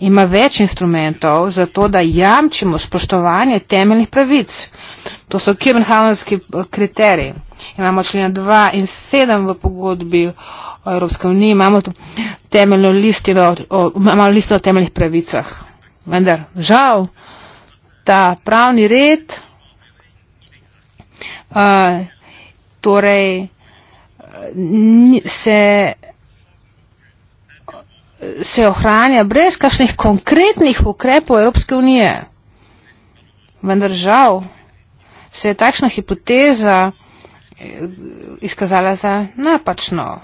ima več instrumentov za to, da jamčimo spoštovanje temeljnih pravic. To so Kirbenhavnski eh, kriteriji. Imamo člena 2 in 7 v pogodbi o Evropske unije, imamo temeljno listino o, listino o temeljnih pravicah. Vendar, žal, ta pravni red Uh, torej, se, se ohranja brez kakšnih konkretnih ukrepov Evropske unije. Vendar žal se je takšna hipoteza eh, izkazala za napačno.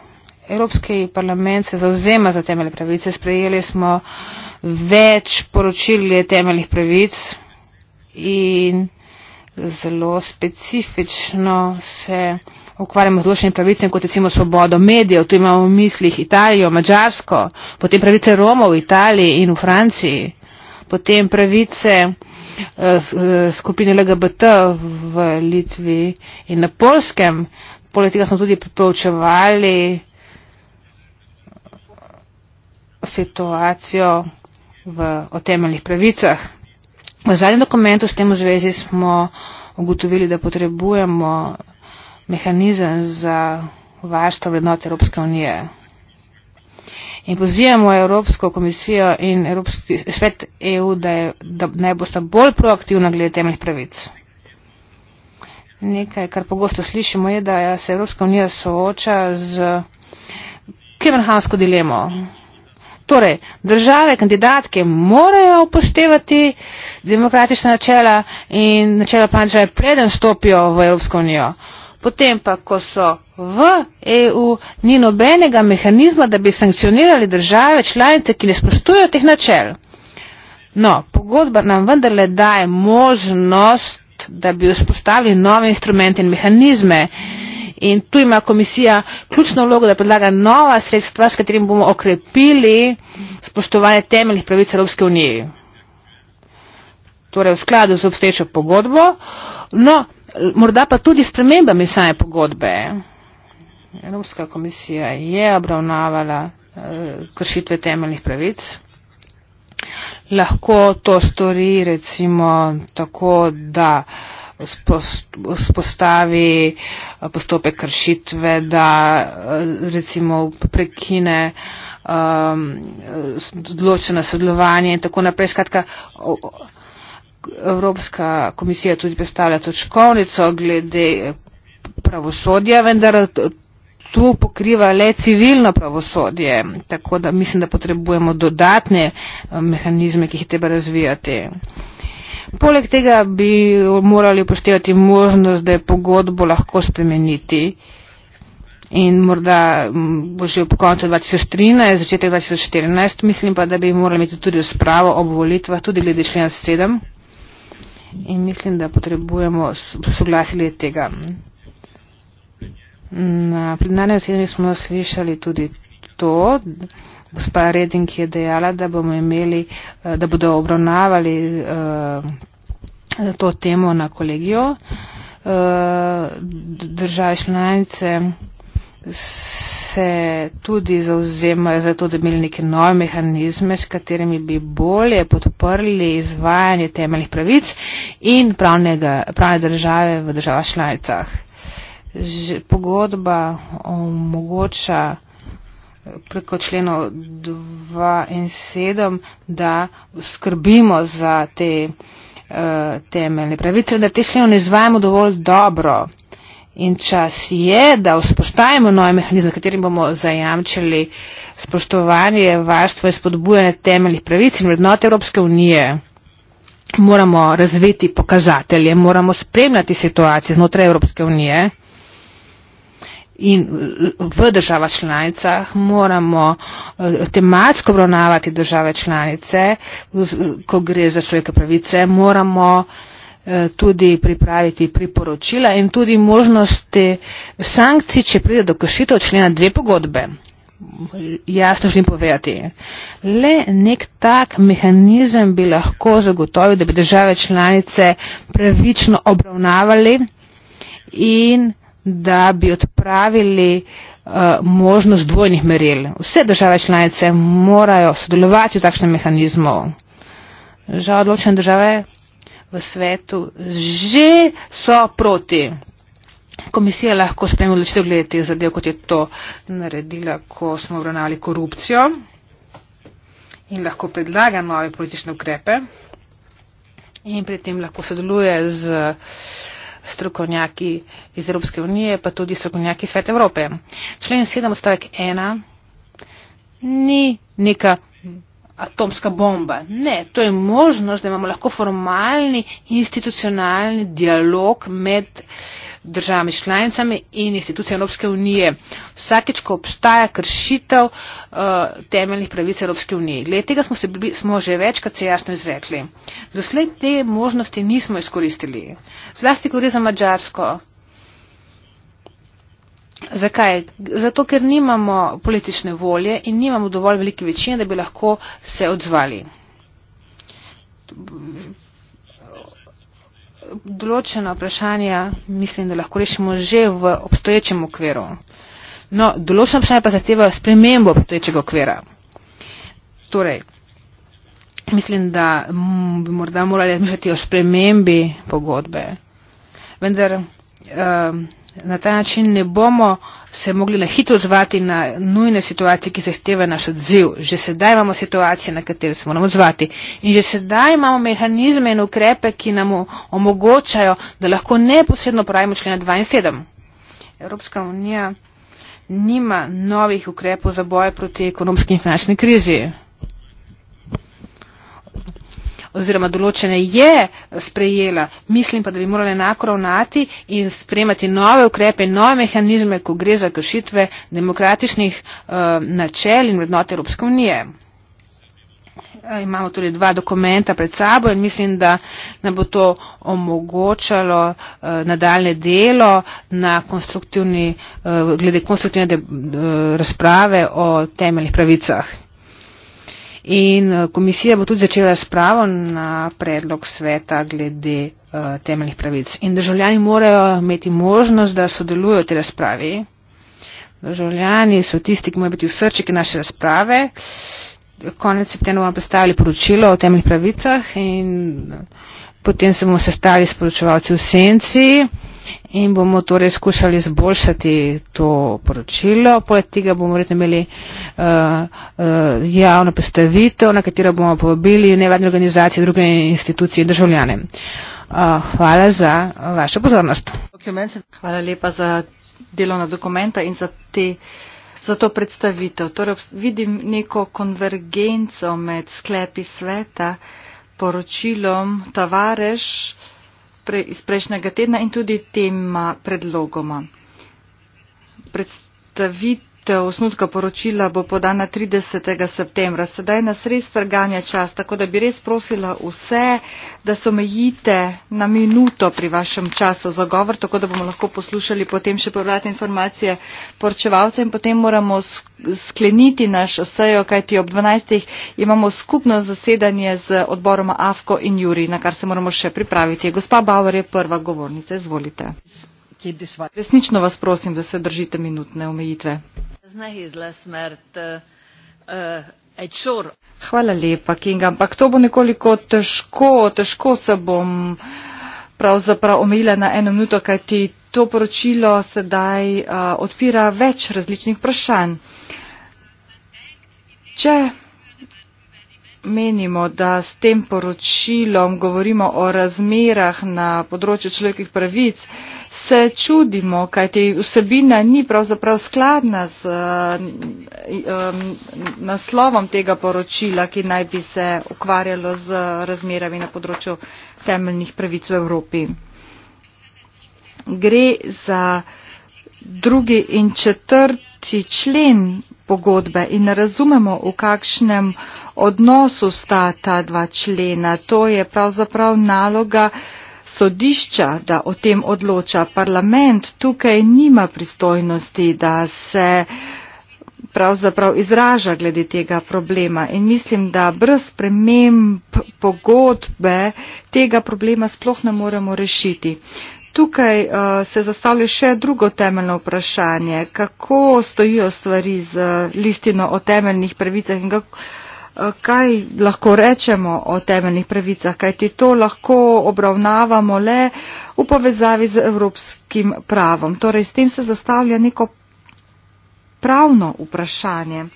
Evropski parlament se zauzema za temelje pravice. Sprejeli smo več poročil temeljih pravic in zelo specifično se ukvarjamo z določenim pravicem, kot recimo svobodo medijev, tu imamo v mislih Italijo, Mačarsko, potem pravice Romov v Italiji in v Franciji, potem pravice eh, eh, skupine LGBT v Litvi in na Polskem. Poleg tega smo tudi preučevali situacijo v, o temeljnih pravicah. V zadnjem dokumentu s tem v zvezi smo ugotovili, da potrebujemo mehanizem za varstvo vrednot Evropske unije. In pozivamo Evropsko komisijo in Evropski svet EU, da, je, da naj bosta bolj proaktivna glede temeljnih pravic. Nekaj, kar pogosto slišimo, je, da se Evropska unija sooča z kemenhansko dilemo. Torej, države kandidatke morajo upoštevati demokratična načela in načela pančaja preden stopijo v Evropsko unijo. Potem pa, ko so v EU, ni nobenega mehanizma, da bi sankcionirali države članice, ki ne spoštujejo teh načel. No, pogodba nam vendarle daje možnost, da bi vzpostavili nove instrumente in mehanizme in tu ima komisija ključno vlogo, da predlaga nova sredstva, s katerim bomo okrepili spoštovanje temeljnih pravic Evropske unije. Torej, v skladu z obstečo pogodbo, no, morda pa tudi s premembami same pogodbe. Evropska komisija je obravnavala eh, kršitve temeljnih pravic. Lahko to stori recimo tako, da eh, spostavi eh, postopek kršitve, da eh, recimo prekine um, določeno sodelovanje in tako naprej. Skratka, Evropska komisija tudi predstavlja točkovnico glede eh, pravosodja, vendar tu pokriva le civilno pravosodje, tako da mislim, da potrebujemo dodatne mehanizme, ki jih treba razvijati. Poleg tega bi morali upoštevati možnost, da je pogodbo lahko spremeniti in morda bo že ob koncu 2013, začetek 2014, mislim pa, da bi morali imeti tudi spravo ob volitvah, tudi glede člena 7 in mislim, da potrebujemo soglasili tega. Na plenarnem sedmi smo slišali tudi to, da gospa Reding je dejala, da bomo imeli, eh, da bodo obravnavali eh, to temo na kolegijo. Eh, države članice se tudi zauzemajo za to, da bi imeli neke nove mehanizme, s katerimi bi bolje podprli izvajanje temeljnih pravic in pravnega, pravne države v državah članicah. Že pogodba omogoča preko členov 2 in 7, da skrbimo za te eh, temeljne pravice, da te členov ne izvajamo dovolj dobro. In čas je, da vzpostavimo nove mehanizme, katerim bomo zajamčili spoštovanje, varstvo in spodbujanje temeljnih pravic in vrednot Evropske unije. Moramo razviti pokazatelje, moramo spremljati situacije znotraj Evropske unije in v državah članicah moramo eh, tematsko obravnavati države članice, ko gre za človeka pravice, moramo eh, tudi pripraviti priporočila in tudi možnosti sankcij, če pride do kršitev člena dve pogodbe. Jasno želim povedati, le nek tak mehanizem bi lahko zagotovil, da bi države članice pravično obravnavali in da bi odpravili uh, možnost dvojnih meril. Vse države članice morajo sodelovati v takšnem mehanizmu. Žal odločene države v svetu že so proti. Komisija lahko spremlja odločitev glede teh zadev, kot je to naredila, ko smo obravnavali korupcijo in lahko predlaga nove politične ukrepe in pri tem lahko sodeluje z uh, strokovnjaki iz Evropske unije, pa tudi strokovnjaki svet Evrope. Člen 7 odstavek 1 ni neka atomska bomba. Ne, to je možnost, da imamo lahko formalni institucionalni dialog med uh, državami članicami in institucijami Evropske unije. Vsakeč, ko obstaja kršitev uh, temeljnih pravic Evropske unije. Glede tega smo, se, smo že večkrat se jasno izrekli. Doslej te možnosti nismo izkoristili. Zlasti gre za Mačarsko. Zakaj? Zato, ker nimamo politične volje in nimamo dovolj velike večine, da bi lahko se odzvali določena vprašanja mislim, da lahko rešimo že v obstoječem okviru. No, določena vprašanja pa zahtevajo spremembo obstoječega okvira. Torej, mislim, da bi morda morali razmišljati o spremembi pogodbe. Vendar uh, na ta način ne bomo uh, se mogli na hitro odzvati na nujne situacije, ki zahtevajo naš odziv. Že sedaj imamo situacije, na katere se moramo odzvati. In že sedaj imamo mehanizme in ukrepe, ki nam omogočajo, da lahko neposredno pravimo člena 27. Evropska unija nima novih ukrepov za boje proti ekonomski in finančni krizi oziroma določene je sprejela, mislim pa, da bi morali enako ravnati in sprejemati nove ukrepe, nove mehanizme, ko gre za kršitve demokratičnih eh, načel in vrednote Evropske unije. Eh, imamo torej dva dokumenta pred sabo in mislim, da nam bo to omogočalo eh, nadaljne delo na konstruktivni, glede konstruktivne razprave o temeljnih pravicah. In eh, komisija bo tudi začela spravo na predlog sveta glede uh, temeljnih pravic. In državljani morajo imeti možnost, da sodelujo v tej razpravi. Državljani so tisti, ki morajo biti v srčiki naše razprave. Konec septembra bomo predstavili poročilo o temeljnih pravicah in eh, potem se bomo sestali s poročevalci v senci in bomo torej skušali zboljšati to poročilo. Poleg tega bomo verjetno imeli uh, uh, javno postavitev, na katero bomo povabili nevladne organizacije, druge institucije in državljane. Uh, hvala za vašo pozornost. Hvala lepa za delovna dokumenta in za, te, za to predstavitev. Torej, vidim neko konvergenco med sklepi sveta, poročilom Tavareš, pre, iz prejšnjega tedna in tudi tema predlogoma. Predstavit potrditev osnutka poročila bo podana 30. septembra. Sedaj nas res preganja čas, tako da bi res prosila vse, da se omejite na minuto pri vašem času za govor, tako da bomo lahko poslušali potem še povratne informacije poročevalcev in potem moramo skleniti naš osejo, kajti ob 12. imamo skupno zasedanje z odboroma AFKO in Juri, na kar se moramo še pripraviti. Gospa Bauer je prva govornica, izvolite. Resnično vas prosim, da se držite minutne omejitve. Eh, eh, Hvala lepa, Kinga, ampak to bo nekoliko težko, težko se bom pravzaprav omejila na eno minuto, kajti to poročilo sedaj uh, odpira več različnih vprašanj. Če menimo, da s tem poročilom govorimo o razmerah na področju človekih pravic, se čudimo, kajte vsebina ni pravzaprav skladna z um, naslovom tega poročila, ki naj bi se ukvarjalo z razmerami na področju temeljnih pravic v Evropi. Gre za drugi in četrti člen pogodbe in ne razumemo, v kakšnem odnosu sta ta dva člena. To je pravzaprav naloga sodišča, da o tem odloča. Parlament tukaj nima pristojnosti, da se pravzaprav izraža glede tega problema in mislim, da brez sprememb pogodbe tega problema sploh ne moremo rešiti. Tukaj uh, se zastavlja še drugo temeljno vprašanje, kako stojijo stvari z listino o temeljnih pravicah in kako kaj lahko rečemo o temeljnih pravicah, kajti to lahko obravnavamo le v povezavi z evropskim pravom. Torej, s tem se zastavlja neko pravno vprašanje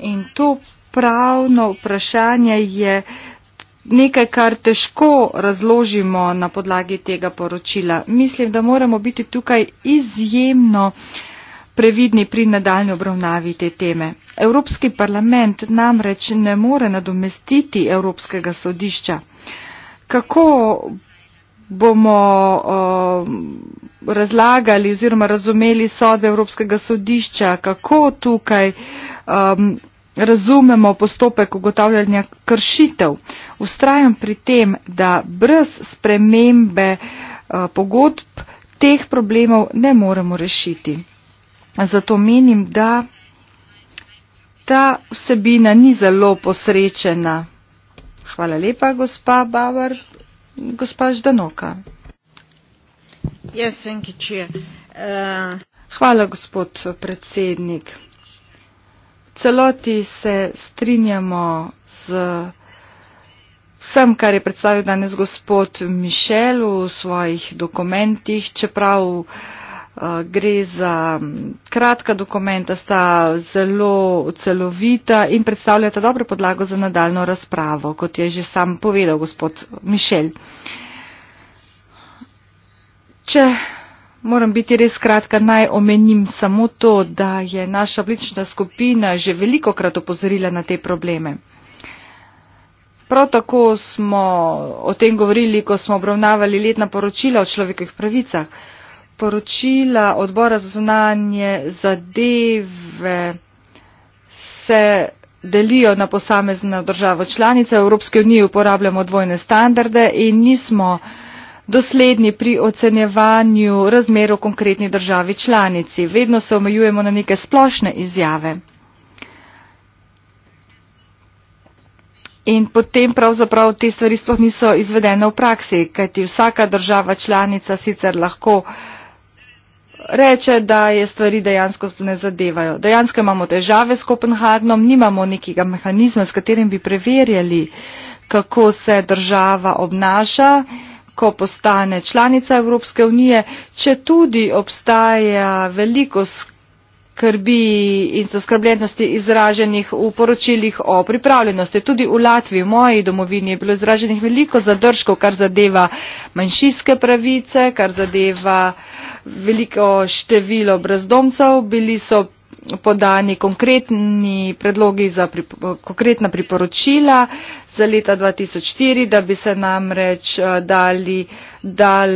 in to pravno vprašanje je nekaj, kar težko razložimo na podlagi tega poročila. Mislim, da moramo biti tukaj izjemno uh, previdni pri nadaljni obravnavi te teme. Evropski parlament namreč ne more nadomestiti Evropskega sodišča. Kako bomo uh, razlagali oziroma razumeli sodbe Evropskega sodišča, kako tukaj um, razumemo postopek ugotavljanja kršitev. Ustrajam pri tem, da brez spremembe uh, pogodb teh problemov ne moremo rešiti. Zato menim, da ta vsebina ni zelo posrečena. Hvala lepa, gospa Bavar, gospa Ždanoka. Yes, uh... Hvala, gospod predsednik. Celoti se strinjamo z vsem, kar je predstavil danes gospod Mišel v svojih dokumentih, čeprav uh, Eh, gre za mm, kratka dokumenta, sta zelo celovita in predstavljata dobro podlago za nadaljno razpravo, kot je že sam povedal gospod Mišel. Če moram biti res kratka, naj omenim samo to, da je naša oblična skupina že veliko krat opozorila na te probleme. Prav tako smo o tem govorili, ko smo obravnavali letna poročila o človekovih pravicah poročila odbora za zunanje zadeve se delijo na posamezne države članice. V Evropske unije uporabljamo dvojne standarde in nismo dosledni pri ocenjevanju razmer v konkretni državi članici. Vedno se omejujemo na neke splošne izjave. In potem pravzaprav te stvari sploh niso izvedene v praksi, kajti vsaka država članica sicer lahko uh, reče, da je stvari dejansko ne zadevajo. Dejansko imamo težave s Kopenhagnom, nimamo nekega mehanizma, s katerim bi preverjali, kako se država obnaša, ko postane članica Evropske unije, če tudi obstaja veliko skrbi, skrbi in zaskrbljenosti izraženih v poročilih o pripravljenosti. Tudi v Latviji, v moji domovini, je bilo izraženih veliko zadržkov, kar zadeva manjšinske pravice, kar zadeva veliko število brezdomcev. Bili so podani konkretni predlogi za pripo, konkretna priporočila, za leta 2004, da bi se namreč eh, dali dal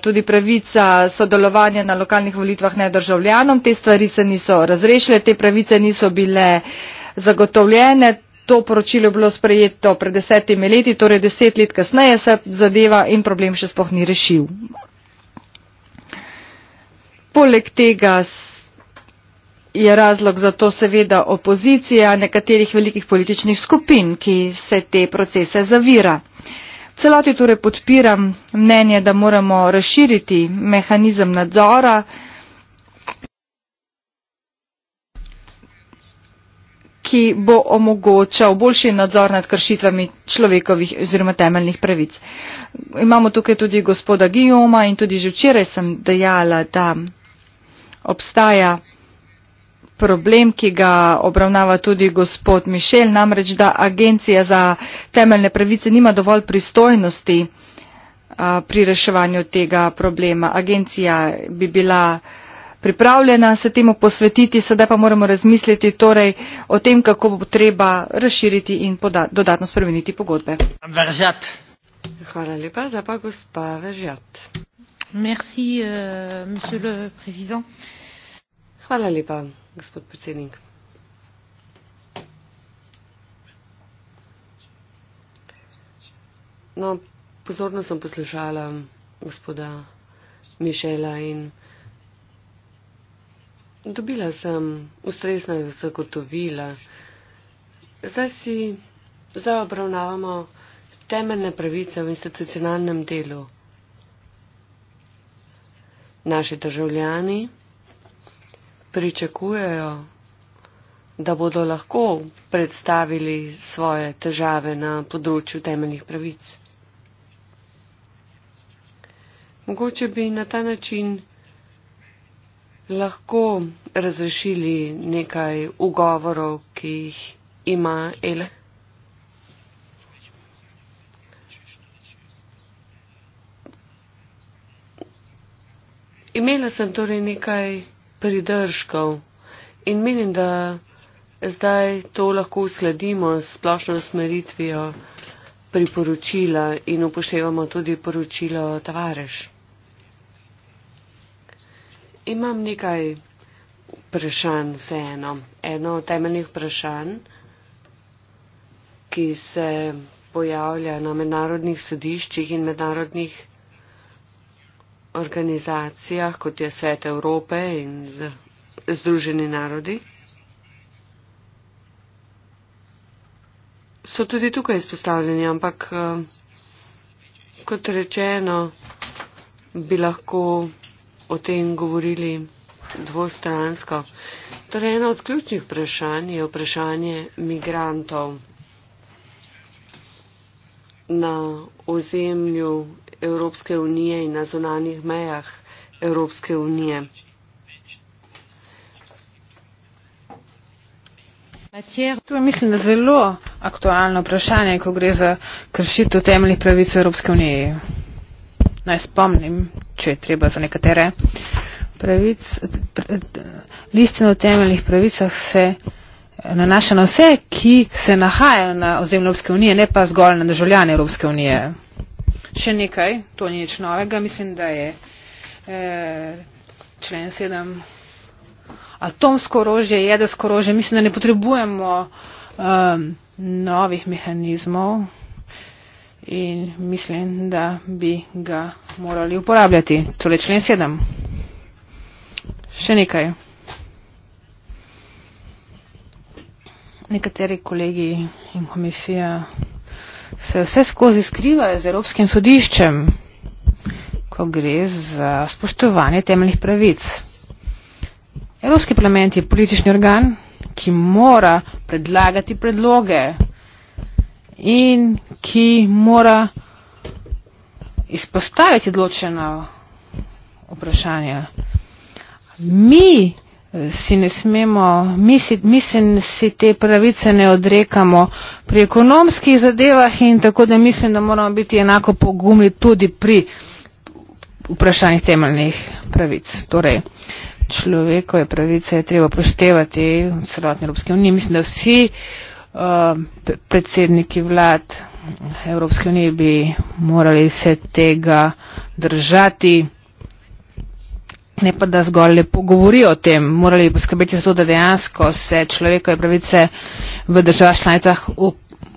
tudi pravica sodelovanja na lokalnih volitvah nedržavljanom. Te stvari se niso razrešile, te pravice niso bile zagotovljene. To poročilo je bilo sprejeto pred desetimi leti, torej deset let kasneje se zadeva in problem še sploh ni rešil. Poleg tega je razlog za to seveda opozicija nekaterih velikih političnih skupin, ki se te procese zavira. V celoti torej podpiram mnenje, da moramo razširiti mehanizem nadzora. ki bo omogočal boljši nadzor nad kršitvami človekovih oziroma temeljnih pravic. Imamo tukaj tudi gospoda Gijoma in tudi že včeraj sem dejala, da obstaja problem, ki ga obravnava tudi gospod Mišel, namreč, da Agencija za temeljne pravice nima dovolj pristojnosti pri reševanju tega problema. Agencija bi bila pripravljena se temu posvetiti, sedaj pa moramo razmisliti torej o tem, kako bo treba razširiti in dodatno spremeniti pogodbe. Veržat. Hvala lepa, zdaj pa gospa Veržat. Merci, uh, monsieur le président. Uh, Hvala lepa, gospod predsednik. No, pozorno sem poslušala gospoda Mišela in dobila sem ustrezna zagotovila. Zdaj si zdaj obravnavamo temeljne pravice v institucionalnem delu. Naši državljani pričakujejo, da bodo lahko predstavili svoje težave na področju temeljnih pravic. Mogoče bi na ta način lahko razrešili nekaj ugovorov, ki jih ima Ele. Imela sem torej nekaj pridržkov. In menim, da zdaj to lahko sledimo s splošno usmeritvijo priporočila in upoštevamo tudi poročilo Tavareš. Imam nekaj vprašanj vseeno. Eno od temeljnih vprašanj, ki se pojavlja na mednarodnih sodiščih in mednarodnih organizacijah, kot je Svet Evrope in Združeni narodi. So tudi tukaj izpostavljeni, ampak eh, kot rečeno, bi lahko o tem govorili dvostransko. Torej, eno od ključnih vprašanj je vprašanje migrantov na ozemlju Evropske unije in na zonanih mejah Evropske unije. To je, mislim, da zelo aktualno vprašanje, ko gre za kršitev temeljnih pravic v Evropske unije. Naj spomnim, če je treba za nekatere pravic. Listino o temeljnih pravicah se nanaša na vse, ki se nahajajo na ozemlju Evropske unije, ne pa zgolj na državljane Evropske unije. Še nekaj, to ni nič novega, mislim, da je eh, člen 7. Atomsko orožje, jedrsko orožje, mislim, da ne potrebujemo eh, novih mehanizmov in mislim, da bi ga morali uporabljati. Torej, člen 7. Še nekaj. Nekateri kolegi in komisija se vse skozi skrivajo z Evropskim sodiščem, ko gre za spoštovanje temeljnih pravic. Evropski parlament je politični organ, ki mora predlagati predloge in ki mora izpostaviti odločena vprašanja. Mi si ne smemo, mi si, mi si, si te pravice ne odrekamo pri ekonomskih zadevah in tako da mislim, da moramo biti enako pogumni tudi pri vprašanjih temeljnih pravic. Torej, človekove pravice je treba poštevati v celotni Evropski uniji. Mislim, da vsi uh, predsedniki vlad Evropske unije bi morali se tega držati ne pa da zgolj lepo govori o tem. Morali bi poskrbeti za to, da dejansko se človekove pravice v državah članicah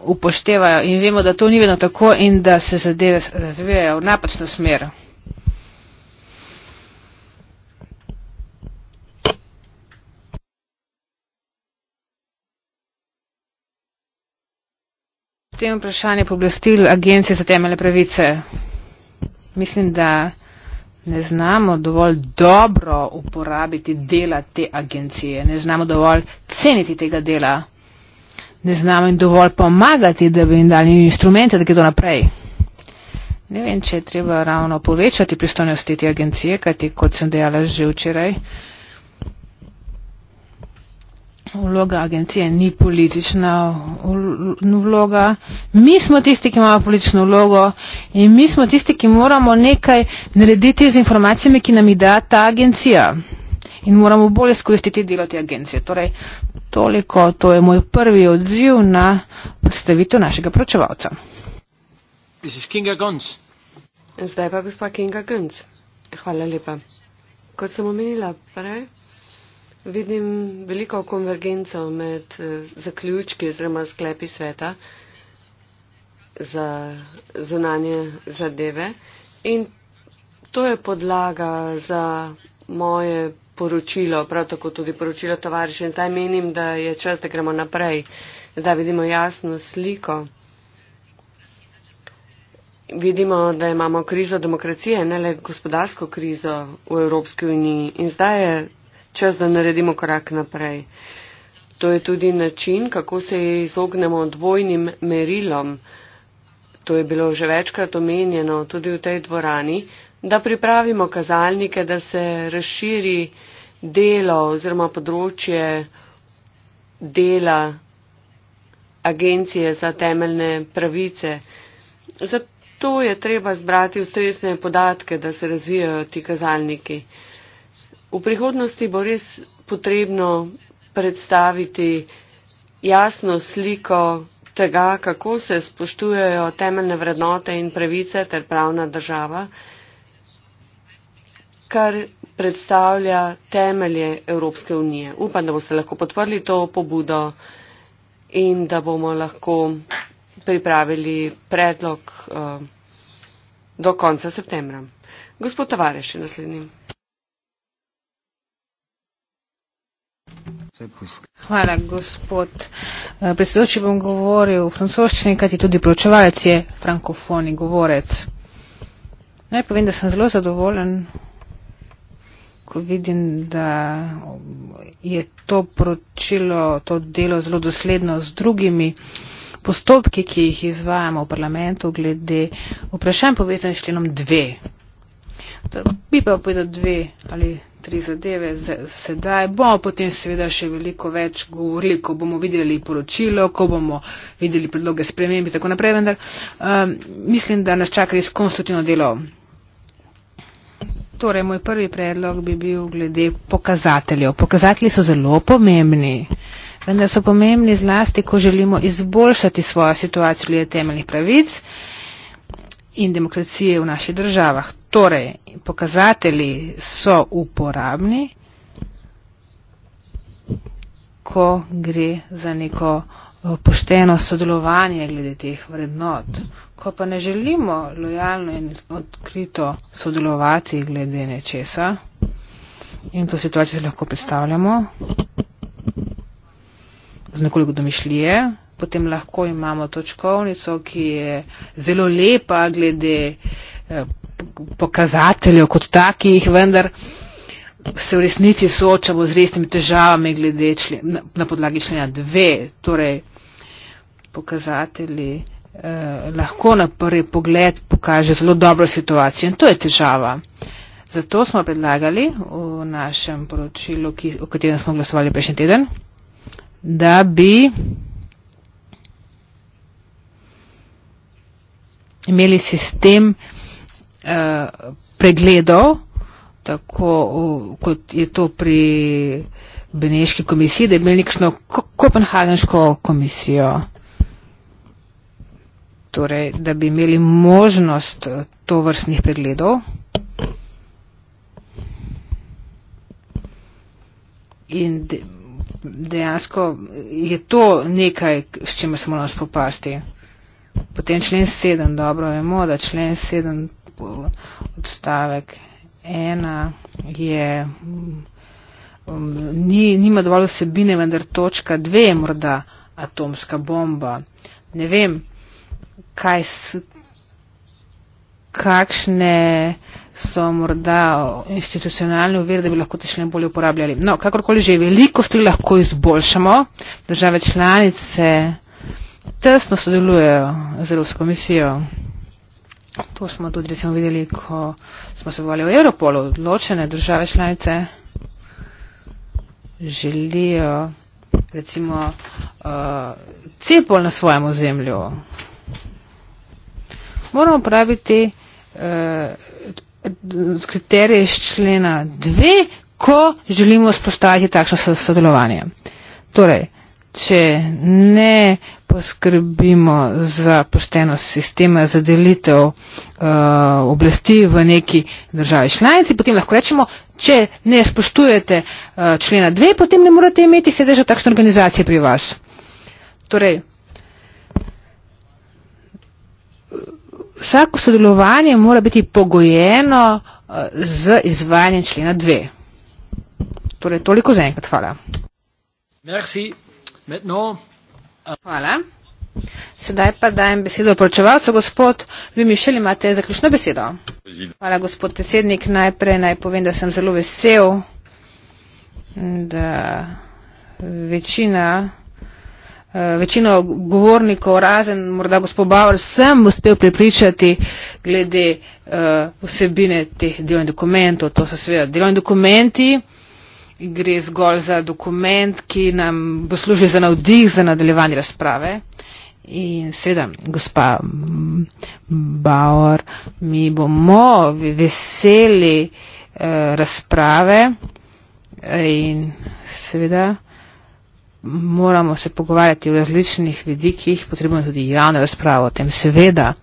upoštevajo. In vemo, da to ni vedno tako in da se zadeve razvijajo v napačno smer. V tem vprašanju je poblastil Agencije za temeljne pravice. Mislim, da ne znamo dovolj dobro uporabiti dela te agencije, ne znamo dovolj ceniti tega dela, ne znamo jim dovolj pomagati, da bi jim dali instrumente, da gredo naprej. Ne vem, če je treba ravno povečati pristojnosti te agencije, kajti kot sem dejala že včeraj, uh, vloga agencije ni politična vloga. Mi smo tisti, ki imamo politično vlogo in mi smo tisti, ki moramo nekaj narediti z informacijami, ki nam jih da ta agencija. In moramo bolj izkoristiti delo te agencije. Torej, toliko, to je moj prvi odziv na predstavitev našega pročevalca. Zdaj pa gospa Kinga Gunc. Hvala lepa. Kot sem omenila prej. Vidim veliko konvergenco med eh, zaključki oziroma sklepi sveta za zunanje zadeve in to je podlaga za moje poročilo, prav tako tudi poročilo tovariša in taj menim, da je čas, da gremo naprej, da vidimo jasno sliko. Vidimo, da imamo krizo demokracije, ne le gospodarsko krizo v Evropski uniji in zdaj je čas, da naredimo korak naprej. To je tudi način, kako se izognemo dvojnim merilom. To je bilo že večkrat omenjeno tudi v tej dvorani, da pripravimo kazalnike, da se razširi delo oziroma področje dela agencije za temeljne pravice. Zato je treba zbrati ustrezne podatke, da se razvijajo ti kazalniki. V prihodnosti bo res potrebno predstaviti jasno sliko tega, kako se spoštujejo temeljne vrednote in pravice ter pravna država, kar predstavlja temelje Evropske unije. Upam, da boste lahko podprli to pobudo in da bomo lahko pripravili predlog uh, do konca septembra. Gospod Tavareš je naslednji. Hvala, gospod. Eh, Predsedoči bom govoril v francoščini, kajti tudi preučevalec je frankofoni govorec. Naj povem, da sem zelo zadovoljen, ko vidim, da je to poročilo, to delo zelo dosledno z drugimi postopki, ki jih izvajamo v parlamentu glede vprašanj povezanih s členom 2 Bi pa povedal dve ali tri zadeve sedaj. Bomo potem seveda še veliko več govorili, ko bomo videli poročilo, ko bomo videli predloge sprememb in tako naprej, vendar um, mislim, da nas čaka res konstruktivno delo. Torej, moj prvi predlog bi bil glede pokazateljev. Pokazatelji so zelo pomembni, vendar so pomembni zlasti, ko želimo izboljšati svojo situacijo glede temeljnih pravic in demokracije v naših državah. Torej, pokazatelji so uporabni, ko gre za neko eh, pošteno sodelovanje glede teh vrednot. Ko pa ne želimo lojalno in odkrito sodelovati glede nečesa in to situacijo lahko predstavljamo z nekoliko domišljije, potem lahko imamo točkovnico, ki je zelo lepa glede eh, pokazateljev kot takih, vendar se v resnici soočamo z resnimi težavami glede člen, na, na podlagi člena dve, torej pokazatelji eh, lahko na prvi pogled pokaže zelo dobro situacijo in to je težava. Zato smo predlagali v našem poročilu, ki, o katerem smo glasovali prejšnji teden, da bi imeli sistem eh, pregledov, tako kot je to pri Beneški komisiji, da je imel nekšno kopenhagensko komisijo. Torej, da bi imeli možnost eh, to vrstnih pregledov. In dejansko je to nekaj, s čimer se moramo spopasti. Potem člen 7, dobro vemo, da člen 7 odstavek 1 je, um, ni, nima dovolj osebine, vendar točka 2 je morda atomska bomba. Ne vem, kaj s, kakšne so morda institucionalne uvere, da bi lahko te člene bolje uporabljali. No, kakorkoli že, veliko stvari lahko izboljšamo. Države članice tesno sodelujejo z Evropsko komisijo. To smo tudi recimo videli, ko smo se bovali v Evropolu, odločene države članice želijo recimo uh, cepol na svojem ozemlju. Moramo praviti uh, kriterije iz člena 2, ko želimo spostaviti takšno sodelovanje. Torej, če ne poskrbimo za poštenost sistema za delitev uh, oblasti v neki državi članici, potem lahko rečemo, če ne spoštujete uh, člena 2, potem ne morate imeti sedeža takšne organizacije pri vas. Torej, vsako sodelovanje mora biti pogojeno uh, z izvajanjem člena 2. Torej, toliko za enkrat. Hvala. Merci. No, uh... Hvala. Sedaj pa dajem besedo poročevalcu. Gospod, vi mi še imate zaključno besedo. Hvala, gospod predsednik. Najprej naj povem, da sem zelo vesel, da večina, eh, večino govornikov, razen morda gospod Bauer, sem uspel pripričati glede uh, vsebine teh delovnih dokumentov. To so seveda delovni dokumenti gre zgolj za dokument, ki nam bo služil za navdih za nadaljevanje razprave. In seveda, gospa Bauer, mi bomo veseli eh, razprave in seveda moramo se pogovarjati o različnih vidikih, potrebujemo tudi javno razpravo o tem, seveda.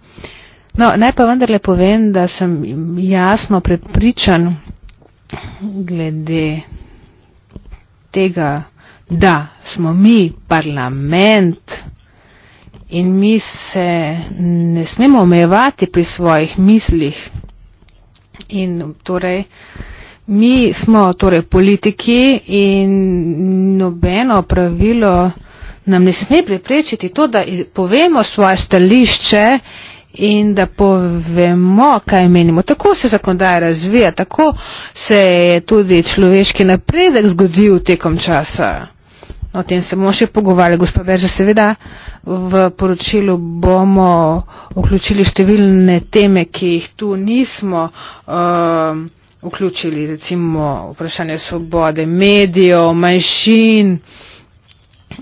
No, naj pa vendarle povem, da sem jasno prepričan glede tega, da smo mi parlament in mi se ne smemo omejevati pri svojih mislih. In torej, mi smo torej politiki in nobeno pravilo nam ne sme preprečiti to, da povemo svoje stališče in da povemo, kaj menimo. Tako se zakonodaja razvija, tako se je tudi človeški napredek zgodil tekom časa. No, o tem se bomo še pogovarjali, gospod Berža, seveda v poročilu bomo vključili številne teme, ki jih tu nismo uh, vključili, recimo vprašanje svobode medijev, manjšin,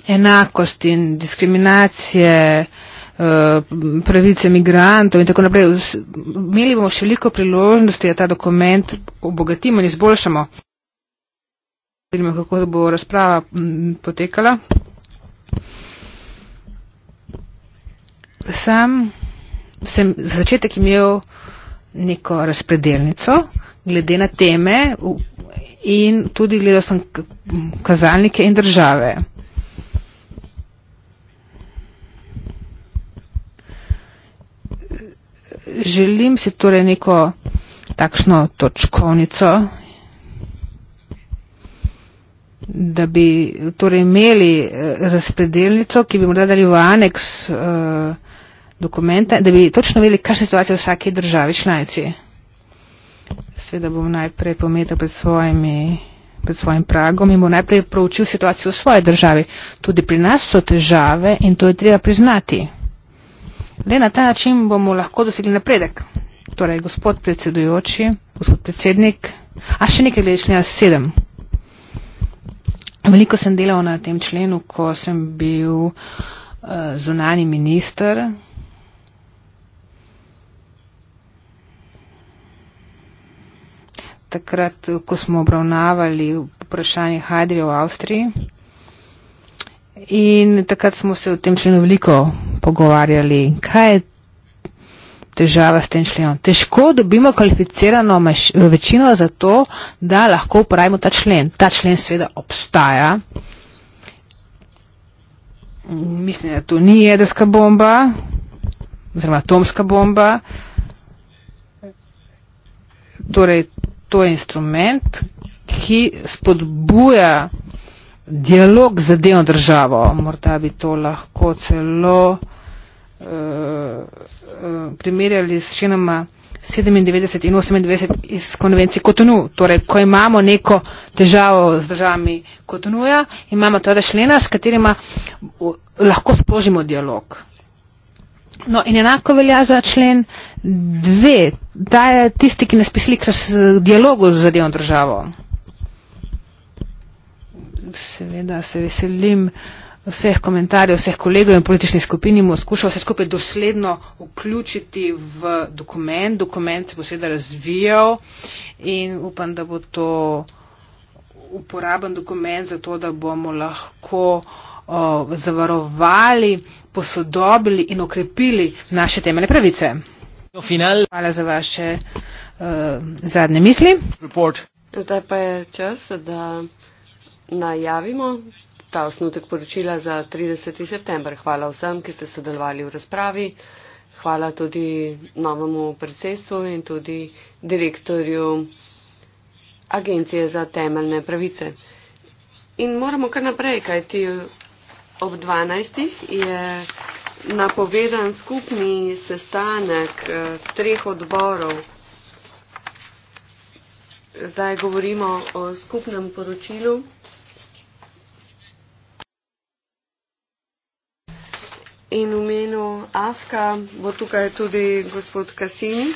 enakost in diskriminacije. Uh, Eh, pravice migrantov in tako naprej. Imeli bomo še veliko priložnosti, da ta dokument obogatimo in izboljšamo. Vidimo, kako bo razprava potekala. Sam sem za začetek imel neko razpredelnico glede na teme in tudi gledal sem kazalnike in države. želim si torej neko takšno točkovnico, da bi torej imeli eh, razpredelnico, ki bi morda dali v aneks eh, dokumenta, da bi točno vedeli, kakšna je situacija v vsaki državi članici. Seveda bom najprej pometal pred, svojimi, pred svojim pragom in bom najprej proučil situacijo v svoji državi. Tudi pri nas so težave in to je treba priznati. Le na ta način bomo lahko dosegli napredek. Torej, gospod predsedujoči, gospod predsednik, a še nekaj glede člena sedem. Veliko sem delal na tem členu, ko sem bil uh, zunani minister. Takrat, ko smo obravnavali vprašanje Hajdrija v Avstriji. In takrat smo se v tem členu veliko pogovarjali, kaj je težava s tem členom. Težko dobimo kvalificirano večino za to, da lahko uporabimo ta člen. Ta člen seveda obstaja. Mislim, da to ni jedrska bomba, oziroma atomska bomba. Torej, to je instrument, ki spodbuja dialog z delno državo, morda bi to lahko celo uh, primerjali s šenoma 97 in 98 iz konvencije Kotonu. Torej, ko imamo neko težavo z državami Kotonuja, imamo teda torej šlena, s katerima lahko sprožimo dialog. No in enako velja za člen dve, da je tisti, ki nas pisli k dialogu z zadevno državo seveda se veselim vseh komentarjev, vseh kolegov in političnih skupin in bomo skušali vse skupaj dosledno vključiti v dokument. Dokument se bo seveda razvijal in upam, da bo to uporaben dokument za to, da bomo lahko o, zavarovali, posodobili in okrepili naše temeljne pravice. Hvala za vaše uh, zadnje misli. Report. Zdaj pa je čas, da najavimo ta osnutek poročila za 30. september. Hvala vsem, ki ste sodelovali v razpravi. Hvala tudi novemu predsedstvu in tudi direktorju Agencije za temeljne pravice. In moramo kar naprej, kajti ob 12. je napovedan skupni sestanek eh, treh odborov. Zdaj govorimo o skupnem poročilu. in v imenu AFKA bo tukaj tudi gospod Kasini.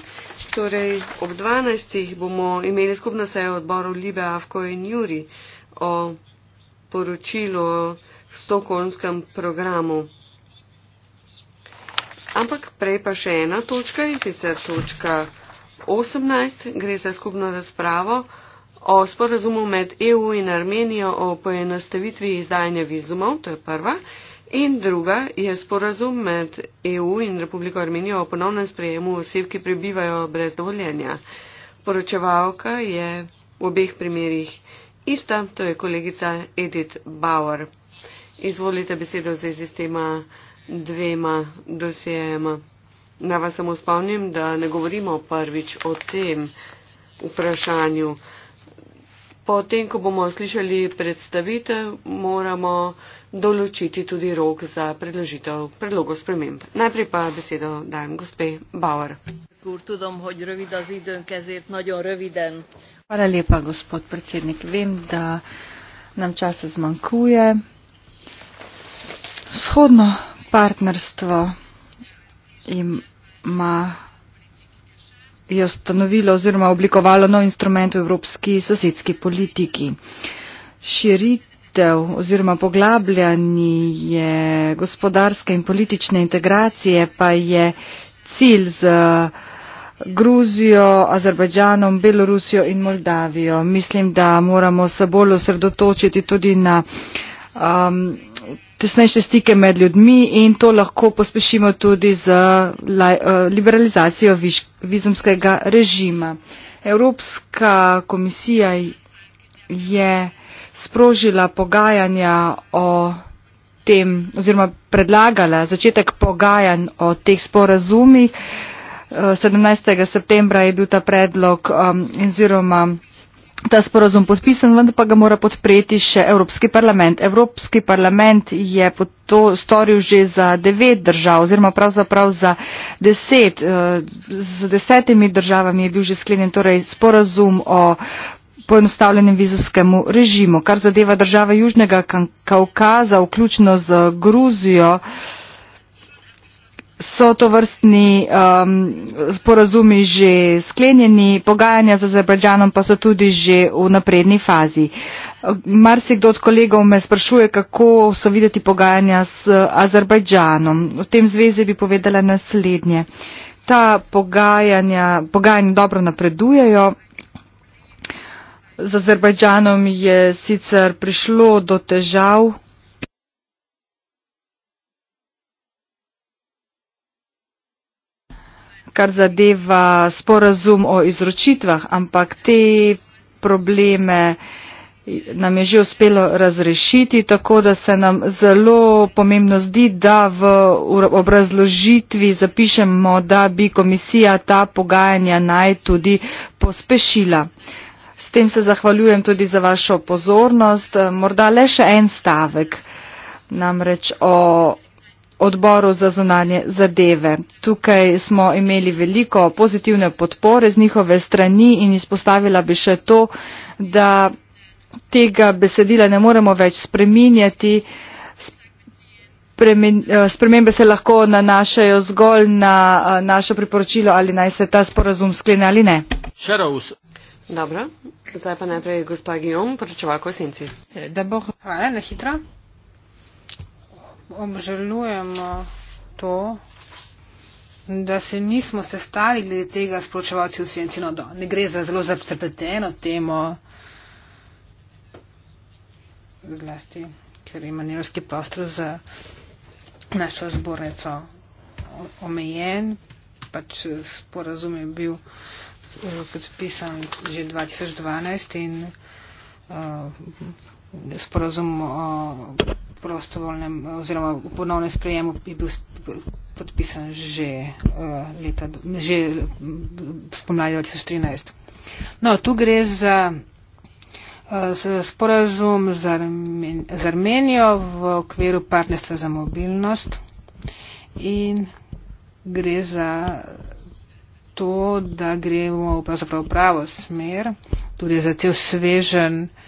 Torej, ob 12. bomo imeli skupno sejo odborov Libe, AFKO in Juri o poročilu o stokholmskem programu. Ampak prej pa še ena točka in sicer točka 18 gre za skupno razpravo o sporazumu med EU in Armenijo o poenostavitvi izdajanja vizumov, to je prva. In druga je sporazum med EU in Republiko Armenijo o ponovnem sprejemu oseb, ki prebivajo brez dovoljenja. Poročevalka je v obeh primerih ista, to je kolegica Edith Bauer. Izvolite besedo v zvezi s tema dvema dosijema. Na vas samo spomnim, da ne govorimo prvič o tem vprašanju. Potem, ko bomo slišali predstavitev, moramo določiti tudi rok za predložitev predlogo sprememb. Najprej pa besedo dajem gospe Bauer. Hvala lepa, gospod predsednik. Vem, da nam časa zmanjkuje. Vzhodno partnerstvo ima je ustanovilo oziroma oblikovalo nov instrument v evropski sosedski politiki. Širitev oziroma poglabljanje gospodarske in politične integracije pa je cilj z Gruzijo, Azerbajdžanom, Belorusijo in Moldavijo. Mislim, da moramo se bolj osredotočiti tudi na. Um, tesnejše stike med ljudmi in to lahko pospešimo tudi z eh, liberalizacijo vizumskega režima. Evropska komisija je sprožila pogajanja o tem oziroma predlagala začetek pogajanj o teh sporazumih. 17. Eh, septembra je bil ta predlog oziroma um, ta sporazum podpisan, vendar pa ga mora podpreti še Evropski parlament. Evropski parlament je to storil že za devet držav oziroma pravzaprav za deset. Eh, z desetimi državami je bil že sklenjen torej sporazum o poenostavljenem vizovskemu režimu. Kar zadeva države Južnega Kaukaza, vključno z Gruzijo, uh, so to vrstni um, sporazumi že sklenjeni, pogajanja z Azerbajdžanom pa so tudi že v napredni fazi. Mar si kdo od kolegov me sprašuje, kako so videti pogajanja z Azerbajdžanom. V tem zvezi bi povedala naslednje. Ta pogajanja, pogajanja dobro napredujejo. Z Azerbajdžanom je sicer prišlo do težav kar zadeva sporazum o izročitvah, ampak te probleme nam je že uspelo razrešiti, tako da se nam zelo pomembno zdi, da v obrazložitvi zapišemo, da bi komisija ta pogajanja naj tudi pospešila. S tem se zahvaljujem tudi za vašo pozornost. Morda le še en stavek, namreč o odboru za zunanje zadeve. Tukaj smo imeli veliko pozitivne podpore z njihove strani in izpostavila bi še to, da tega besedila ne moremo več spreminjati. Eh, spremembe se lahko nanašajo zgolj na eh, naše priporočilo, ali naj se ta sporazum sklene ali ne. Dobro, zdaj pa najprej gospa Gijom, poročevalko Sinci. Hvala, na hitro obžalujemo to, da se nismo sestali glede tega sporočevalci v senci nodo. Ne gre za zelo zapreteno temo, zlasti, ker ima nevrski prostor za našo zbornico omejen, pač sporazum je bil eh, podpisan že 2012 in uh, sporazum o prostovoljnem oziroma v ponovnem sprejemu je bil podpisan že uh, leta, že eh, spomladi 2013. No, tu gre za uh, sporazum z, Armen z Armenijo v okviru partnerstva za mobilnost in gre za to, da gremo pravzaprav v pravo smer, tudi za cel svežen uh,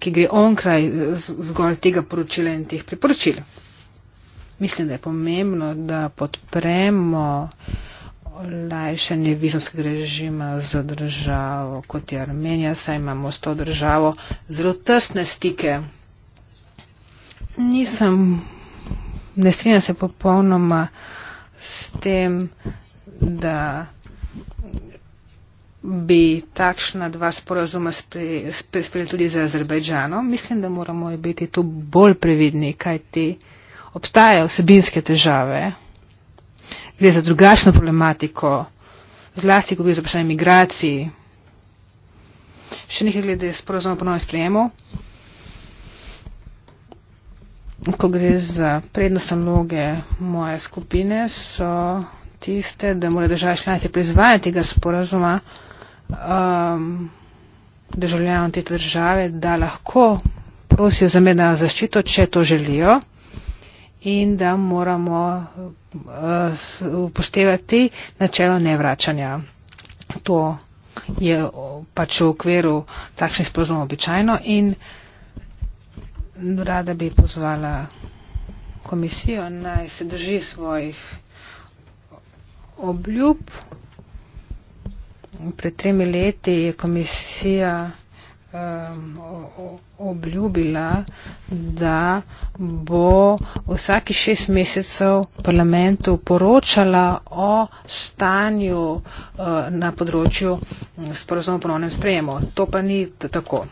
ki gre onkraj eh, zgolj tega poročila in teh priporočil. Mislim, da je pomembno, da podpremo olajšanje vizumskega režima za državo, kot je Armenija, saj imamo s to državo zelo tesne stike. Nisem, ne strinjam se popolnoma s tem, da bi takšna dva sporazuma sprejeli spre, spre tudi z Azerbajdžanom, mislim, da moramo biti tu bolj previdni, kajti obstajajo vsebinske težave, gre za drugačno problematiko, zlasti, ko gre za vprašanje migracij. Še nekaj glede sporazuma ponovno sprejemo. Ko gre za prednostne loge moje skupine, so tiste, da mora država članica prizvajati tega sporazuma, um, državljanom te države, da lahko prosijo za mednarodno zaščito, če to želijo in da moramo uh, upoštevati načelo nevračanja. To je pač v okviru takšnih sporozumov običajno in rada bi pozvala komisijo naj se drži svojih obljub pred tremi leti je komisija um, obljubila, da bo vsaki šest mesecev parlamentu poročala o stanju uh, na področju sporozumov ponovnem sprejemu. To pa ni tako.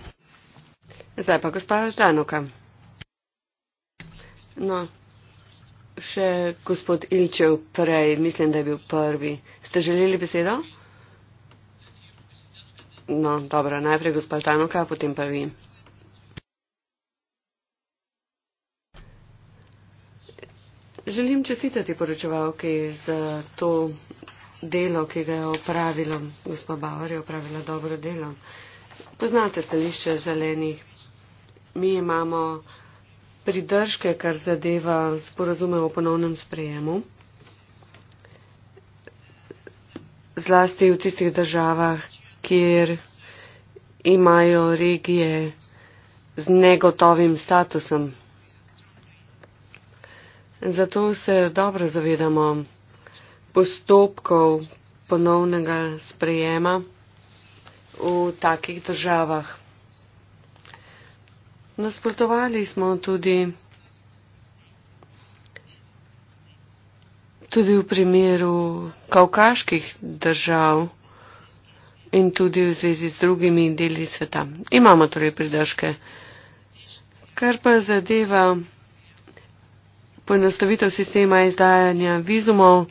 Zdaj pa gospa Ždanoka. No, še gospod Ilčev prej, mislim, da je bil prvi. Ste želeli besedo? No, dobro, najprej gospod Tanuka, potem pa vi. Želim čestitati poročevalki za to delo, ki ga je opravilo, gospod Bauer je opravila dobro delo. Poznate stališče zelenih. Mi imamo pridržke, kar zadeva sporozume o ponovnem sprejemu. Zlasti v tistih državah, kjer imajo regije z negotovim statusom. Zato se dobro zavedamo postopkov ponovnega sprejema v takih državah. Nasprotovali smo tudi, tudi v primeru kavkaških držav in tudi v zvezi z drugimi deli sveta. Imamo torej pridržke. Kar pa zadeva poenostavitev sistema izdajanja vizumov,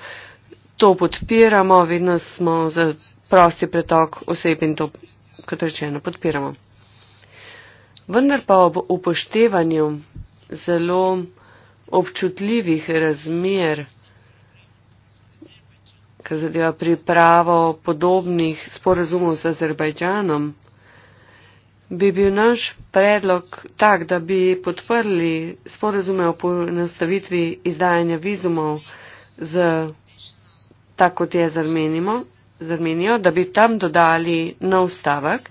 to podpiramo, vedno smo za prosti pretok oseb in to, kot rečeno, podpiramo. Vendar pa ob upoštevanju zelo občutljivih razmer, kar zadeva pripravo podobnih sporazumov z Azerbajdžanom, bi bil naš predlog tak, da bi podprli sporazume o ponastavitvi izdajanja vizumov z tako kot je z, Armenimo, z Armenijo, da bi tam dodali nov stavek,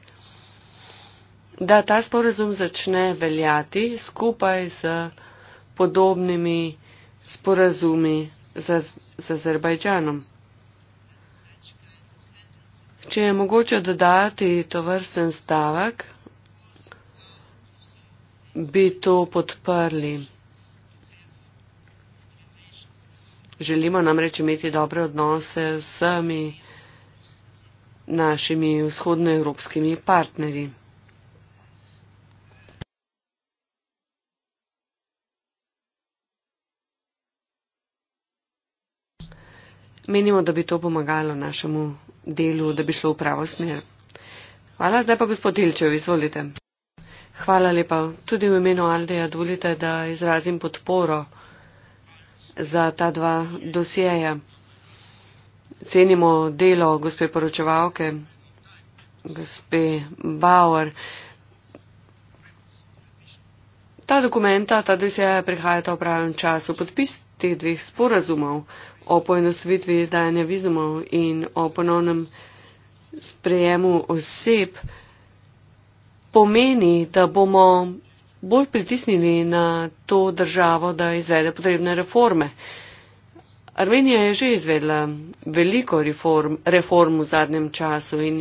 da ta sporazum začne veljati skupaj z podobnimi sporazumi z, z Azerbajdžanom. Če je mogoče dodati to vrsten stavek, bi to podprli. Želimo namreč imeti dobre odnose z vsemi našimi vzhodnoevropskimi partnerji. Menimo, da bi to pomagalo našemu delu, da bi šlo v pravo smer. Hvala, zdaj pa gospod Ilčev, izvolite. Hvala lepa. Tudi v imenu Aldeja dovolite, da izrazim podporo za ta dva dosjeja. Cenimo delo gospe poročevalke, gospe Bauer. Ta dokumenta, ta dosjeja prihajata v pravem času. Podpis teh dveh sporazumov o poenostavitvi izdajanja vizumov in o ponovnem sprejemu oseb pomeni, da bomo bolj pritisnili na to državo, da izvede potrebne reforme. Armenija je že izvedla veliko reform, reform v zadnjem času in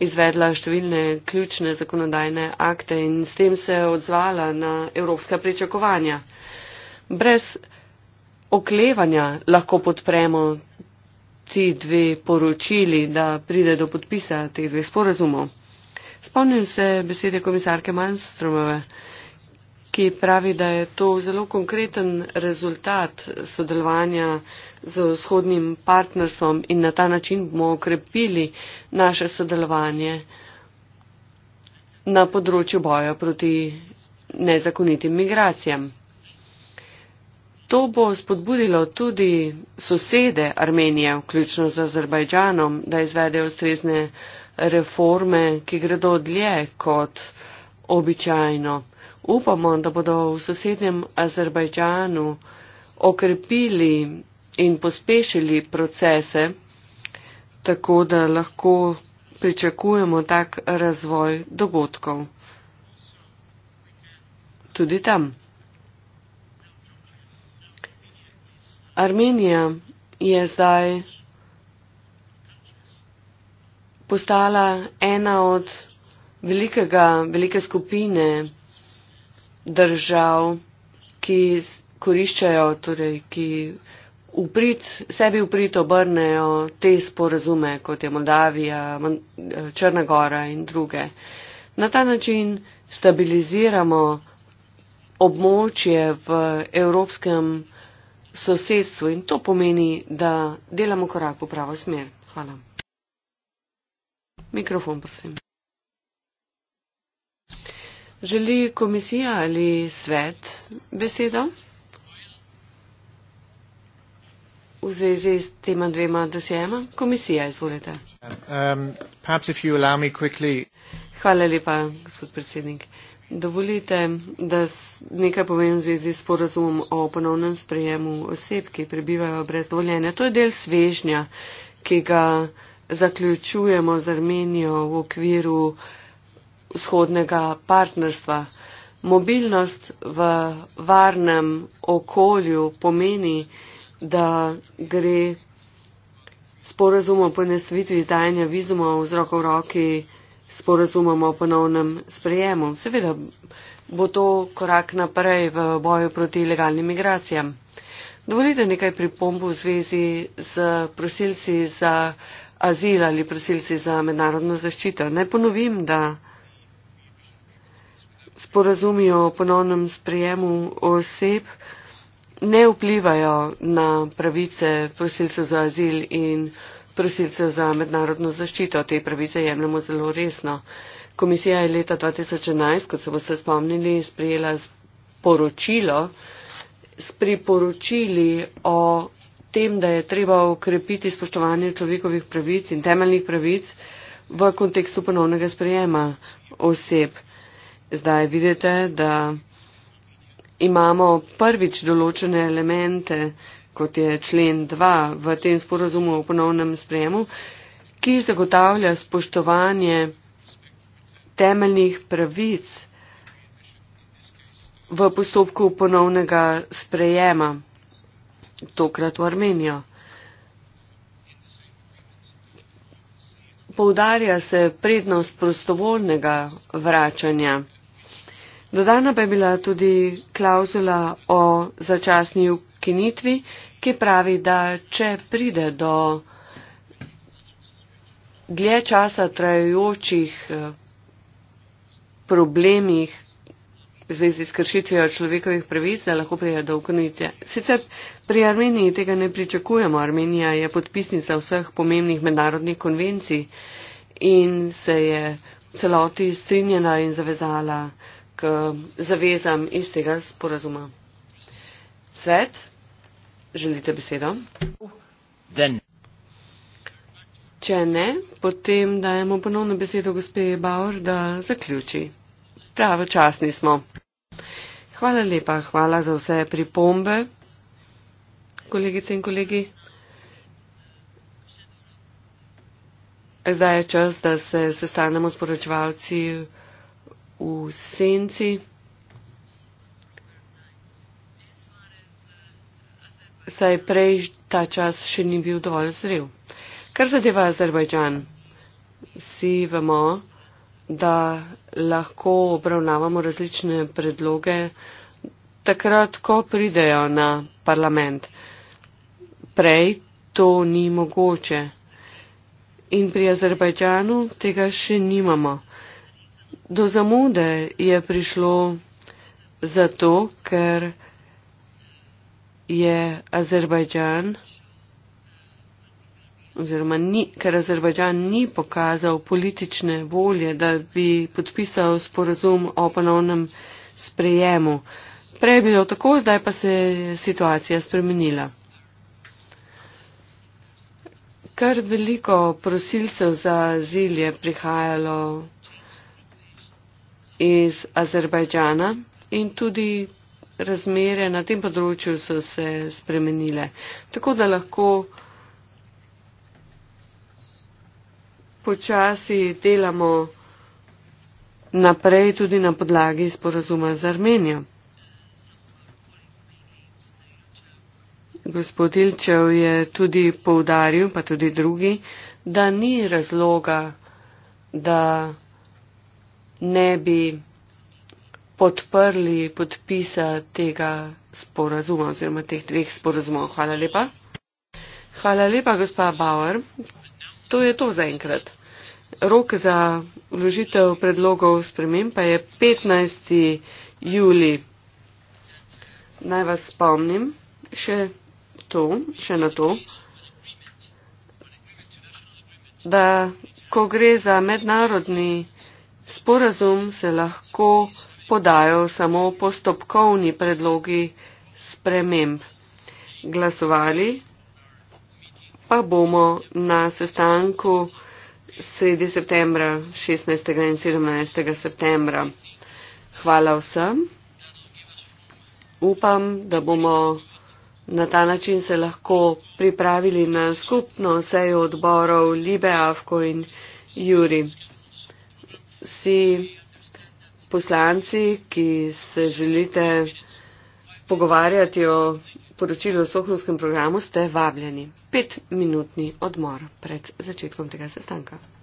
izvedla številne ključne zakonodajne akte in s tem se odzvala na evropska pričakovanja. Brez oklevanja lahko podpremo ti dve poročili, da pride do podpisa teh dveh sporazumov. Spomnim se besede komisarke Malmstromove, ki pravi, da je to zelo konkreten rezultat sodelovanja z vzhodnim partnersom in na ta način bomo okrepili naše sodelovanje na področju boja proti nezakonitim migracijam. To bo spodbudilo tudi sosede Armenije, vključno z Azerbajdžanom, da izvedejo ustrezne reforme, ki gredo dlje kot običajno. Upamo, da bodo v sosednjem Azerbajdžanu okrepili in pospešili procese, tako da lahko pričakujemo tak razvoj dogodkov. Tudi tam. Armenija je zdaj postala ena od velikega, velike skupine držav, ki koriščajo, torej, ki uprit, sebi uprit obrnejo te sporazume, kot je Moldavija, Črna Gora in druge. Na ta način stabiliziramo območje v evropskem sosedstvu in to pomeni, da delamo korak v pravo smer. Hvala. Mikrofon, prosim. Želi komisija ali svet besedo? V zvezi s tema dvema dosjema? Komisija, izvolite. Um, Hvala lepa, gospod predsednik. Dovolite, da nekaj povem v zvezi s porazumom o ponovnem sprejemu oseb, ki prebivajo brez dovoljenja. To je del svežnja, ki ga zaključujemo z Armenijo v okviru vzhodnega partnerstva. Mobilnost v varnem okolju pomeni, da gre sporazum o ponesvitvi izdajanja vizumov z roko v roki sporazumom o ponovnem sprejemu. Seveda bo to korak naprej v boju proti ilegalnim migracijam. Dovolite nekaj pripomb v zvezi z prosilci za azil ali prosilci za mednarodno zaščito. Ne ponovim, da sporazumi o ponovnem sprejemu oseb ne vplivajo na pravice prosilcev za azil in prosilcev prosilcev za mednarodno zaščito. Te pravice jemljamo zelo resno. Komisija je leta 2011, kot se boste spomnili, sprejela poročilo s priporočili o tem, da je treba ukrepiti spoštovanje človekovih pravic in temeljnih pravic v kontekstu ponovnega sprejema oseb. Zdaj vidite, da imamo prvič določene elemente kot je člen 2 v tem sporazumu o ponovnem sprejemu, ki zagotavlja spoštovanje temeljnih pravic v postopku ponovnega sprejema, tokrat v Armenijo. Poudarja se prednost prostovoljnega vračanja. Dodana pa je bila tudi klauzula o začasni ukinitvi ki pravi, da če pride do dlje časa trajajočih eh, problemih v zvezi s kršitvijo človekovih pravic, da lahko pride do ukonitve. Sicer pri Armeniji tega ne pričakujemo. Armenija je podpisnica vseh pomembnih mednarodnih konvencij in se je celoti strinjena in zavezala k zavezam iz tega sporazuma. Svet Želite besedo? Then. Če ne, potem dajemo ponovno besedo gospe Bauer, da zaključi. Pravočasni smo. Hvala lepa, hvala za vse pripombe, kolegice in kolegi. Zdaj je čas, da se sestanemo s poročevalci v senci. saj prej ta čas še ni bil dovolj zrel. Kar zadeva Azerbajdžan, si vemo, da lahko obravnavamo različne predloge takrat, ko pridejo na parlament. Prej to ni mogoče. In pri Azerbajdžanu tega še nimamo. Do zamude je prišlo zato, ker je Azerbajdžan, oziroma ni, ker Azerbajdžan ni pokazal politične volje, da bi podpisal sporazum o ponovnem sprejemu. Prej je bilo tako, zdaj pa se je situacija spremenila. Kar veliko prosilcev za azil je prihajalo iz Azerbajdžana in tudi razmere na tem področju so se spremenile. Tako da lahko počasi delamo naprej tudi na podlagi sporazuma z Armenijo. Gospod Ilčev je tudi poudaril, pa tudi drugi, da ni razloga, da ne bi podprli podpisa tega sporazuma oziroma teh dveh sporazumov. Hvala lepa. Hvala lepa, gospa Bauer. To je to zaenkrat. Rok za vložitev predlogov spremem pa je 15. juli. Naj vas spomnim še, to, še na to, da ko gre za mednarodni sporazum, se lahko podajo samo postopkovni predlogi sprememb. Glasovali pa bomo na sestanku sredi septembra, 16. in 17. septembra. Hvala vsem. Upam, da bomo na ta način se lahko pripravili na skupno sejo odborov Libe, Avko in Juri. See poslanci, ki se želite pogovarjati o poročilu o sohnovskem programu, ste vabljeni. Pet minutni odmor pred začetkom tega sestanka.